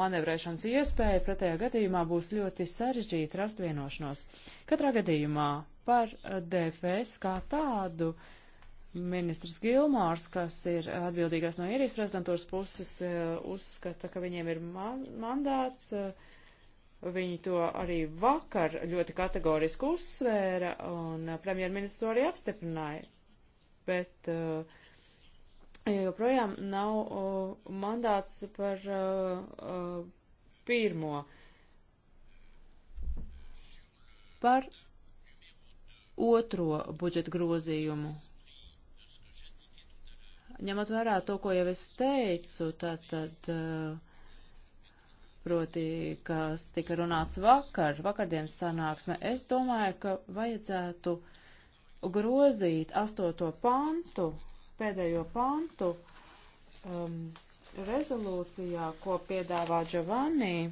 S1: manevrēšanas iespēja, pretējā gadījumā būs ļoti sarežģīti rast vienošanos. Katrā gadījumā par eh, DFS kā tādu. Ministrs Gilmārs, kas ir eh, atbildīgais no īrijas prezidentūras puses, eh, uzskata, ka viņiem ir mandāts. Viņi to arī vakar ļoti kategoriski uzsvēra un premjerministru arī apstiprināja. Bet uh, joprojām nav uh, mandāts par uh, pirmo. Par otro budžeta grozījumu. Ņemot vērā to, ko jau es teicu, tātad, eh, proti, kas tika runāts vakar, vakardienas sanāksme, es domāju, ka vajadzētu grozīt astoto pantu, pēdējo pantu um, rezolūcijā, ko piedāvā Giovanni.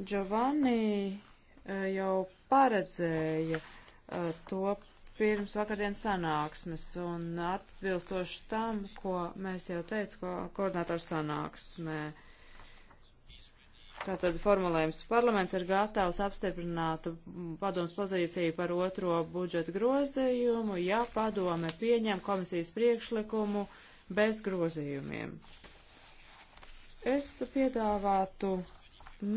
S1: Giovanni uh, jau paredzēja uh, Eh, to pirms vakardienas sanāksmes un atbilstoši tam, ko mēs jau teicu, ko koordinātoru sanāksmē. Tātad formulējums parlaments ir gatavs apstiprināt padomas pozīciju par otro budžetu grozījumu, ja padome pieņem komisijas priekšlikumu bez grozījumiem. Es piedāvātu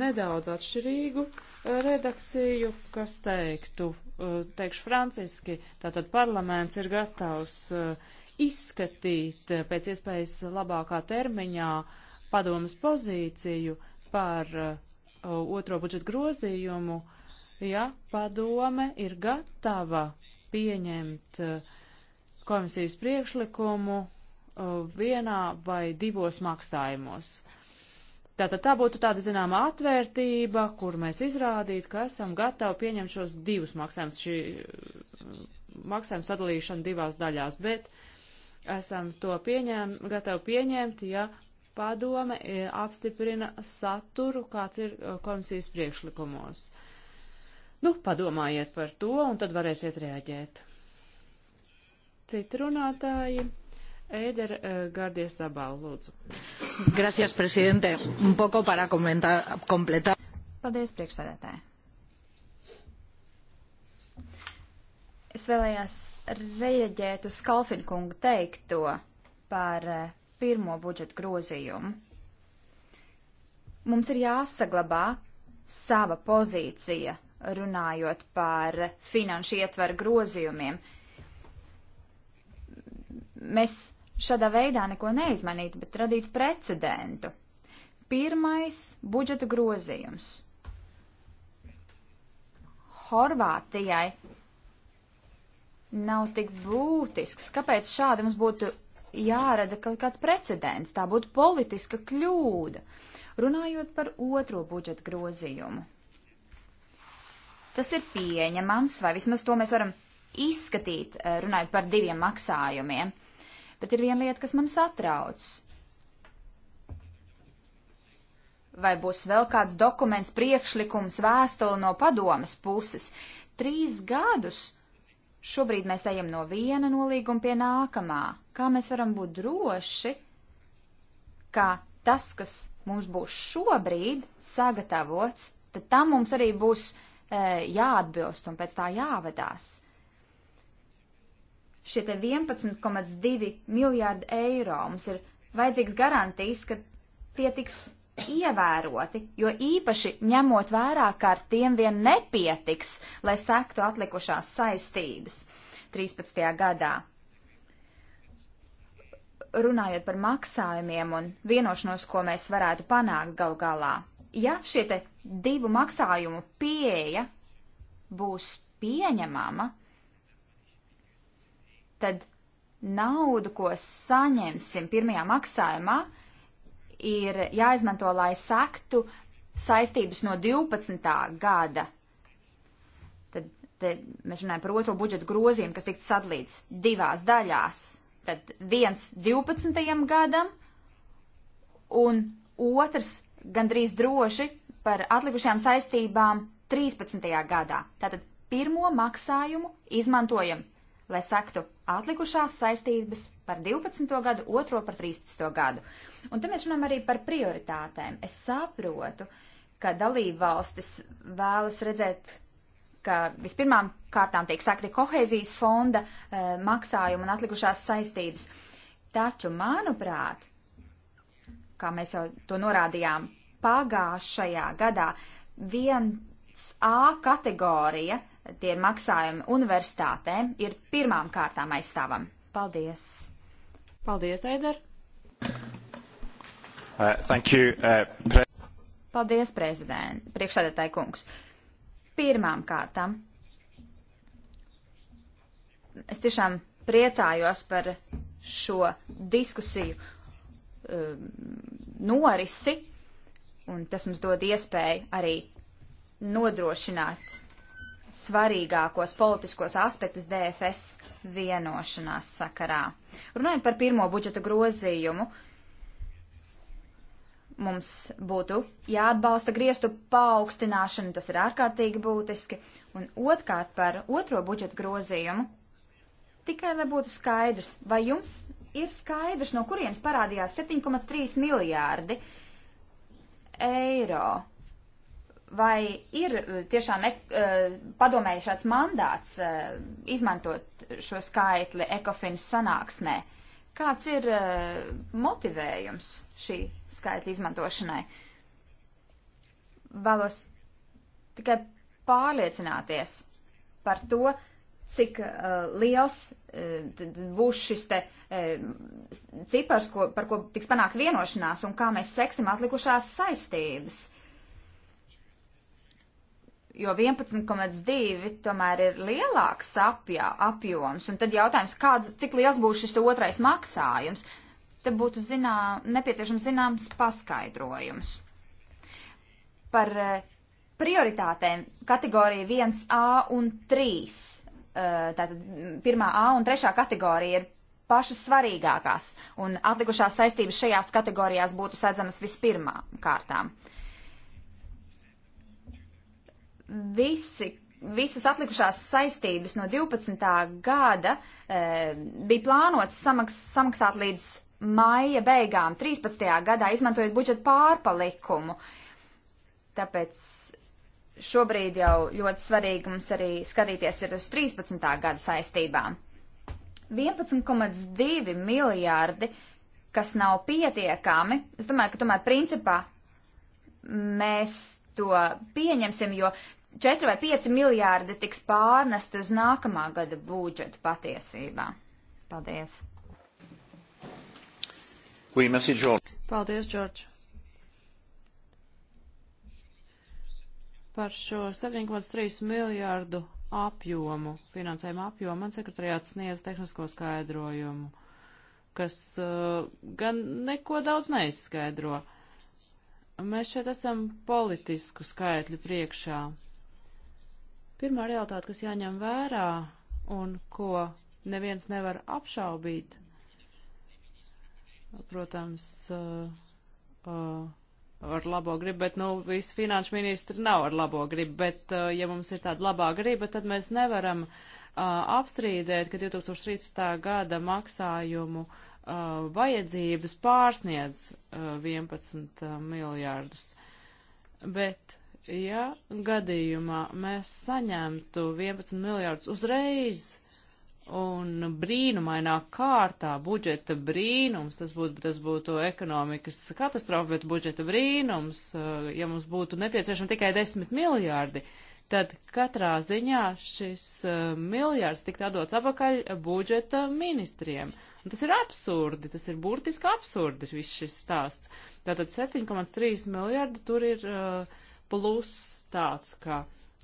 S1: nedaudz atšķirīgu eh, redakciju, kas teiktu Eh, teikšu franciski, tātad parlaments ir gatavs eh, izskatīt eh, pēc iespējas labākā termiņā padomas pozīciju par otro budžetu grozījumu, ja padome ir gatava pieņemt komisijas priekšlikumu vienā vai divos maksājumos. Tātad tā būtu tāda, zināmā, atvērtība, kur mēs izrādītu, ka esam gatavi pieņemt šos divus maksājumus, šī maksājuma sadalīšana divās daļās, bet esam to pieņem, gatavi pieņemt, ja padome e, apstiprina saturu, kāds ir e, komisijas priekšlikumos. Nu, padomājiet par to, un tad varēsiet reaģēt. Citi runātāji. Eider eh, Gardies Zabala, lūdzu. Gracias, presidente.
S2: Un poco para komentā, kompletā.
S3: Paldies, priekšsēdētāji. Es vēlējās reaģēt uz Kalfinu kungu teikto par eh, pirmo budžetu grozījumu. Mums ir jāsaglabā sava pozīcija, runājot par finanšu ietveru grozījumiem. Mēs šādā veidā neko neizmainītu, bet radītu precedentu. Pirmais budžeta grozījums. Horvātijai nav tik būtisks. Kāpēc šādi mums būtu jārada kaut kāds precedents? Tā būtu politiska kļūda. Runājot par otro budžeta grozījumu. Tas ir pieņemams, vai vismaz to mēs varam izskatīt, eh, runājot par diviem maksājumiem. Uh, Bet ir viena lieta, kas man satrauc. Vai būs vēl kāds dokuments, priekšlikums, vēstule no padomas puses? Trīs gadus šobrīd mēs ejam no viena nolīguma pie nākamā. Kā mēs varam būt droši, ka tas, kas mums būs šobrīd sagatavots, tad tam mums arī būs e, jāatbilst un pēc tā jāvadās šie te 11,2 miljārdi eiro. Mums ir vajadzīgs garantijas, ka tie tiks ievēroti, jo īpaši ņemot vērā, ka ar tiem vien nepietiks, lai sektu atlikušās saistības 13. gadā. Runājot par maksājumiem un vienošanos, ko mēs varētu panākt gal galā, ja šie te divu maksājumu pieeja būs pieņemama, tad naudu, ko saņemsim pirmajā maksājumā, ir jāizmanto, lai sektu saistības no 12. gada. Tad, tad mēs runājam par otro budžetu grozījumu, kas tiks sadalīts divās daļās. Tad viens 12. gadam un otrs gandrīz droši par atlikušajām saistībām 13. gadā. Tātad pirmo maksājumu izmantojam, lai sektu atlikušās saistības par 12. gadu, otro par 13. gadu. Un te mēs runājam arī par prioritātēm. Es saprotu, ka dalība valstis vēlas redzēt, ka vispirmām kārtām tiek sakti kohēzijas fonda e, maksājumi un atlikušās saistības. Taču, manuprāt, kā mēs jau to norādījām pagājušajā gadā, viens A kategorija tie maksājumi universitātēm ir pirmām kārtām aizstāvam. Paldies! Paldies, Eider!
S2: Uh, thank you,
S3: uh, pre Paldies, prezident, priekšsēdētāji kungs. Pirmām kārtām es tiešām priecājos par šo diskusiju uh, norisi, un tas mums dod iespēju arī nodrošināt svarīgākos politiskos aspektus DFS vienošanās sakarā. Runājot par pirmo budžeta grozījumu, mums būtu jāatbalsta griestu paaugstināšana, tas ir ārkārtīgi būtiski, un otrkārt par otro budžeta grozījumu, tikai lai būtu skaidrs, vai jums ir skaidrs, no kurienes parādījās 7,3 miljārdi eiro vai ir uh, tiešām uh, padomēji šāds mandāts uh, izmantot šo skaitli ekofinas sanāksmē? Kāds ir motivējums šī skaitļa izmantošanai? Vēlos tikai pārliecināties par to, cik uh, liels uh, būs šis te uh, cipars, ko, par ko tiks panākt vienošanās un kā mēs seksim atlikušās saistības. Uh, jo 11,2 tomēr ir lielāks apjā, apjoms, un tad jautājums, kāds, cik liels būs šis otrais maksājums, te būtu zinā, nepieciešams zināms paskaidrojums. Par e, prioritātēm kategorija 1A un 3. E, tātad pirmā A un trešā kategorija ir pašas svarīgākās, un atlikušās saistības šajās kategorijās būtu sedzamas vispirmā kārtām. Uh, visi, visas atlikušās saistības no 12. gada e, bija plānotas samaks, samaksāt līdz maija beigām 13. gadā, izmantojot budžeta pārpalikumu. Tāpēc šobrīd jau ļoti svarīgi mums arī skatīties ir uz 13. gada saistībām. 11,2 miljārdi, kas nav pietiekami, es domāju, ka tomēr principā mēs to pieņemsim, jo 4 vai 5 miljārdi tiks pārnest uz nākamā gada budžetu patiesībā. Paldies!
S1: Oui, merci, George.
S3: Paldies, Džordž!
S1: Par šo 7,3 miljārdu apjomu, finansējuma apjomu, man sekretariāts sniedz tehnisko skaidrojumu, kas uh, gan neko daudz neizskaidro. Uh, Mēs šeit esam politisku skaitļu priekšā. Pirmā realitāte, kas jāņem vērā un ko neviens nevar apšaubīt, protams, uh, uh, ar labo gribu, bet, nu, visi finanšu ministri nav ar labo gribu, bet, uh, ja mums ir tāda labā griba, tad mēs nevaram uh, apstrīdēt, ka 2013. gada maksājumu uh, vajadzības pārsniedz uh, 11 uh, miljārdus. Bet, ja gadījumā mēs saņemtu 11 miljārdus uzreiz un brīnumainā kārtā budžeta brīnums, tas būtu, tas būtu ekonomikas katastrofa, bet budžeta brīnums, uh, ja mums būtu nepieciešami tikai 10 miljārdi, tad katrā ziņā šis uh, miljards tiktu atdots apakaļ budžeta ministriem. Uh, Un tas ir absurdi, tas ir burtiski absurdi viss šis stāsts. Tātad 7,3 miljardi tur ir uh, pluss tāds, ka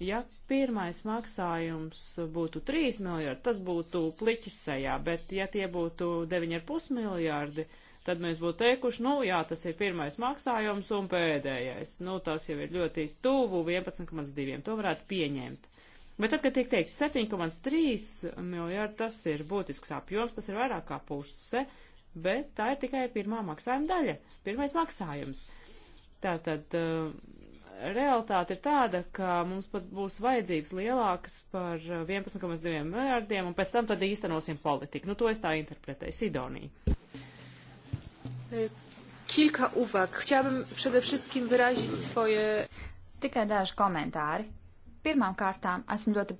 S1: ja pirmais maksājums būtu 3 miljardi, tas būtu pliķis sejā, bet ja tie būtu 9,5 miljardi, tad mēs būtu teikuši, nu jā, tas ir pirmais maksājums un pēdējais. Nu, tas jau ir ļoti tuvu 11,2. To varētu pieņemt. Bet tad, kad tiek teikt 7,3 miljārdi, tas ir būtisks apjoms, tas ir vairāk kā puse, bet tā ir tikai pirmā maksājuma daļa, pirmais maksājums. Tātad eh, realitāte ir tāda, ka mums pat būs vajadzības lielākas par 11,2 eh, miljārdiem, un pēc tam tad īstenosim politiku. Nu, to es tā interpretēju, Sidonija.
S3: Kilka uwag. Chciałabym przede wszystkim wyrazić swoje... Tikai daži komentāri. Pirmām kārtām esmu ļoti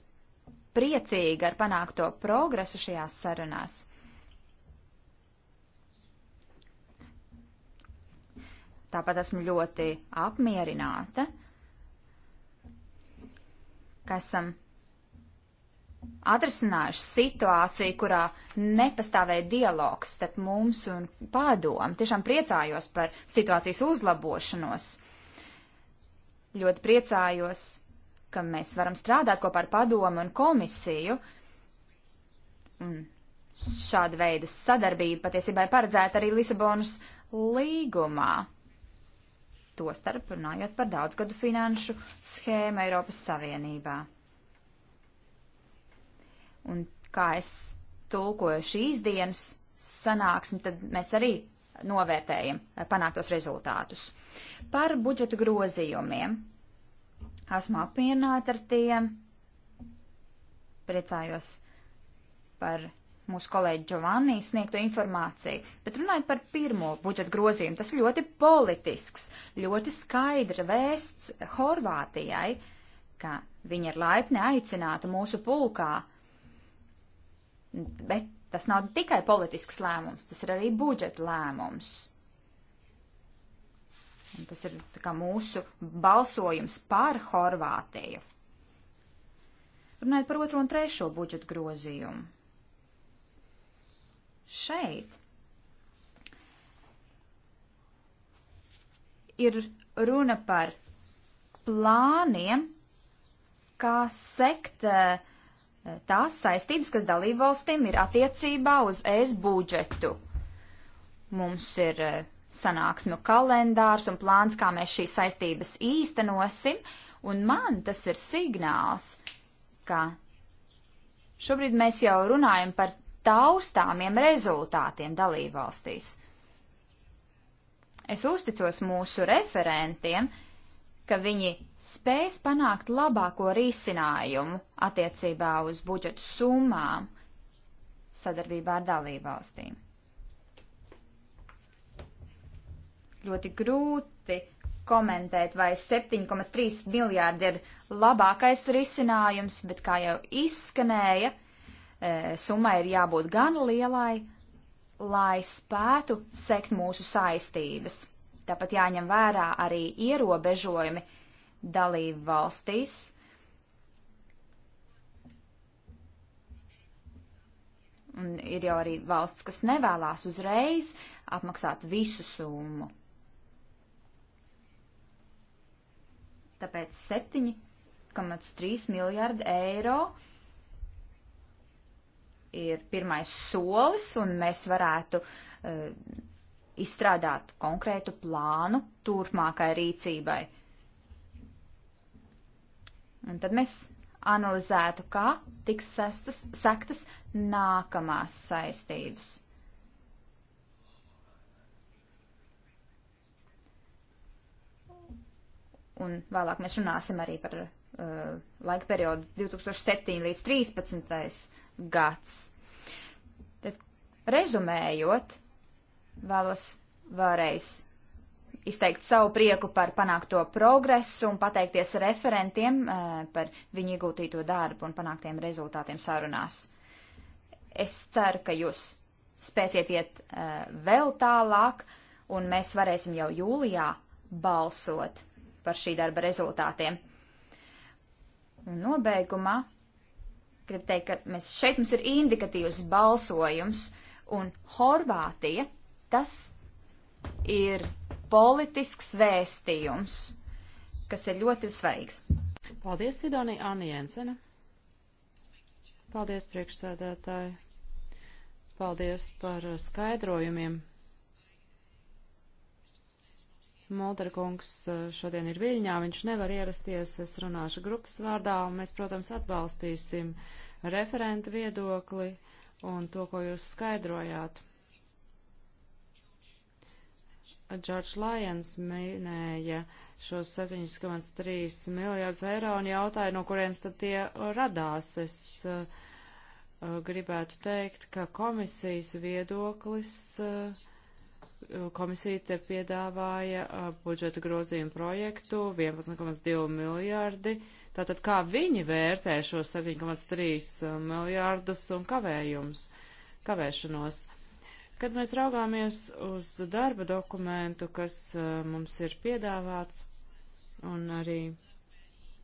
S3: priecīga ar panākto progresu šajās sarunās. Tāpat esmu ļoti apmierināta, ka esam atrisinājuši situāciju, kurā nepastāvēja dialogs starp mums un padomu. Tiešām priecājos par situācijas uzlabošanos. Ļoti priecājos ka mēs varam strādāt kopā ar padomu un komisiju. Un šāda veida sadarbība patiesībā ir paredzēta arī Lisabonas līgumā. Tostarp runājot par daudzgadu finanšu schēmu Eiropas Savienībā. Un kā es tulkoju šīs dienas sanāksmi, tad mēs arī novērtējam eh, panāktos rezultātus. Par budžetu grozījumiem Esmu apvienāta ar tiem. Priecājos par mūsu kolēģi Giovanni sniegto informāciju, bet runājot par pirmo budžeta grozījumu, tas ļoti politisks, ļoti skaidra vēsts Horvātijai, ka viņa ir laipni aicināta mūsu pulkā. Bet tas nav tikai politisks lēmums, tas ir arī budžeta lēmums. Un tas ir mūsu balsojums par Horvātiju. Runājot par otro un trešo budžetu grozījumu. Šeit ir runa par plāniem, kā sekt eh, tās saistības, kas dalībvalstīm ir attiecībā uz ES budžetu. Mums ir eh, sanāksmu kalendārs un plāns, kā mēs šīs saistības īstenosim, un man tas ir signāls, ka šobrīd mēs jau runājam par taustāmiem rezultātiem dalībvalstīs. Es uzticos mūsu referentiem, ka viņi spēs panākt labāko risinājumu attiecībā uz budžetu summām sadarbībā ar dalībvalstīm. ļoti grūti komentēt, vai 7,3 miljārdi ir labākais risinājums, bet kā jau izskanēja, e, summai ir jābūt gan lielai, lai spētu sekt mūsu saistības. Tāpat jāņem vērā arī ierobežojumi dalību valstīs. Un ir jau arī valsts, kas nevēlās uzreiz apmaksāt visu summu. Tāpēc 7,3 miljārdi eiro ir pirmais solis, un mēs varētu uh, izstrādāt konkrētu plānu turpmākai rīcībai. Un tad mēs analizētu, kā tiks sestas, sektas nākamās saistības. un vēlāk mēs runāsim arī par uh, laika periodu 2007 līdz 13. gads. Tad, rezumējot, vēlos vēlreiz izteikt savu prieku par panākto progresu un pateikties referentiem uh, par viņu iegūtīto darbu un panāktiem rezultātiem sarunās. Es ceru, ka jūs spēsiet iet uh, vēl tālāk, un mēs varēsim jau jūlijā balsot par šī darba rezultātiem. Un nobeigumā gribu teikt, ka mēs, šeit mums ir indikatīvs balsojums, un Horvātija tas ir politisks vēstījums, kas ir ļoti svarīgs. Paldies, Sidonija Anna Jensena.
S1: Paldies, priekšsēdētāji. Paldies par skaidrojumiem. Molterkungs eh, šodien ir Viļņā, viņš nevar ierasties, es runāšu grupas vārdā, un mēs, protams, atbalstīsim referentu viedokli un to, ko jūs skaidrojāt. Džordžs Lajens minēja šos 7,3 miljardus eiro un jautāja, no kurienes tad tie radās. Es uh, gribētu teikt, ka komisijas viedoklis uh, komisija te piedāvāja uh, budžeta grozījumu projektu 11,2 miljārdi. Tātad kā viņi vērtē šo 7,3 miljārdus un kavējumus, kavēšanos? Kad mēs raugāmies uz darba dokumentu, kas uh, mums ir piedāvāts, un arī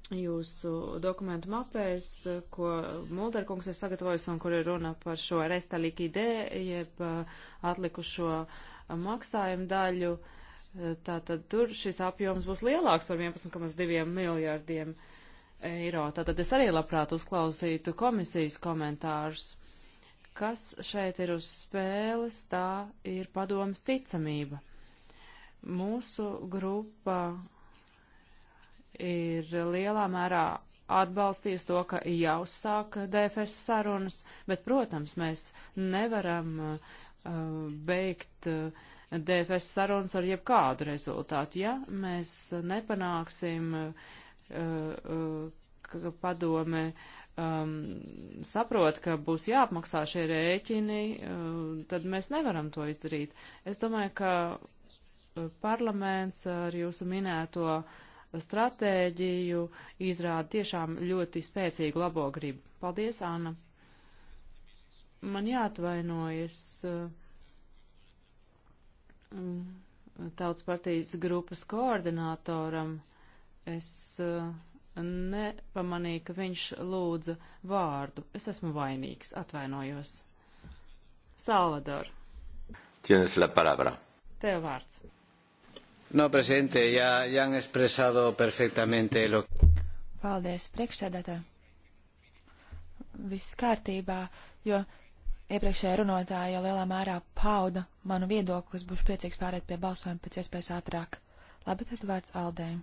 S1: jūsu dokumentu mapēs, ko Mulderkungs ir sagatavojis un kur ir runa par šo restalīgu ideju, jeb atlikušo uh, maksājumu daļu, eh, tātad tur šis apjoms būs lielāks par 11,2 miljārdiem eiro. Tātad es arī labprāt uzklausītu komisijas komentārus. Kas šeit ir uz spēles, tā ir padomas ticamība. Mūsu grupa ir lielā mērā atbalstīs to, ka jāuzsāk DFS sarunas, bet, protams, mēs nevaram uh, beigt uh, DFS sarunas ar jebkādu rezultātu, ja mēs nepanāksim, uh, uh, ka padome um, saprot, ka būs jāapmaksā šie rēķini, uh, tad mēs nevaram to izdarīt. Es domāju, ka parlaments ar jūsu minēto uh, stratēģiju izrāda tiešām ļoti spēcīgu labo gribu. Paldies, Anna! Man jāatvainojas mm, Tautas partijas grupas koordinātoram. Es mm, nepamanīju, ka viņš lūdza vārdu. Es esmu vainīgs, atvainojos. Salvador.
S2: Tienes la palabra. Tev vārds. No, presidente, ya,
S3: ya han expresado perfectamente lo.
S2: Paldies, priekšsēdētā. Viss kārtībā, jo iepriekšējā runātāja jau lielā mērā pauda manu viedokli, es būšu priecīgs pārēt pie balsojuma pēc iespējas ātrāk. Labi, tad vārds Aldēm.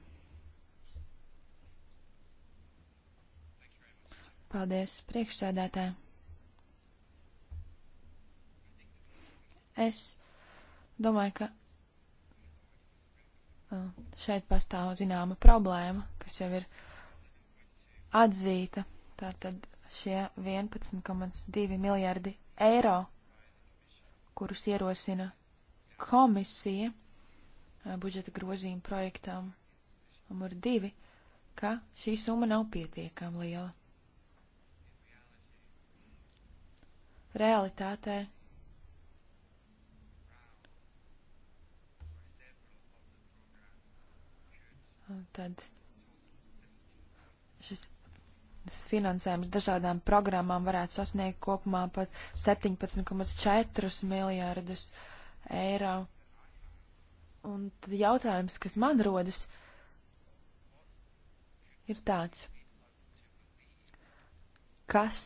S2: Paldies, priekšsēdētā. Es domāju, ka šeit pastāv zināma problēma, kas jau ir atzīta. Tātad šie 11,2 miljardi eiro, kurus ierosina komisija budžeta grozījuma projektām numur 2, ka šī summa nav pietiekama liela. Realitātē Tad šis finansējums dažādām programmām varētu sasniegt kopumā pat 17,4 miljārdus eiro. Un tad jautājums, kas man rodas, ir tāds, kas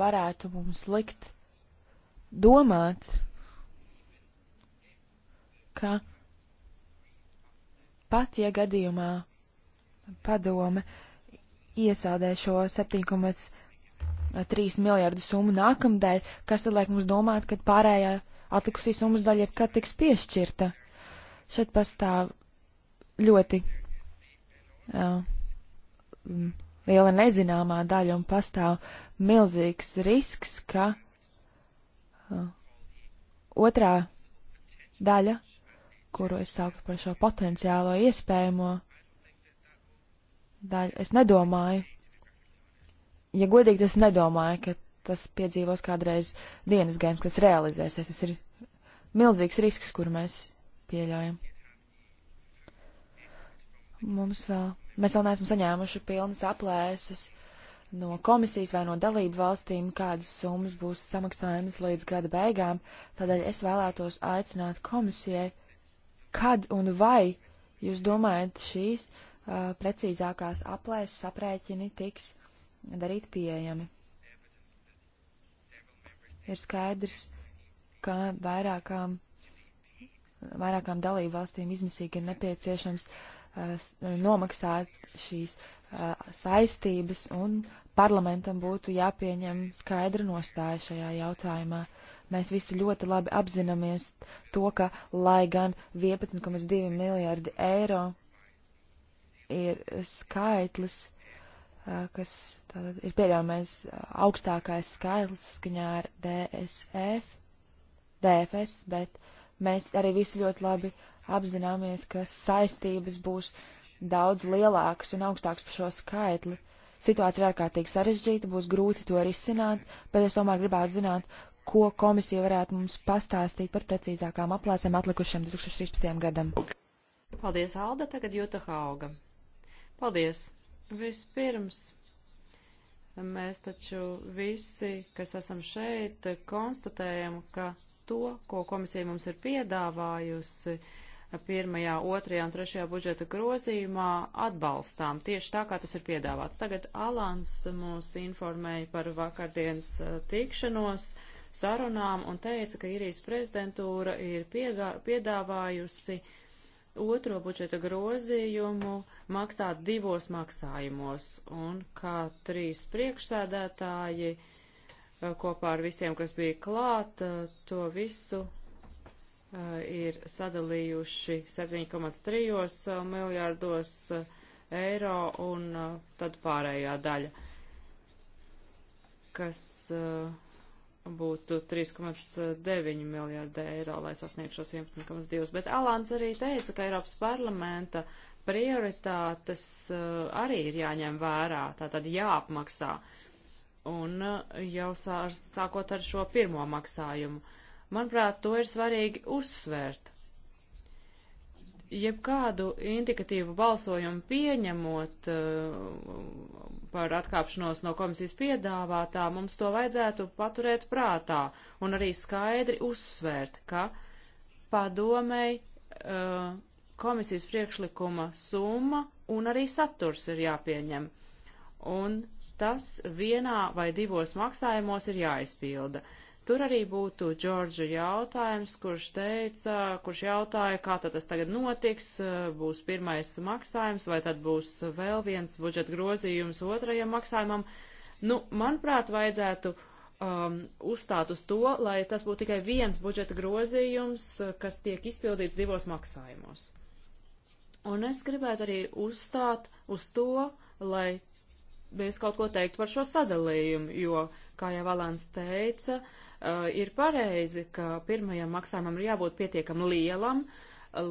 S2: varētu mums likt domāt, ka Pat ja gadījumā padome iesādē šo 7,3 miljardu summu nākamdēļ, kas tad liek mums domāt, ka pārējā atlikusī summas daļa jebkad tiks piešķirta? Šeit pastāv ļoti uh, liela nezināmā daļa un pastāv milzīgs risks, ka uh, otrā daļa kuru es sauktu par šo potenciālo iespējamo daļu, es nedomāju, ja godīgi, es nedomāju, ka tas piedzīvos kādreiz dienas gaims, kas realizēsies. Tas ir milzīgs risks, kur mēs pieļaujam. Mums vēl, mēs vēl neesam saņēmuši pilnas aplēses no komisijas vai no dalību valstīm, kādas summas būs samaksājamas līdz gada beigām, tādēļ es vēlētos aicināt komisijai kad un vai jūs domājat šīs uh, precīzākās aplēses aprēķini tiks darīt pieejami? Ir skaidrs, ka vairākām, vairākām dalību valstīm izmisīgi ir nepieciešams uh, nomaksāt šīs uh, saistības un parlamentam būtu jāpieņem skaidra nostāja šajā jautājumā. Uh, Mēs visi ļoti labi apzināmies to, ka lai gan 11,2 miljārdi eiro ir skaitlis, kas tātad ir pieļaujamais augstākais skaitlis saskaņā ar DSF, DFS, bet mēs arī visi ļoti labi apzināmies, ka saistības būs daudz lielākas un augstākas par šo skaitli. Situācija ir ārkārtīgi sarežģīta, būs grūti to risināt, bet es tomēr gribētu zināt, ko komisija varētu mums pastāstīt par precīzākām aplēsēm atlikušiem 2013. gadam.
S1: Paldies, Alda, tagad Jūta Hauga. Paldies. Vispirms, mēs taču visi, kas esam šeit, konstatējam, ka to, ko komisija mums ir piedāvājusi, pirmajā, otrajā un trešajā budžeta grozījumā atbalstām, tieši tā, kā tas ir piedāvāts. Tagad Alans mūs informēja par vakardienas eh, tikšanos. Uh, sarunām un teica, ka Irijas prezidentūra ir piegā, piedāvājusi otro budžeta grozījumu maksāt divos maksājumos un kā trīs priekšsēdētāji eh, kopā ar visiem, kas bija klāt, eh, to visu eh, ir sadalījuši 7,3 miljārdos eiro un tad pārējā daļa, kas uh, būtu 3,9 miljārdi eiro, lai sasniegtu šos 11,2. Bet Alans arī teica, ka Eiropas parlamenta prioritātes uh, arī ir jāņem vērā, tātad jāapmaksā. Un uh, jau sākot ar šo pirmo maksājumu. Manuprāt, to ir svarīgi uzsvērt jebkādu indikatīvu balsojumu pieņemot uh, par atkāpšanos no komisijas piedāvātā, mums to vajadzētu paturēt prātā un arī skaidri uzsvērt, ka padomei uh, komisijas priekšlikuma summa un arī saturs ir jāpieņem. Un tas vienā vai divos maksājumos ir jāizpilda. Uh, Tur arī būtu Džordža jautājums, kurš teica, kurš jautāja, kā tad tas tagad notiks, būs pirmais maksājums vai tad būs vēl viens budžeta grozījums otrajam maksājumam. Nu, manuprāt, vajadzētu um, uzstāt uz to, lai tas būtu tikai viens budžeta grozījums, kas tiek izpildīts divos maksājumos. Un es gribētu arī uzstāt uz to, lai es kaut ko teiktu par šo sadalījumu, jo, kā jau Valans teica, uh, ir pareizi, ka pirmajam maksājumam ir jābūt pietiekam lielam,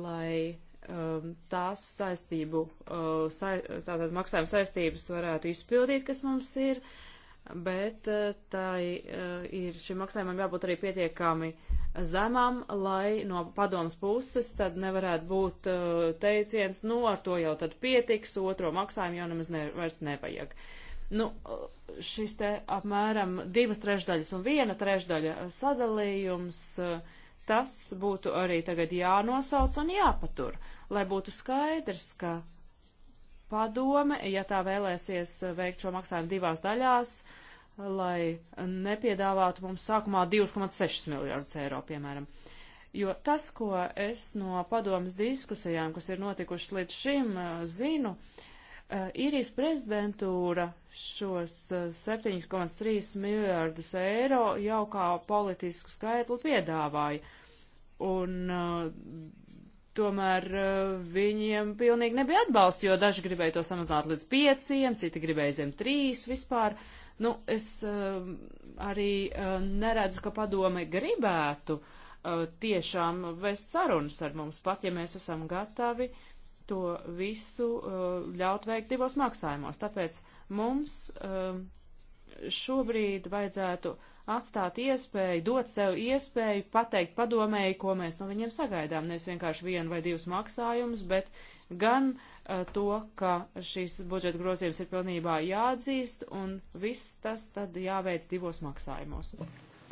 S1: lai um, tās saistību, uh, tātad maksājuma saistības varētu izpildīt, kas mums ir, uh, bet eh, tai eh, ir šim maksājumam jābūt arī pietiekami zemam, lai no padomas puses tad nevarētu būt eh, teiciens, nu ar to jau tad pietiks, otro maksājumu jau nemaz ne, vairs nevajag. Nu, šis te apmēram divas trešdaļas un viena trešdaļa sadalījums, tas būtu arī tagad jānosauc un jāpatur, lai būtu skaidrs, ka padome, ja tā vēlēsies veikt šo maksājumu divās daļās, lai nepiedāvātu mums sākumā 2,6 miljardus eiro, piemēram. Jo tas, ko es no padomas diskusijām, kas ir notikušas līdz šim, zinu, īrijas prezidentūra šos 7,3 miljārdus eiro jau kā politisku skaitli piedāvāja. Un tomēr eh, viņiem pilnīgi nebija atbalsts, jo daži gribēja to samazināt līdz pieciem, citi gribēja zem trīs vispār. Nu, es eh, arī eh, neredzu, ka padome gribētu tiešām vest sarunas ar mums, pat ja mēs esam gatavi to visu ļaut veikt divos maksājumos. Tāpēc mums šobrīd vajadzētu atstāt iespēju, dot sev iespēju pateikt padomēji, ko mēs no viņiem sagaidām. Nevis vienkārši vienu vai divus maksājumus, bet gan uh, to, ka šīs budžeta grozījums ir pilnībā jāatzīst, un viss tas tad jāveic divos maksājumos.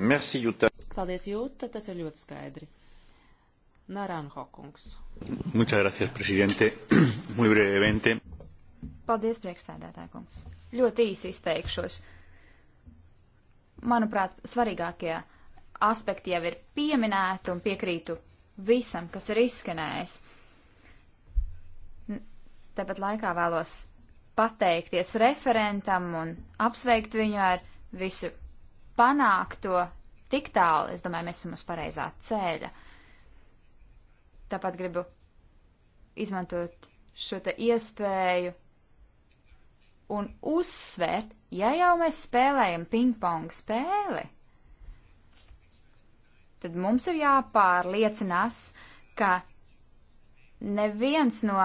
S1: Merci, Juta. Paldies, Juta, tas ir ļoti skaidri. Naran Hokungs.
S2: Muchas gracias, presidente. Muy brevemente.
S3: Paldies, priekšsēdētāj kungs. Ļoti īsi izteikšos. Uh, manuprāt, svarīgākie aspekti jau ir pieminēti un piekrītu visam, kas ir izskanējis. Tāpat laikā vēlos pateikties referentam un apsveikt viņu ar visu panākto tik tālu. Es domāju, mēs esam uz pareizā ceļa. Tāpat gribu izmantot šo te iespēju un uzsvērt, ja jau mēs spēlējam ping-pong spēli, tad mums ir jāpārliecinās, ka neviens no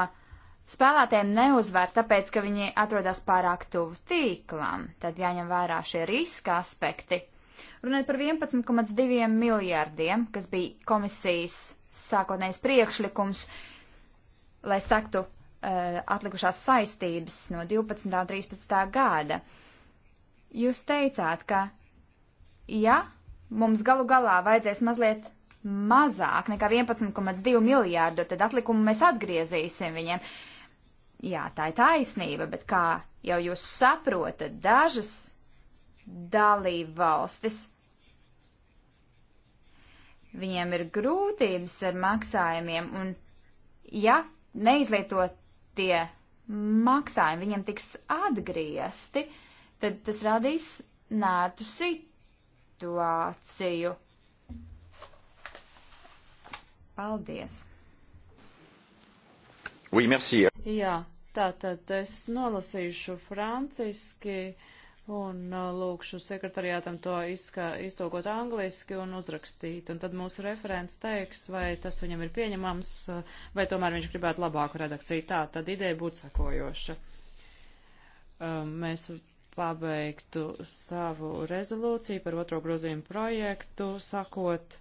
S3: spēlētājiem neuzvar, tāpēc, ka viņi atrodas pārāk tuvu tīklam. Tad jāņem vērā šie riska aspekti. Runājot par 11,2 miljārdiem, kas bija komisijas sākotnējs priekšlikums, lai saktu Eh, atlikušās saistības no 12. un 13. gada. Jūs teicāt, ka ja mums galu galā vajadzēs mazliet mazāk nekā 11,2 miljārdu, tad atlikumu mēs atgriezīsim viņiem. Jā, tā ir taisnība, bet kā jau jūs saprotat, dažas dalība valstis viņiem ir grūtības ar maksājumiem, un ja neizlietot tie maksājumi viņiem tiks atgriezti, tad tas radīs nērtu situāciju. Paldies!
S2: Oui, merci.
S1: Jā, tātad es nolasīšu franciski. Uh, un uh, lūkšu sekretariātam to izskā, iztokot angliski un uzrakstīt. Un tad mūsu referents teiks, vai tas viņam ir pieņemams, uh, vai tomēr viņš gribētu labāku redakciju. Tā tad ideja būtu sakojoša. Uh, mēs pabeigtu savu rezolūciju par otro grozījumu projektu, sakot,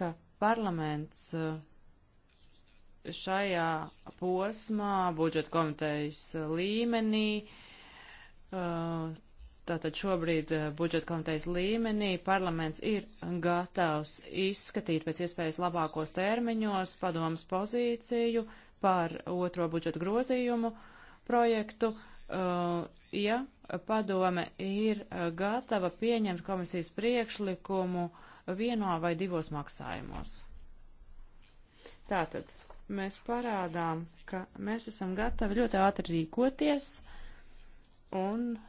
S1: ka parlaments uh, šajā posmā budžeta komitejas uh, līmenī uh, Tātad šobrīd eh, budžeta komitejas līmenī parlaments ir gatavs izskatīt pēc iespējas labākos termiņos padomas pozīciju par otro budžeta grozījumu projektu. Uh, ja padome ir eh, gatava pieņemt komisijas priekšlikumu vienā vai divos maksājumos. Tātad mēs parādām, ka mēs esam gatavi ļoti ātri rīkoties un uh,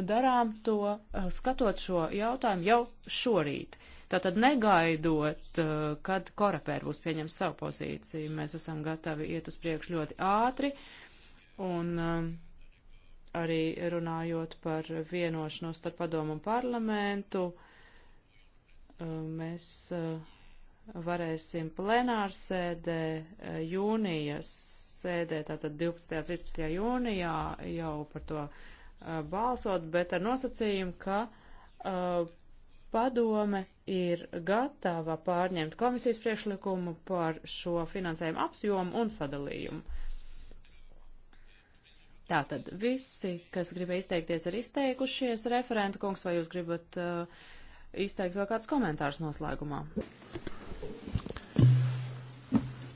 S1: darām to, eh, skatot šo jautājumu jau šorīt. Tātad negaidot, eh, kad Korepēr būs pieņems savu pozīciju, mēs esam gatavi iet uz priekšu ļoti ātri un eh, arī runājot par vienošanos starp padomu un parlamentu, mēs varēsim plenārsēdē jūnijas sēdē, tātad 12. un 13. jūnijā jau par to Uh, balsot, bet ar nosacījumu, ka uh, padome ir gatava pārņemt komisijas priekšlikumu par šo finansējumu apjomu un sadalījumu. Tātad visi, kas gribēja izteikties, ir izteikušies. Referenta kungs, vai jūs gribat uh, izteikt vēl kāds komentārs noslēgumā?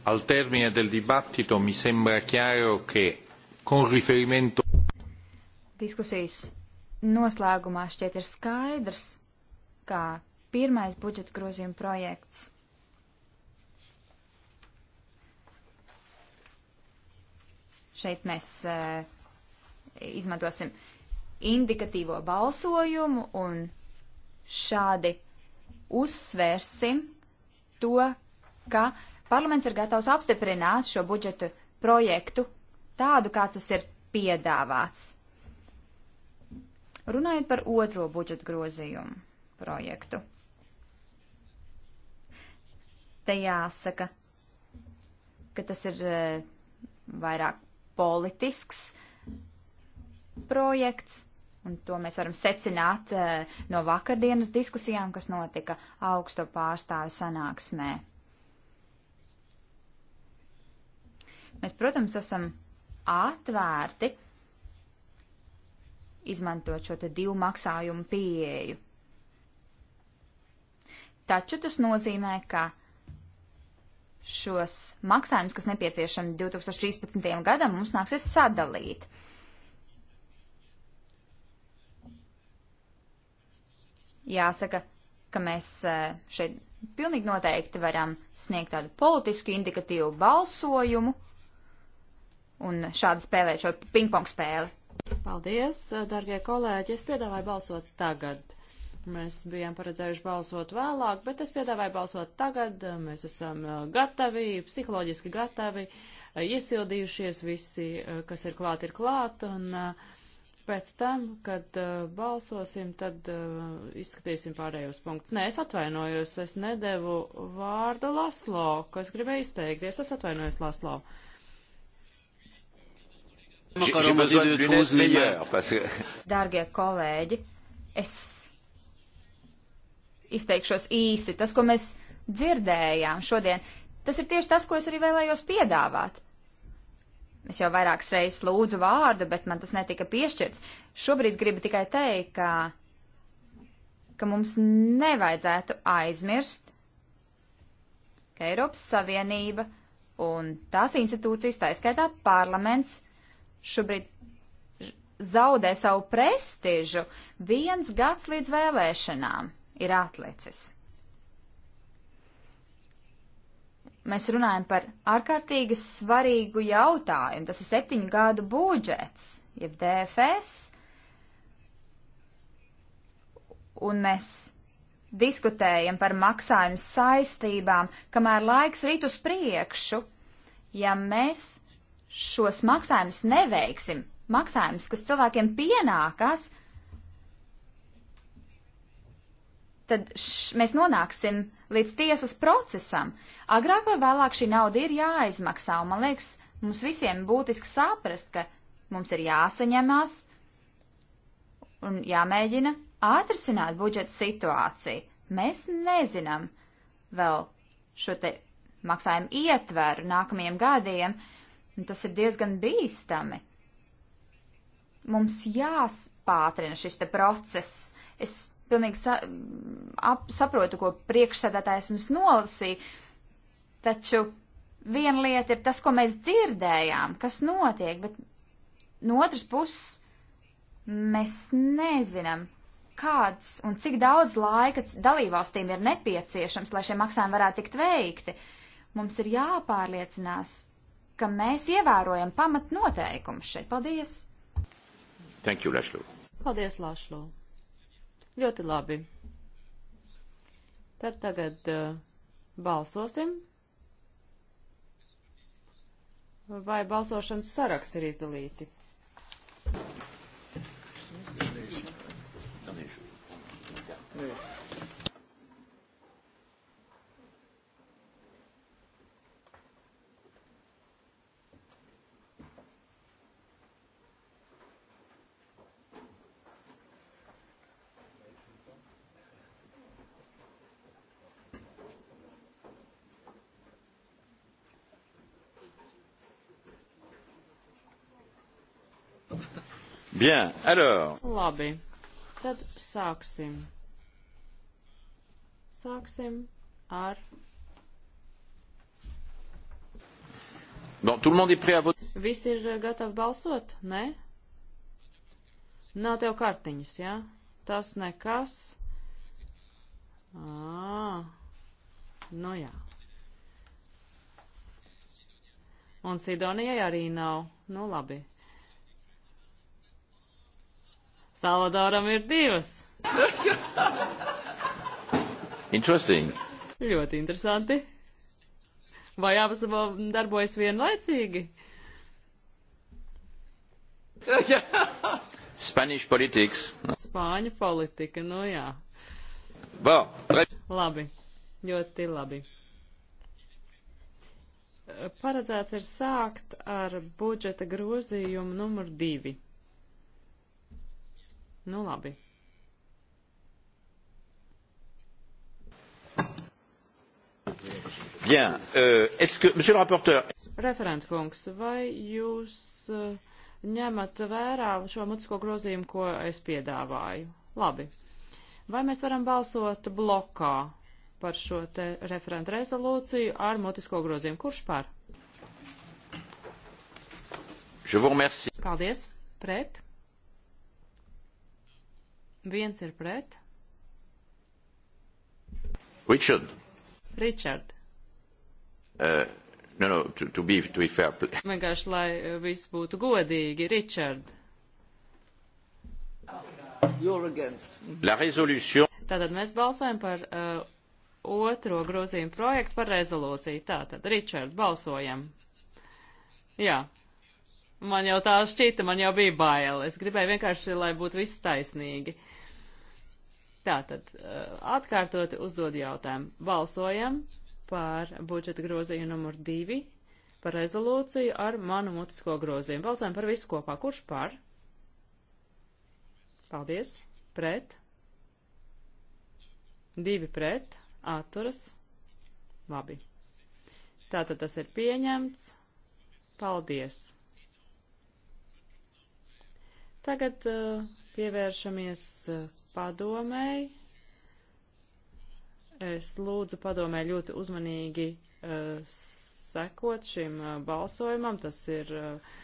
S2: Al termine del dibattito mi sembra chiaro che con riferimento
S3: diskusijas noslēgumā šķiet ir skaidrs, kā pirmais budžeta grozījuma projekts šeit mēs uh, izmantosim indikatīvo balsojumu un šādi uzsvērsim to, ka parlaments ir gatavs apstiprināt šo budžetu projektu tādu, kāds tas ir piedāvāts. Runājot par otro budžeta grozījumu projektu. Te jāsaka, ka tas ir e, vairāk politisks projekts, un to mēs varam secināt e, no vakardienas diskusijām, kas notika augsto pārstāvi sanāksmē. Mēs, protams, esam atvērti izmantot šo te divu maksājumu pieeju. Taču tas nozīmē, ka šos maksājumus, kas nepieciešami 2013. gadam, mums nāksies sadalīt. Jāsaka, ka mēs e, šeit pilnīgi noteikti varam sniegt tādu politisku indikatīvu balsojumu un šādi spēlēt šo pingpong spēli. Paldies, darbie kolēģi. Es piedāvāju
S1: balsot tagad. Mēs bijām paredzējuši balsot vēlāk, bet es piedāvāju balsot tagad. Mēs esam uh, gatavi, psiholoģiski gatavi, uh, iesildījušies visi, uh, kas ir klāt, ir klāt. Un pēc tam, kad balsosim, tad izskatīsim pārējos punktus. Nē, es atvainojos, es nedevu vārdu Laslo, kas gribēja izteikties. Es atvainojos, Laslo. Uh,
S3: Dārgie kolēģi, es izteikšos īsi. Tas, ko mēs dzirdējām šodien, tas ir tieši tas, ko es arī vēlējos piedāvāt. Es jau vairākas reizes lūdzu vārdu, bet man tas netika piešķirts. Šobrīd gribu tikai teikt, ka, ka mums nevajadzētu aizmirst, ka Eiropas Savienība un tās institūcijas, tā skaitā parlaments, šobrīd zaudē savu prestižu, viens gads līdz vēlēšanām ir atlicis. Mēs runājam par ārkārtīgi svarīgu jautājumu. Tas ir septiņu gadu budžets, jeb DFS. Un mēs diskutējam par maksājumu saistībām, kamēr laiks rīt uz priekšu. Ja mēs šos maksājumus neveiksim, maksājumus, kas cilvēkiem pienākas, tad š, mēs nonāksim līdz tiesas procesam. Agrāk vai vēlāk šī nauda ir jāizmaksā, un man liekas, mums visiem būtiski saprast, ka mums ir jāsaņemās un jāmēģina ātrisināt budžeta situāciju. Mēs nezinām vēl šo te maksājumu ietveru nākamajiem gadiem, uh, Tas ir diezgan bīstami. Mums jāspātrina šis te process. Es pilnīgi sa ap, saprotu, ko priekšsēdētājs mums nolasīja, taču viena lieta ir tas, ko mēs dzirdējām, kas notiek, bet no otras puses mēs nezinām, kāds un cik daudz laika dalībvalstīm ir nepieciešams, lai šie maksājumi varētu tikt veikti. Mums ir jāpārliecinās, ka mēs ievērojam pamatnoteikumus šeit. Paldies! Thank you, Lašlo. Paldies, Lašlo.
S1: Ļoti labi. Tad tagad uh, balsosim. Vai balsošanas saraksti ir izdalīti? Bien, alors. Labi, tad sāksim. Sāksim ar.
S2: Bon, tout le monde est prêt à voter.
S1: Visi ir eh, gatavi balsot, ne? Nav tev kartiņas, jā? Ja? Tas nekas. Ā, nu jā. Un Sidonijai arī nav. Nu labi. Salvadoram ir divas. Interesting. Ļoti interesanti. Vai abas darbojas vienlaicīgi?
S2: Spanish politics.
S1: Spāņu politika, nu jā. Well, labi, ļoti labi. Paredzēts ir sākt ar budžeta grozījumu numur divi. Nu labi. Bien. Euh, est-ce que, monsieur le rapporteur. Referents kungs, vai jūs uh, ņemat vērā šo mutisko grozījumu, ko es piedāvāju? Labi. Vai mēs varam balsot blokā par šo te referentu rezolūciju ar mutisko grozījumu? Kurš par?
S2: Je vous remercie.
S1: Paldies. Pret. Viens ir pret. Richard. Richard. Uh, no, no, to, to be, to be fair. Vienkārši, lai uh, viss būtu godīgi, Richard. You're against. Mhm. La resolution. Tātad mēs balsojam par uh, otro grozījumu projektu par rezolūciju. Tātad, Richard, balsojam. Jā. Man jau tā šķita, man jau bija bail. Es gribēju vienkārši, lai būtu viss taisnīgi. Uh, Tātad eh, atkārtoti uzdod jautājumu. Balsojam par budžeta grozīju numur divi, par rezolūciju ar manu mutisko grozījumu. Balsojam par visu kopā. Kurš par? Paldies. Pret. Divi pret. Atturas. Labi. Tātad tas ir pieņemts. Paldies. Tagad uh, pievēršamies. Uh, padomēji. Es lūdzu padomē ļoti uzmanīgi uh, sekot šim uh, balsojumam. Tas ir uh,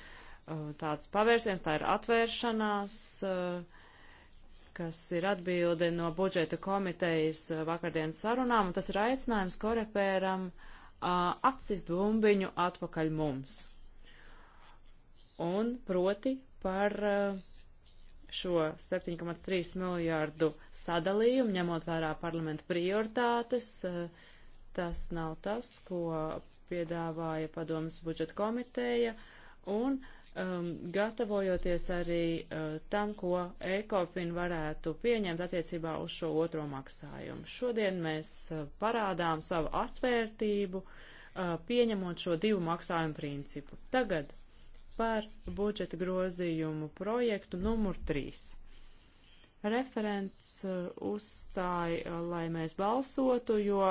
S1: uh tāds pavērsiens, tā ir atvēršanās, uh, kas ir atbilde no budžeta komitejas uh, vakardienas sarunām, un tas ir aicinājums korepēram atsist bumbiņu atpakaļ mums. Un proti par uh, šo 7,3 miljārdu sadalījumu, ņemot vērā parlamenta prioritātes. Tas nav tas, ko piedāvāja padomas budžeta komiteja. Un um, gatavojoties arī uh, tam, ko ECOFIN varētu pieņemt attiecībā uz šo otro maksājumu. Šodien mēs uh, parādām savu atvērtību, uh, pieņemot šo divu maksājumu principu. Tagad par budžeta grozījumu projektu numur 3. Referents uh, uzstāja, uh, lai mēs balsotu, jo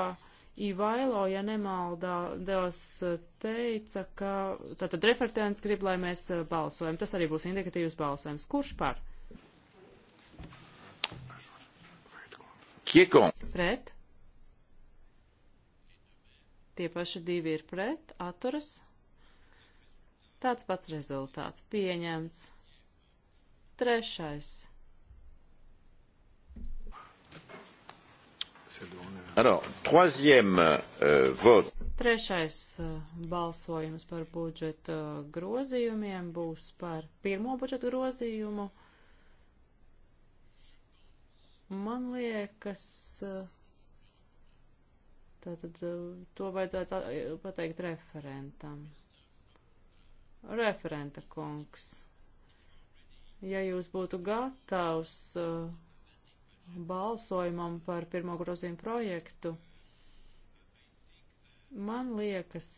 S1: Ivailo, ja nemaldos, uh, teica, ka tātad referents grib, lai mēs balsojam. Tas arī būs indikatīvs balsojums. Kurš par? Kiekon. Pret. Tie paši divi ir pret. Atturas. Tāds pats rezultāts pieņemts. Trešais. Alors, troisième euh, vote. Trešais uh, balsojums par budžeta grozījumiem būs par pirmo budžeta grozījumu. Man liekas, uh, tātad uh, to vajadzētu pateikt referentam. Referenta kungs, ja jūs būtu gatavs uh, balsojumam par pirmo grozījumu projektu, man liekas,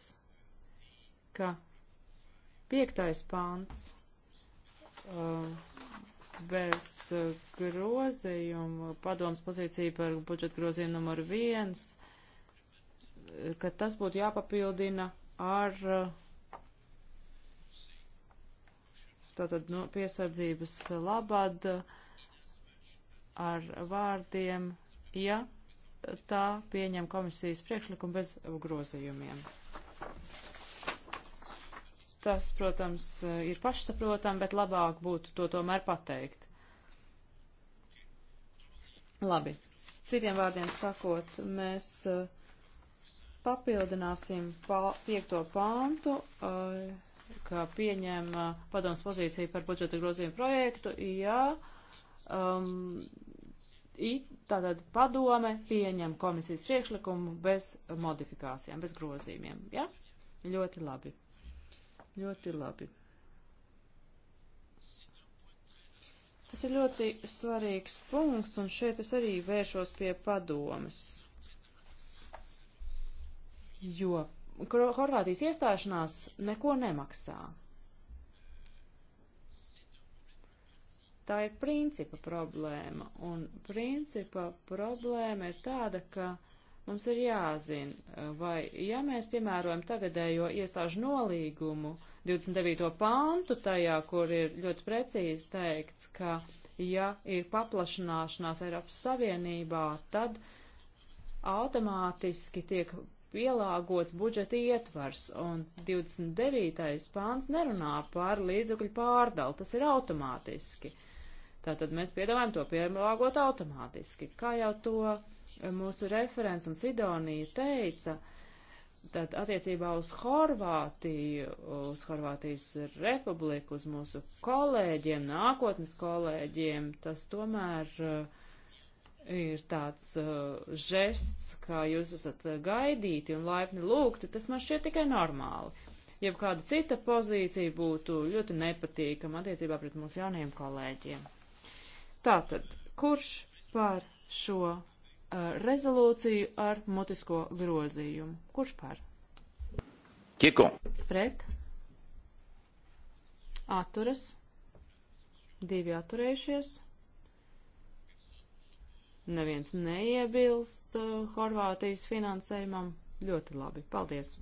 S1: ka piektais pants uh, bez grozījumu, padoms pozīcija par budžeta grozījumu numur viens, ka tas būtu jāpapildina ar uh, tātad no nu, piesardzības labad ar vārdiem, ja tā pieņem komisijas priekšlikumu bez grozījumiem. Tas, protams, ir pašsaprotam, bet labāk būtu to tomēr pateikt. Labi. Citiem vārdiem sakot, mēs uh, papildināsim pa, piekto pāntu. Uh, ka pieņem uh, padoms pozīciju par budžeta grozījumu projektu, ja um, tātad padome pieņem komisijas priekšlikumu bez modifikācijām, bez grozījumiem. Ja? Ļoti labi. Ļoti labi. Tas ir ļoti svarīgs punkts, un šeit es arī vēršos pie padomas. Jo Horvātijas iestāšanās neko nemaksā. Tā ir principa problēma, un principa problēma ir tāda, ka mums ir jāzina, vai ja mēs piemērojam tagadējo iestāžu nolīgumu 29. pāntu tajā, kur ir ļoti precīzi teikts, ka ja ir paplašanāšanās Eiropas Savienībā, tad automātiski tiek pielāgots budžeta ietvars, un 29. pāns nerunā par līdzekļu pārdalu, tas ir automātiski. Tātad mēs piedāvājam to pielāgot automātiski. Kā jau to mūsu referents un Sidonija teica, tad attiecībā uz Horvātiju, uz Horvātijas republiku, uz mūsu kolēģiem, nākotnes kolēģiem, tas tomēr uh, ir tāds uh, žests, kā jūs esat uh, gaidīti un laipni lūgti, tas man šķiet tikai normāli. Jeb kāda cita pozīcija būtu ļoti nepatīkama attiecībā pret mūsu jaunajiem kolēģiem. Tātad, kurš par šo uh, rezolūciju ar mutisko grozījumu? Kurš par? Kiko. Pret. Atturas. Divi atturējušies. Neviens neiebilst uh, Horvātijas finansējumam. Ļoti labi. Paldies.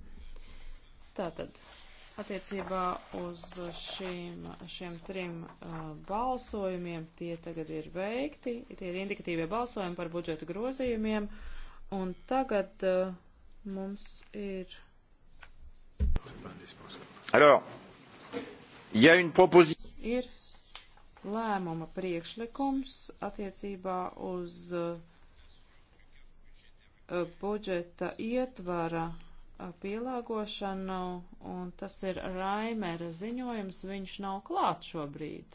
S1: Tātad, attiecībā uz šīm, šiem trim uh, balsojumiem, tie tagad ir veikti. Tie ir indikatīvie balsojumi par budžeta grozījumiem. Un tagad uh, mums ir. Alors, il y a une proposition. Ir lēmuma priekšlikums attiecībā uz uh, budžeta ietvara uh, pielāgošanu, un tas ir Raimera ziņojums, viņš nav klāt šobrīd.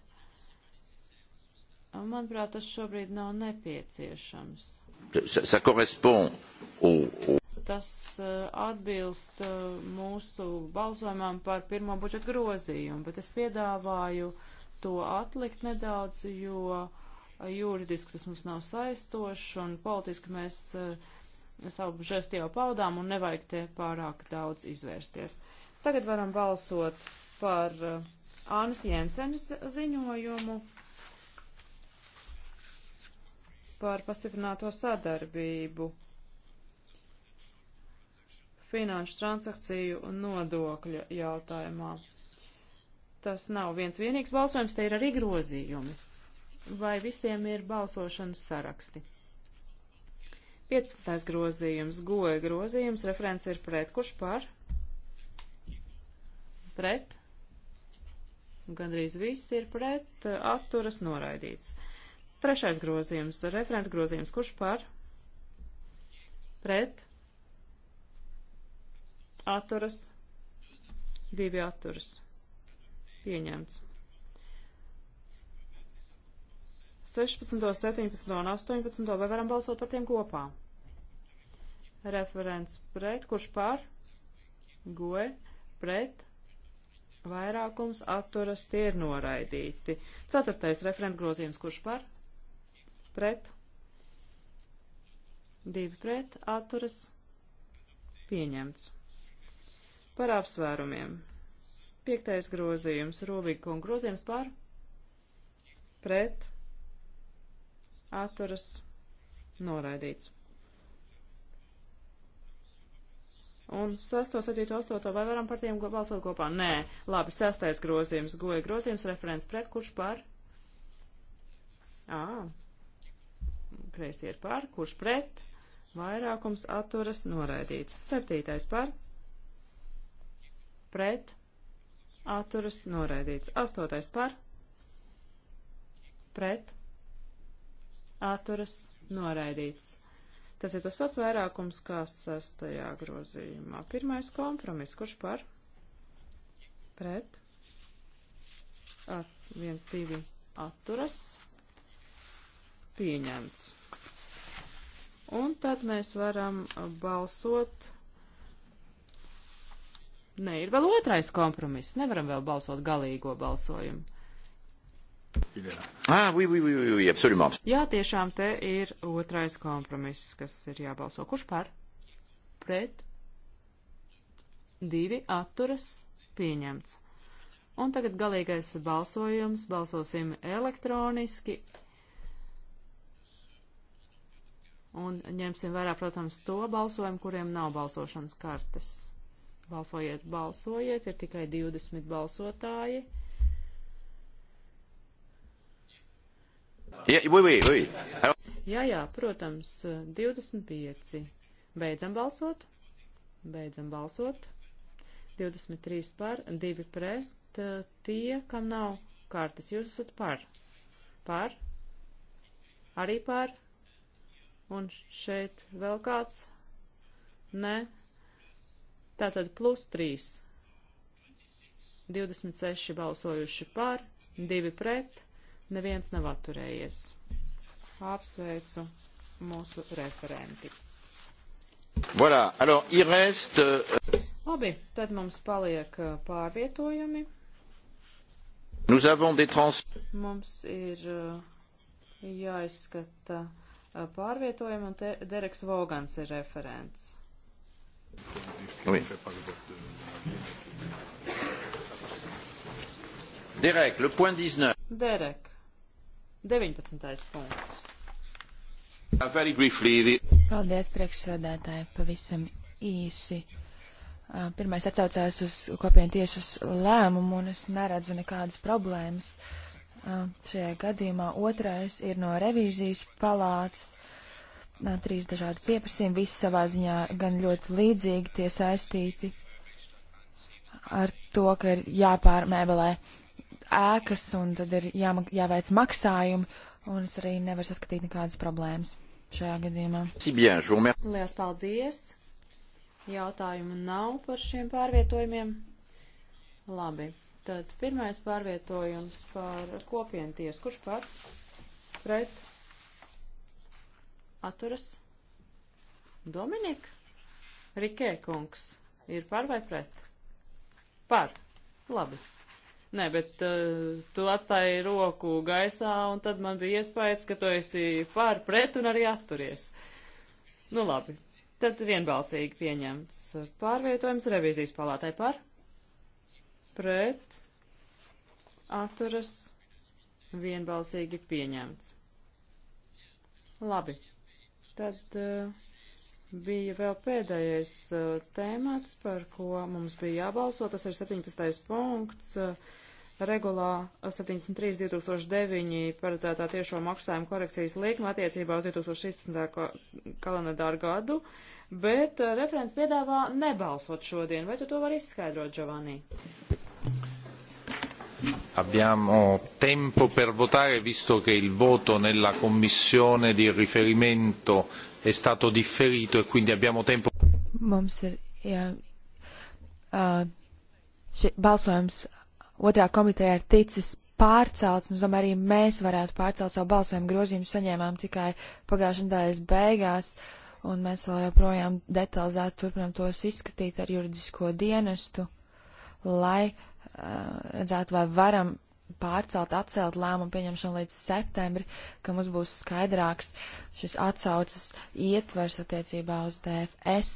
S1: Manuprāt, tas šobrīd nav nepieciešams.
S2: Ça correspond au, au
S1: tas uh, atbilst uh, mūsu balsojumam par pirmo budžetu grozījumu, bet es piedāvāju to atlikt nedaudz, jo juridiski tas mums nav saistošs un politiski mēs eh, savu žestu jau paudām un nevajag te pārāk daudz izvērsties. Tagad varam balsot par Ānas eh, Jensenas ziņojumu par pastiprināto sadarbību finanšu transakciju un nodokļa jautājumā. Tas nav viens vienīgs balsojums, te ir arī grozījumi. Vai visiem ir balsošanas saraksti? 15. grozījums, goja grozījums, referents ir pret, kurš par? Pret. Gandrīz viss ir pret, atturas noraidīts. Trešais grozījums, referenta grozījums, kurš par? Pret. Atturas. Divi atturas Pieņemts. 16, 17 un 18. Vai varam balsot par tiem kopā? Referents pret, kurš par? Goe, pret, vairākums atturas tie ir noraidīti. Ceturtais referenta grozījums, kurš par? Pret, divi pret, atturas pieņemts. Par apsvērumiem. Piektais grozījums, Rūvīgkunga grozījums par pret atturas noraidīts. Un 6, 7, 8 vai varam par tiem balsot kopā? Nē, labi, 6. grozījums, goja grozījums, referents pret, kurš par? Ā, kreisie ir par, kurš pret, vairākums atturas noraidīts. 7. par, pret, atturas noraidīts. Astotais par, pret, atturas noraidīts. Tas ir tas pats vairākums kā sastajā grozījumā. Pirmais kompromis, kurš par, pret, at, viens, divi, atturas, pieņemts. Un tad mēs varam balsot Nē, ir vēl otrais kompromiss. Nevaram vēl balsot galīgo balsojumu.
S2: Ah, oui, oui, oui, oui, absolument.
S1: Jā, tiešām te ir otrais kompromiss, kas ir jābalso. Kurš par? Pret? Divi atturas pieņemts. Un tagad galīgais balsojums. Balsosim elektroniski. Un ņemsim vērā, protams, to balsojumu, kuriem nav balsošanas kartes. Balsojiet, balsojiet, ir tikai 20 balsotāji. Jā, jā, jā. jā, jā, protams, 25. Beidzam balsot. Beidzam balsot. 23 par, 2 pret. Eh, tie, kam nav kārtas, jūs esat par. Par. Arī par. Un šeit vēl kāds. Nē. Tātad plus 3. 26 balsojuši par, 2 pret, neviens nav atturējies. Apsveicu mūsu referenti. Voilà, alors il reste. Euh, Labi, tad mums paliek uh, pārvietojumi. Nous avons des trans... Mums ir uh, jāizskata uh, pārvietojumi, un te Dereks Vogans ir referents. Oui. Derek, le point 19. Derek, 19. punkts. Uh, very briefly, the... Paldies, priekšsēdētāji, pavisam īsi.
S2: Uh, pirmais atcaucās uz kopienu tiesas lēmumu, un es neredzu nekādas problēmas uh, šajā gadījumā. Otrais ir no revīzijas palātas. Uh, trīs dažādi pieprasījumi, visi savā ziņā gan ļoti līdzīgi tie saistīti ar to, ka ir jāpārmēbelē ēkas un tad ir jāma, jāveic maksājumi, un es arī nevaru saskatīt nekādas
S1: problēmas šajā gadījumā. Lielas paldies! Jautājumu nav par šiem pārvietojumiem. Labi, tad pirmais pārvietojums par kopienu tiesu. Kurš par? Pret? atturas. Dominika, Rikē kungs, ir par vai pret? Par. Labi. Nē, bet uh, tu atstāji roku gaisā, un tad man bija iespējas, ka tu esi par, pret un arī atturies. Nu labi, tad vienbalsīgi pieņemts pārvietojums revīzijas palātai par, pret, atturas, vienbalsīgi pieņemts. Labi, Tad uh, bija vēl pēdējais uh, tēmats, par ko mums bija jābalso. Tas ir 17. punkts. Uh, regulā 73.2009 paredzētā tiešo maksājumu korekcijas liekuma attiecībā uz 2016. kalendāru gadu, bet referents piedāvā nebalsot šodien. Vai tu to vari izskaidrot, Giovanni?
S2: abbiamo tempo per votare visto che il voto nella commissione di riferimento è stato differito e quindi abbiamo tempo. Mums ir jā, uh, šie, balsojums otrā komiteja ir ticis pārcelts, un es domāju, arī mēs varētu pārcelt savu balsojumu grozījumu, saņēmām tikai pagājušā nedēļas beigās, un mēs vēl joprojām detalizēti turpinām tos izskatīt ar juridisko dienestu, lai redzētu, vai varam pārcelt, atcelt lēmumu pieņemšanu līdz septembri, ka mums būs skaidrāks šis atsaucas ietvers attiecībā uz DFS,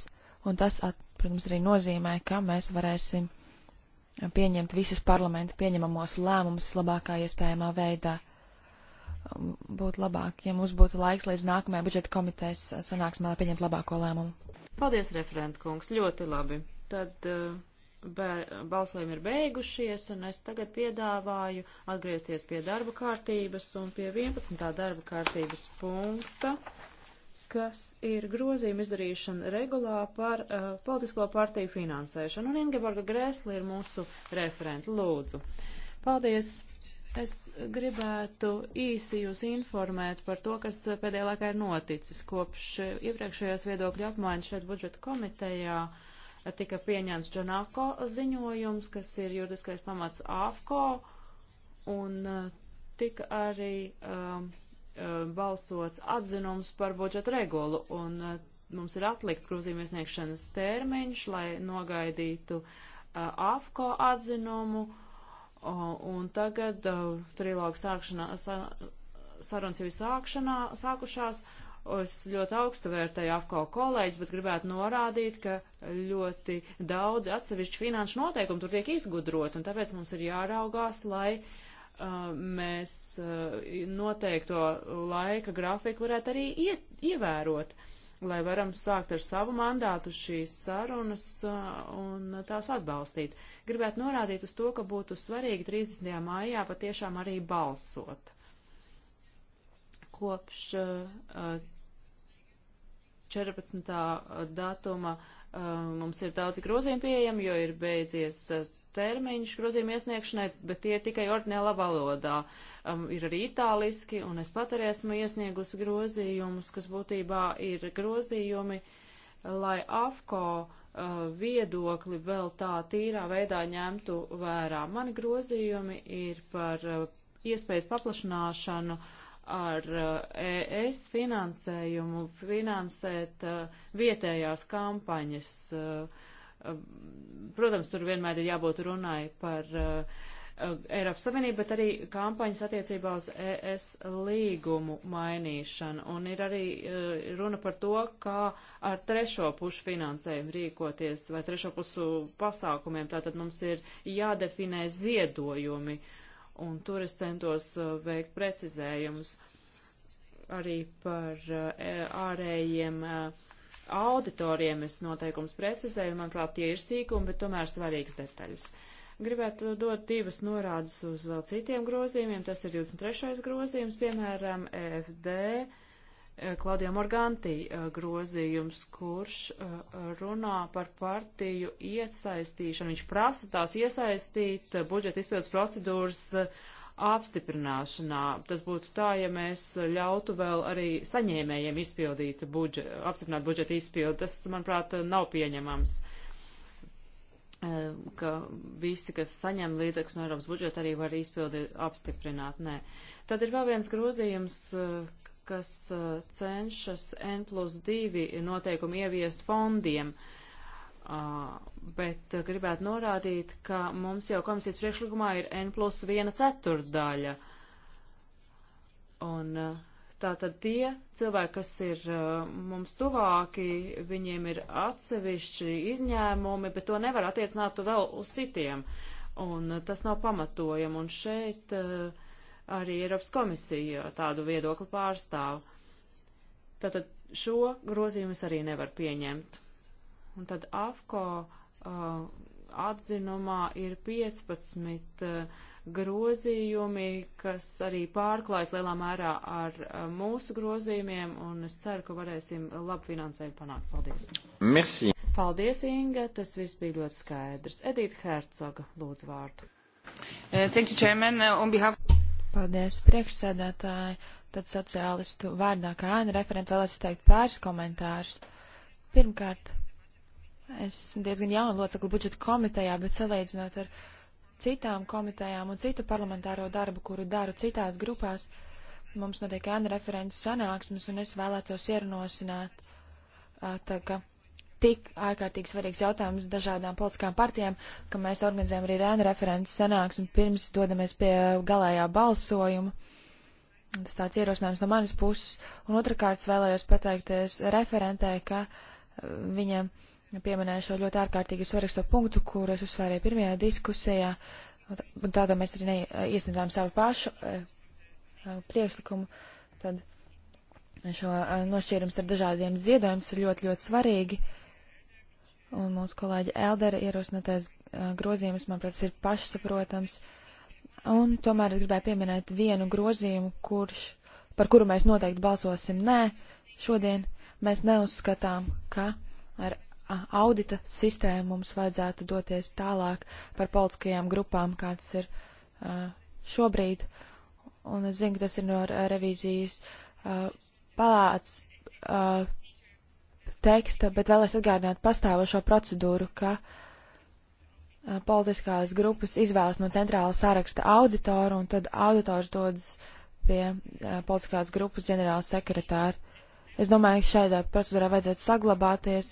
S2: un tas, at, protams, arī nozīmē, ka mēs varēsim pieņemt visus parlamenta pieņemamos lēmumus labākā iespējamā veidā. Um, būtu labāk, ja mums būtu laiks līdz nākamajai budžeta komitejas sanāksmē pieņemt labāko lēmumu.
S1: Paldies, referentkungs, ļoti labi. Tad uh, balsojumi ir beigušies, un es tagad piedāvāju atgriezties pie darba kārtības un pie 11. darba kārtības punkta, kas ir grozījuma izdarīšana regulā par uh, politisko partiju finansēšanu. Un Ingeborga Grēsli ir mūsu referenta. Lūdzu. Paldies! Es gribētu īsi jūs informēt par to, kas pēdējā laikā ir noticis kopš iepriekšējās viedokļu apmaiņas šeit budžeta komitejā. Uh, tika pieņemts Džanako ziņojums, kas ir juridiskais pamats AFCO, un uh, tika arī um, uh, balsots atzinums par budžetu regulu, un uh, mums ir atlikts grūzījuma iesniegšanas termiņš, lai nogaidītu uh, AFCO atzinumu, uh, un tagad uh, trilogu sākšanā. Sā, Sarunas jau ir sākušās, Es ļoti augstu vērtēju AFCO kolēģis, bet gribētu norādīt, ka ļoti daudz atsevišķu finanšu noteikumu tur tiek izgudrot, un tāpēc mums ir jāraugās, lai uh, mēs uh, noteikto laika grafiku varētu arī iet, ievērot, lai varam sākt ar savu mandātu šīs sarunas uh, un tās atbalstīt. Gribētu norādīt uz to, ka būtu svarīgi 30. maijā patiešām arī balsot kopš uh, eh, 14. Eh, eh, datuma uh, mums ir daudz grozījumu pieejami, jo ir beidzies termiņš grozījuma iesniegšanai, bet tie ir tikai ordinālā valodā. Um, ir arī itāliski, un es pat arī esmu iesniegusi grozījumus, kas būtībā ir grozījumi, lai AFCO uh, viedokli vēl tā tīrā veidā ņemtu vērā. Mani grozījumi ir par iespējas paplašināšanu uh, ar ES eh, e finansējumu finansēt eh, vietējās kampaņas. Eh, protams, tur vienmēr ir jābūt runai par Eiropas Savienību, bet arī kampaņas attiecībā uz ES līgumu mainīšanu. Un ir arī runa par to, kā ar trešo pušu finansējumu rīkoties vai trešo pusu pasākumiem. Tātad mums ir jādefinē ziedojumi. Uh, un tur es centos uh, veikt precizējumus arī par uh, e, ārējiem uh, auditoriem. Es noteikums precizēju, manuprāt, tie ir sīkumi, bet tomēr svarīgs detaļas. Gribētu dot divas norādes uz vēl citiem grozījumiem. Tas ir 23. grozījums, piemēram, EFD Klaudijā eh, Morgantī eh, grozījums, kurš eh, runā par partiju iesaistīšanu. Viņš prasa tās iesaistīt budžeta izpildus procedūras apstiprināšanā. Tas būtu tā, ja mēs ļautu vēl arī saņēmējiem izpildīt budžet, apstiprināt budžeta izpildu. Tas, manuprāt, nav pieņemams ka visi, kas saņem līdzekļus no Eiropas budžeta, arī var izpildi apstiprināt. Nē. Tad ir vēl viens grozījums, kas uh, cenšas N plus 2 noteikumu ieviest fondiem. Uh, bet uh, gribētu norādīt, ka mums jau komisijas priekšlikumā ir N plus 1 ceturdaļa. Un uh, tātad tie cilvēki, kas ir uh, mums tuvāki, viņiem ir atsevišķi izņēmumi, bet to nevar attiecināt vēl uz citiem. Un uh, tas nav pamatojami. Un šeit uh, arī Eiropas komisija tādu viedokli pārstāv. Tātad šo grozījumu es arī nevaru pieņemt. Un tad AFCO uh, atzinumā ir 15 uh, grozījumi, kas arī pārklājas lielā mērā ar uh, mūsu grozījumiem, un es ceru, ka varēsim labu finansējumu panākt. Paldies! Merci. Paldies, Inga! Tas viss bija ļoti skaidrs. Edita Hercoga, lūdzu vārdu. Uh, thank you, Chairman.
S2: Uh, on behalf... Paldies, priekšsēdētāji. Tad sociālistu vārdā kā ēna referenta vēlēs izteikt pāris komentārus. Pirmkārt, es diezgan jaunu locekli budžeta komitejā, bet salīdzinot ar citām komitejām un citu parlamentāro darbu, kuru daru citās grupās, mums notiek ēna referentu sanāksmes, un es vēlētos ierunosināt, tā, ka tik ārkārtīgi svarīgs jautājums dažādām politiskām partijām, ka mēs organizējam arī rēnu referentu sanāksmi pirms dodamies pie galējā balsojuma. Tas tāds ierosinājums no manas puses. Un otrkārt vēlējos pateikties referentē, ka uh, viņa pieminēja šo ļoti ārkārtīgi svarīgo punktu, kur es uzsvērēju pirmajā diskusijā. Un tādā mēs arī ne, uh, iesniedzām savu pašu uh, priekšlikumu. Tad šo nošķīrumu starp dažādiem ziedojums ir ļoti, ļoti svarīgi. Uh, un mūsu kolēģa Eldera ierosinātais uh, grozījums, manuprāt, ir pašsaprotams. Un tomēr es gribēju pieminēt vienu grozījumu, kurš, par kuru mēs noteikti balsosim nē. Šodien mēs neuzskatām, ka ar audita sistēmu mums vajadzētu doties tālāk par politiskajām grupām, kā tas ir uh, šobrīd. Un es zinu, ka tas ir no revīzijas uh, palāts uh, teksta, bet vēlēs atgādināt pastāvošo procedūru, ka politiskās grupas izvēlas no centrāla saraksta auditoru, un tad auditors dodas pie politiskās grupas ģenerāla sekretāra. Es domāju, ka šādā procedūrā vajadzētu saglabāties,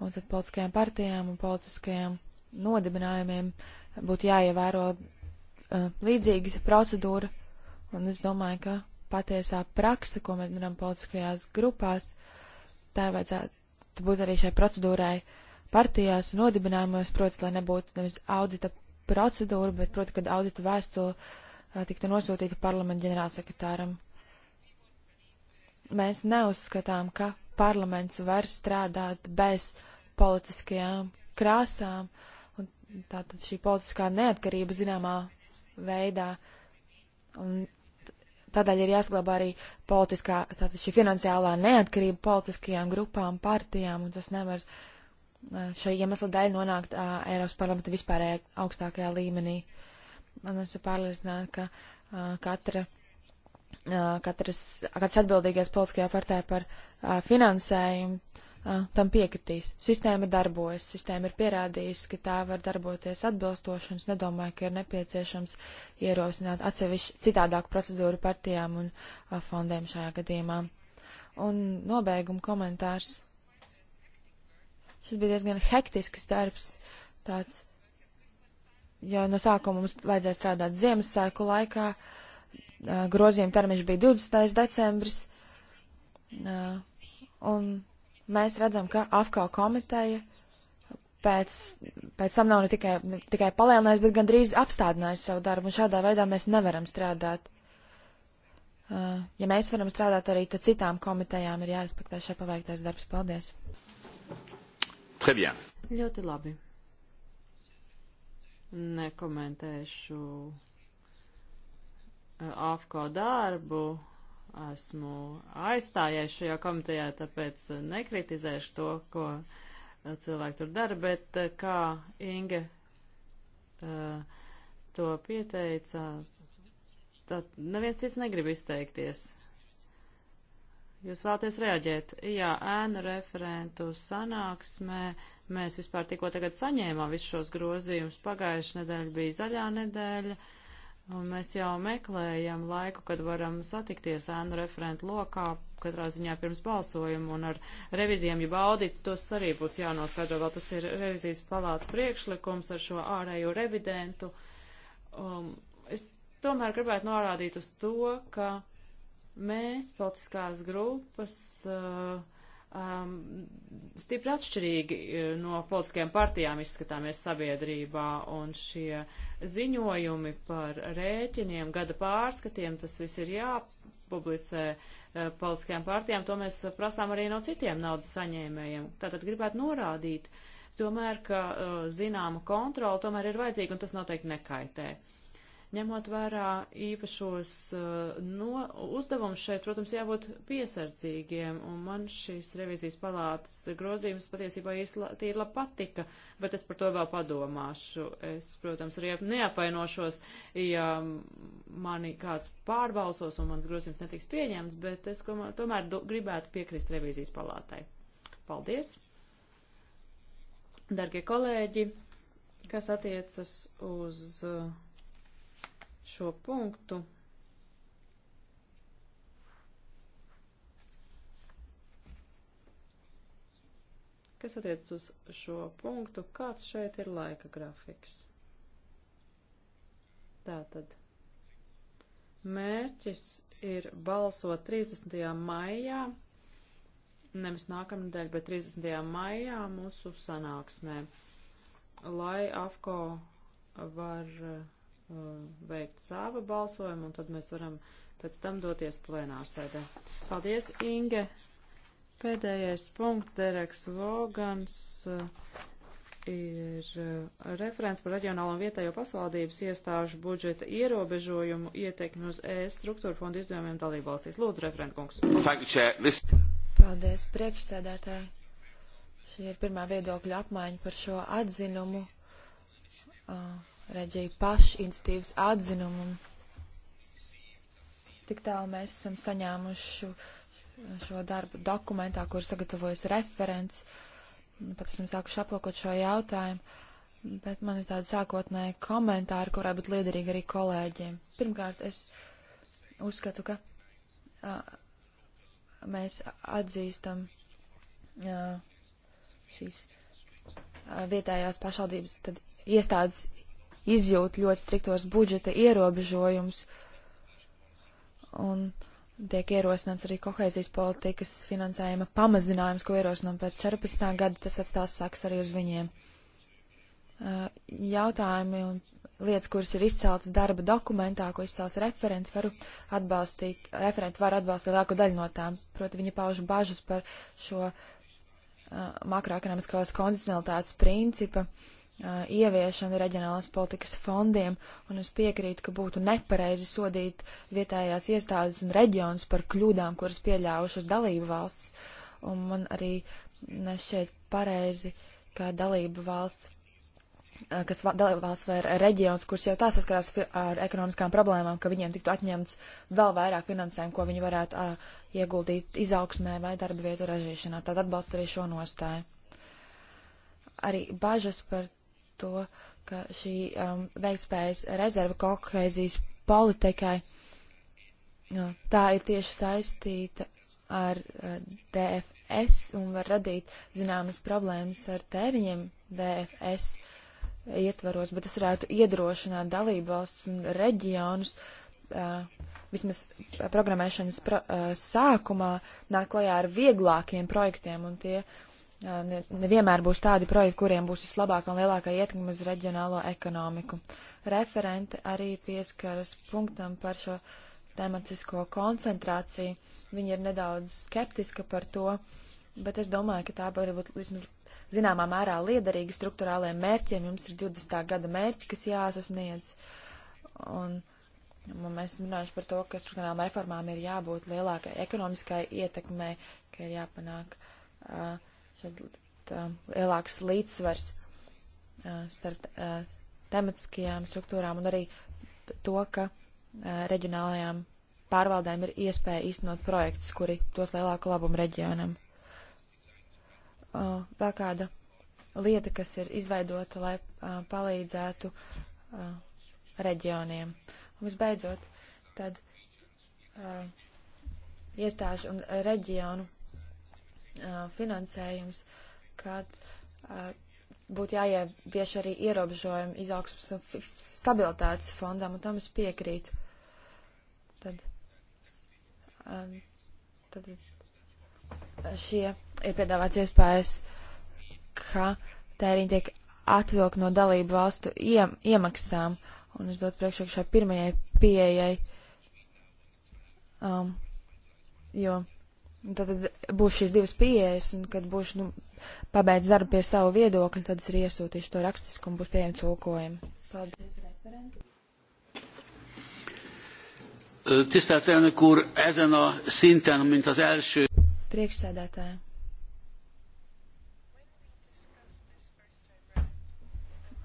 S2: un tad politiskajām partijām un politiskajiem nodibinājumiem būtu jāievēro uh, līdzīgas procedūra, un es domāju, ka patiesā praksa, ko mēs darām politiskajās grupās, tā vajadzētu Tad būtu arī šai procedūrai partijās un nodibinājumos, protams, lai nebūtu nevis audita procedūra, bet, protams, kad audita vēstule tiktu nosūtīta parlamenta ģenerālsekretāram. Mēs neuzskatām, ka parlaments var strādāt bez politiskajām krāsām, un tātad šī politiskā neatkarība zināmā veidā un Tādēļ ir jāsaglabā arī politiskā, tātad šī finansiālā neatkarība politiskajām grupām, partijām, un tas nevar eh, šai iemesla dēļ nonākt uh, Eiropas parlamenta vispārējā augstākajā līmenī. Un es pārliecinātu, ka uh, katra, uh, katras, katrs atbildīgais politiskajā partijā par uh, finansējumu uh, tam piekritīs. Sistēma darbojas, sistēma ir pierādījusi, ka tā var darboties atbilstoši, un es nedomāju, ka ir nepieciešams ierosināt atsevišķi citādāku procedūru partijām un uh, fondiem šajā gadījumā. Un nobeiguma komentārs. Šis bija diezgan hektisks darbs, tāds, jo no sākuma mums vajadzēja strādāt Ziemassvētku laikā, uh, grozījuma termiņš bija 20. decembris. Uh, un mēs redzam, ka AFKO komiteja pēc, pēc tam nav ne tikai, ne tikai palielinājusi, bet gandrīz apstādinājusi savu darbu, un šādā veidā mēs nevaram strādāt. Uh, ja mēs varam strādāt arī, tad citām komitejām
S1: ir jārespektē šā paveiktais darbs. Paldies! Très bien. Ļoti labi. Nekomentēšu uh, AFKO darbu esmu aizstājies šajā komitejā, tāpēc nekritizēšu to, ko eh, cilvēki tur dara, bet eh, kā Inga uh, eh, to pieteica, tad neviens cits negrib izteikties. Jūs vēlaties reaģēt? Jā, ēnu referentu sanāksmē. Mēs vispār tikko tagad saņēmām visus šos grozījumus. Pagājuši nedēļa bija zaļā nedēļa. Uh, Un mēs jau meklējam laiku, kad varam satikties ēnu referentu lokā, katrā ziņā pirms balsojuma, un ar revizijām, ja baudīt, tos arī būs jānoskaidro, vēl tas ir revizijas palāts priekšlikums ar šo ārējo revidentu. Um, es tomēr gribētu norādīt uz to, ka mēs, politiskās grupas, uh, um, stipri atšķirīgi uh, no politiskajām partijām izskatāmies sabiedrībā, un šie ziņojumi par rēķiniem, gada pārskatiem, tas viss ir jāpublicē uh, politiskajām partijām, to mēs prasām arī no citiem naudas saņēmējiem. Tātad gribētu norādīt, tomēr, ka uh, zināma kontrola tomēr ir vajadzīga, un tas noteikti nekaitē. Uh, Ņemot vērā īpašos uh, no, uzdevumus šeit, protams, jābūt piesardzīgiem, un man šīs revizijas palātas grozījums patiesībā tīri patika, bet es par to vēl padomāšu. Es, protams, arī neapainošos, ja mani kāds pārbalsos un mans grozījums netiks pieņemts, bet es tomēr gribētu piekrist revizijas palātai. Paldies! Dargie kolēģi, kas attiecas uz uh, šo punktu. Kas attiecas uz šo punktu, kāds šeit ir laika grafiks? Tātad mērķis ir balsot 30. maijā, nevis nākamnedēļ, bet 30. maijā mūsu sanāksmē, lai AFCO var uh, Uh, veikt savu balsojumu, un tad mēs varam pēc tam doties plenārsēdē. Paldies, Inge! Pēdējais punkts, Dereks Vogans, uh, ir uh, referents par reģionālo un vietējo pasvaldības iestāžu budžeta ierobežojumu ietekmi uz ES struktūra fondu izdevumiem dalībvalstīs. Lūdzu, referent kungs. Paldies, priekšsēdētāji. Šī ir pirmā viedokļa apmaiņa par šo
S2: atzinumu. Uh reģiju pašinstitīvas atzinumu. Tik tālu mēs esam saņēmuši šo, šo darbu dokumentā, kur sagatavojas referents. Pat esam sākuši aplakot šo jautājumu, bet man ir tāda sākotnēja komentāra, kurā būtu liederīga arī kolēģiem. Pirmkārt, es uzskatu, ka a, mēs atzīstam a, šīs a, vietējās pašvaldības iestādes izjūt ļoti striktos budžeta ierobežojumus. Un tiek ierosināts arī kohēzijas politikas finansējuma pamazinājums, ko ierosinām pēc 14. gada, tas atstās saks arī uz viņiem. Jautājumi un lietas, kuras ir izceltas darba dokumentā, ko izcels referents, varu atbalstīt, referenti var atbalstīt lielāko daļu no tām. Proti, viņi pauž bažas par šo uh, makroekonomiskās kondicionalitātes principa uh, uh, ieviešanu reģionālās politikas fondiem, un es piekrītu, ka būtu nepareizi sodīt vietējās iestādes un reģionus par kļūdām, kuras pieļāvušas dalību valsts. Un man arī nešķiet pareizi, ka dalību valsts uh, kas va, dalībvalsts vai reģions, kurš jau tā saskarās ar ekonomiskām problēmām, ka viņiem tiktu atņemts vēl vairāk finansējumu, ko viņi varētu uh, ieguldīt izaugsmē vai darba vietu ražīšanā. Tad atbalstu arī šo nostāju. Arī bažas par to, ka šī um, veiktspējas rezerva kohēzijas politikai no, uh, tā ir tieši saistīta ar uh, DFS un var radīt zināmas problēmas ar tēriņiem DFS ietvaros, bet tas varētu iedrošināt dalībvalsts un reģionus uh, vismaz programmēšanas pro, uh, sākumā nāk klajā ar vieglākiem projektiem un tie uh, nevienmēr ne būs tādi projekti, kuriem būs vislabākā un lielākā ietekme uz reģionālo ekonomiku. Referente arī pieskaras punktam par šo tematisko koncentrāciju. Viņa ir nedaudz skeptiska par to, bet es domāju, ka tā var būt vismaz zināmā mērā liederīga struktūrālajiem mērķiem. Jums ir 20. gada mērķi, kas jāsasniedz. Un, un mēs runājam par to, ka struktūrālām reformām ir jābūt lielākai ekonomiskai ietekmei, ka ir jāpanāk. Uh, lielāks līdzsvars starp tematiskajām struktūrām un arī to, ka reģionālajām pārvaldēm ir iespēja īstenot projektus, kuri dos lielāku labumu reģionam. Vēl kāda lieta, kas ir izveidota, lai palīdzētu reģioniem. Un visbeidzot, tad iestāžu un reģionu Uh, finansējums, kad uh, būtu jāievieš arī ierobežojumi izaugsmas un stabilitātes fondam, un tam es piekrītu. Tad, uh, tad šie ir piedāvāts iespējas, ka tēriņi tiek atvilkt no dalību valstu iem, iemaksām, un es dotu priekšroku šai pirmajai pieejai, um, jo Tad, tad būs šīs divas pieejas, un kad būšu nu, pabeidz darbu pie savu viedokļu, tad es arī iesūtīšu to rakstisku un būs pieejami tulkojumi. Paldies, referenti!
S3: Tisztelt elnök úr, ezen a szinten, mint az első...
S2: Priekšsēdētāja.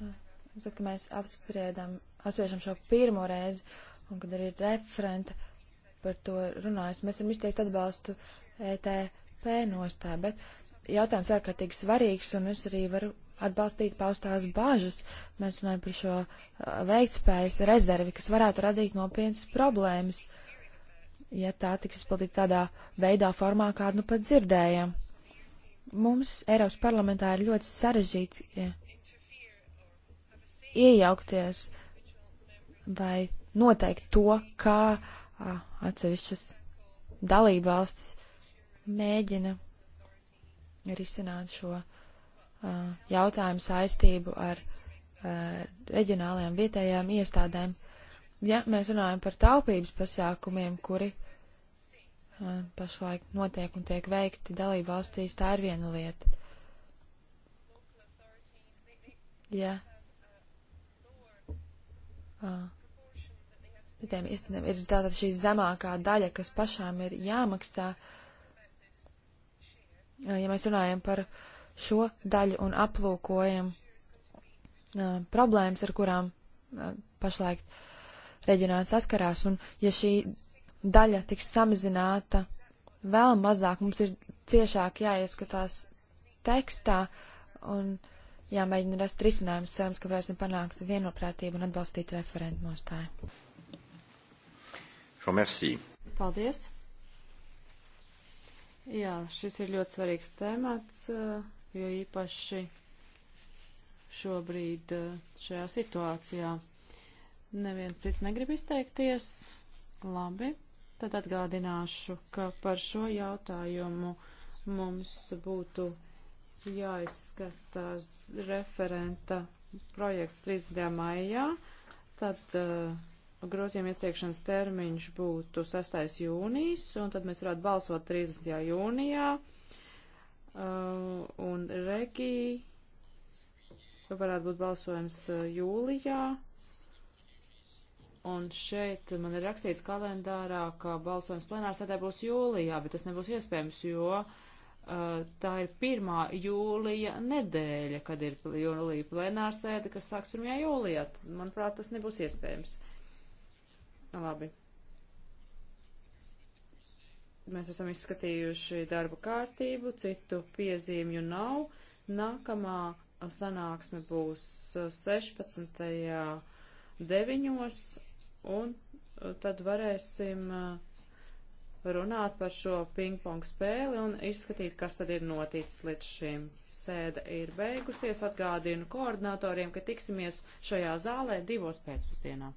S2: Tad, kad mēs apspriedām, apspriežam šo pirmo reizi, un kad arī referenta par to runājas, mēs esam izteikti atbalstu uh, ETP nostāja, bet jautājums ir ārkārtīgi svarīgs, un es arī varu atbalstīt paustās bāžas. Mēs runājam par šo veiktspējas rezervi, kas varētu radīt nopietnas problēmas, ja tā tiks izpildīta tādā veidā, formā, kādu nu pat dzirdējam. Mums Eiropas parlamentā ir ļoti sarežģīti ja, iejaukties vai noteikt to, kā atsevišķas dalībvalstis mēģina risināt šo uh, jautājumu saistību ar uh, reģionālajām vietējām iestādēm. Ja mēs runājam par taupības pasākumiem, kuri uh, pašlaik notiek un tiek veikti dalību valstīs, tā ir viena lieta. Ja. Uh, Tiem īstenībā ir tātad šī zemākā daļa, kas pašām ir jāmaksā, uh, ja mēs runājam par šo daļu un aplūkojam uh, problēmas, ar kurām uh, pašlaik reģionāli saskarās, un ja šī daļa tiks samazināta vēl mazāk, mums ir ciešāk jāieskatās tekstā un jāmēģina rast risinājumus. Cerams, ka varēsim panākt vienprātību un atbalstīt referentu nostāju.
S1: Paldies! Jā, šis ir ļoti svarīgs temats, eh, jo īpaši šobrīd eh, šajā situācijā neviens cits negrib izteikties. Labi, tad atgādināšu, ka par šo jautājumu mums būtu jāizskata referenta projekts 30. maijā. Tad uh, grozījuma iestiekšanas termiņš būtu 6. jūnijas, un tad mēs varētu balsot 30. jūnijā, uh, un Regi varētu būt balsojums uh, jūlijā, un šeit man ir rakstīts kalendārā, ka balsojums plenārsēdē būs jūlijā, bet tas nebūs iespējams, jo uh, tā ir pirmā jūlija nedēļa, kad ir jūlija plenārsēde, kas sāks 1. jūlijā. Manuprāt, tas nebūs iespējams. Nu, labi. Mēs esam izskatījuši darba kārtību, citu piezīmju nav. Nākamā sanāksme būs 16.9. un uh, tad varēsim uh, runāt par šo pingpong spēli un izskatīt, kas tad ir noticis līdz šim. Sēde ir beigusies, atgādinu koordinatoriem, ka tiksimies šajā zālē divos pēcpusdienā.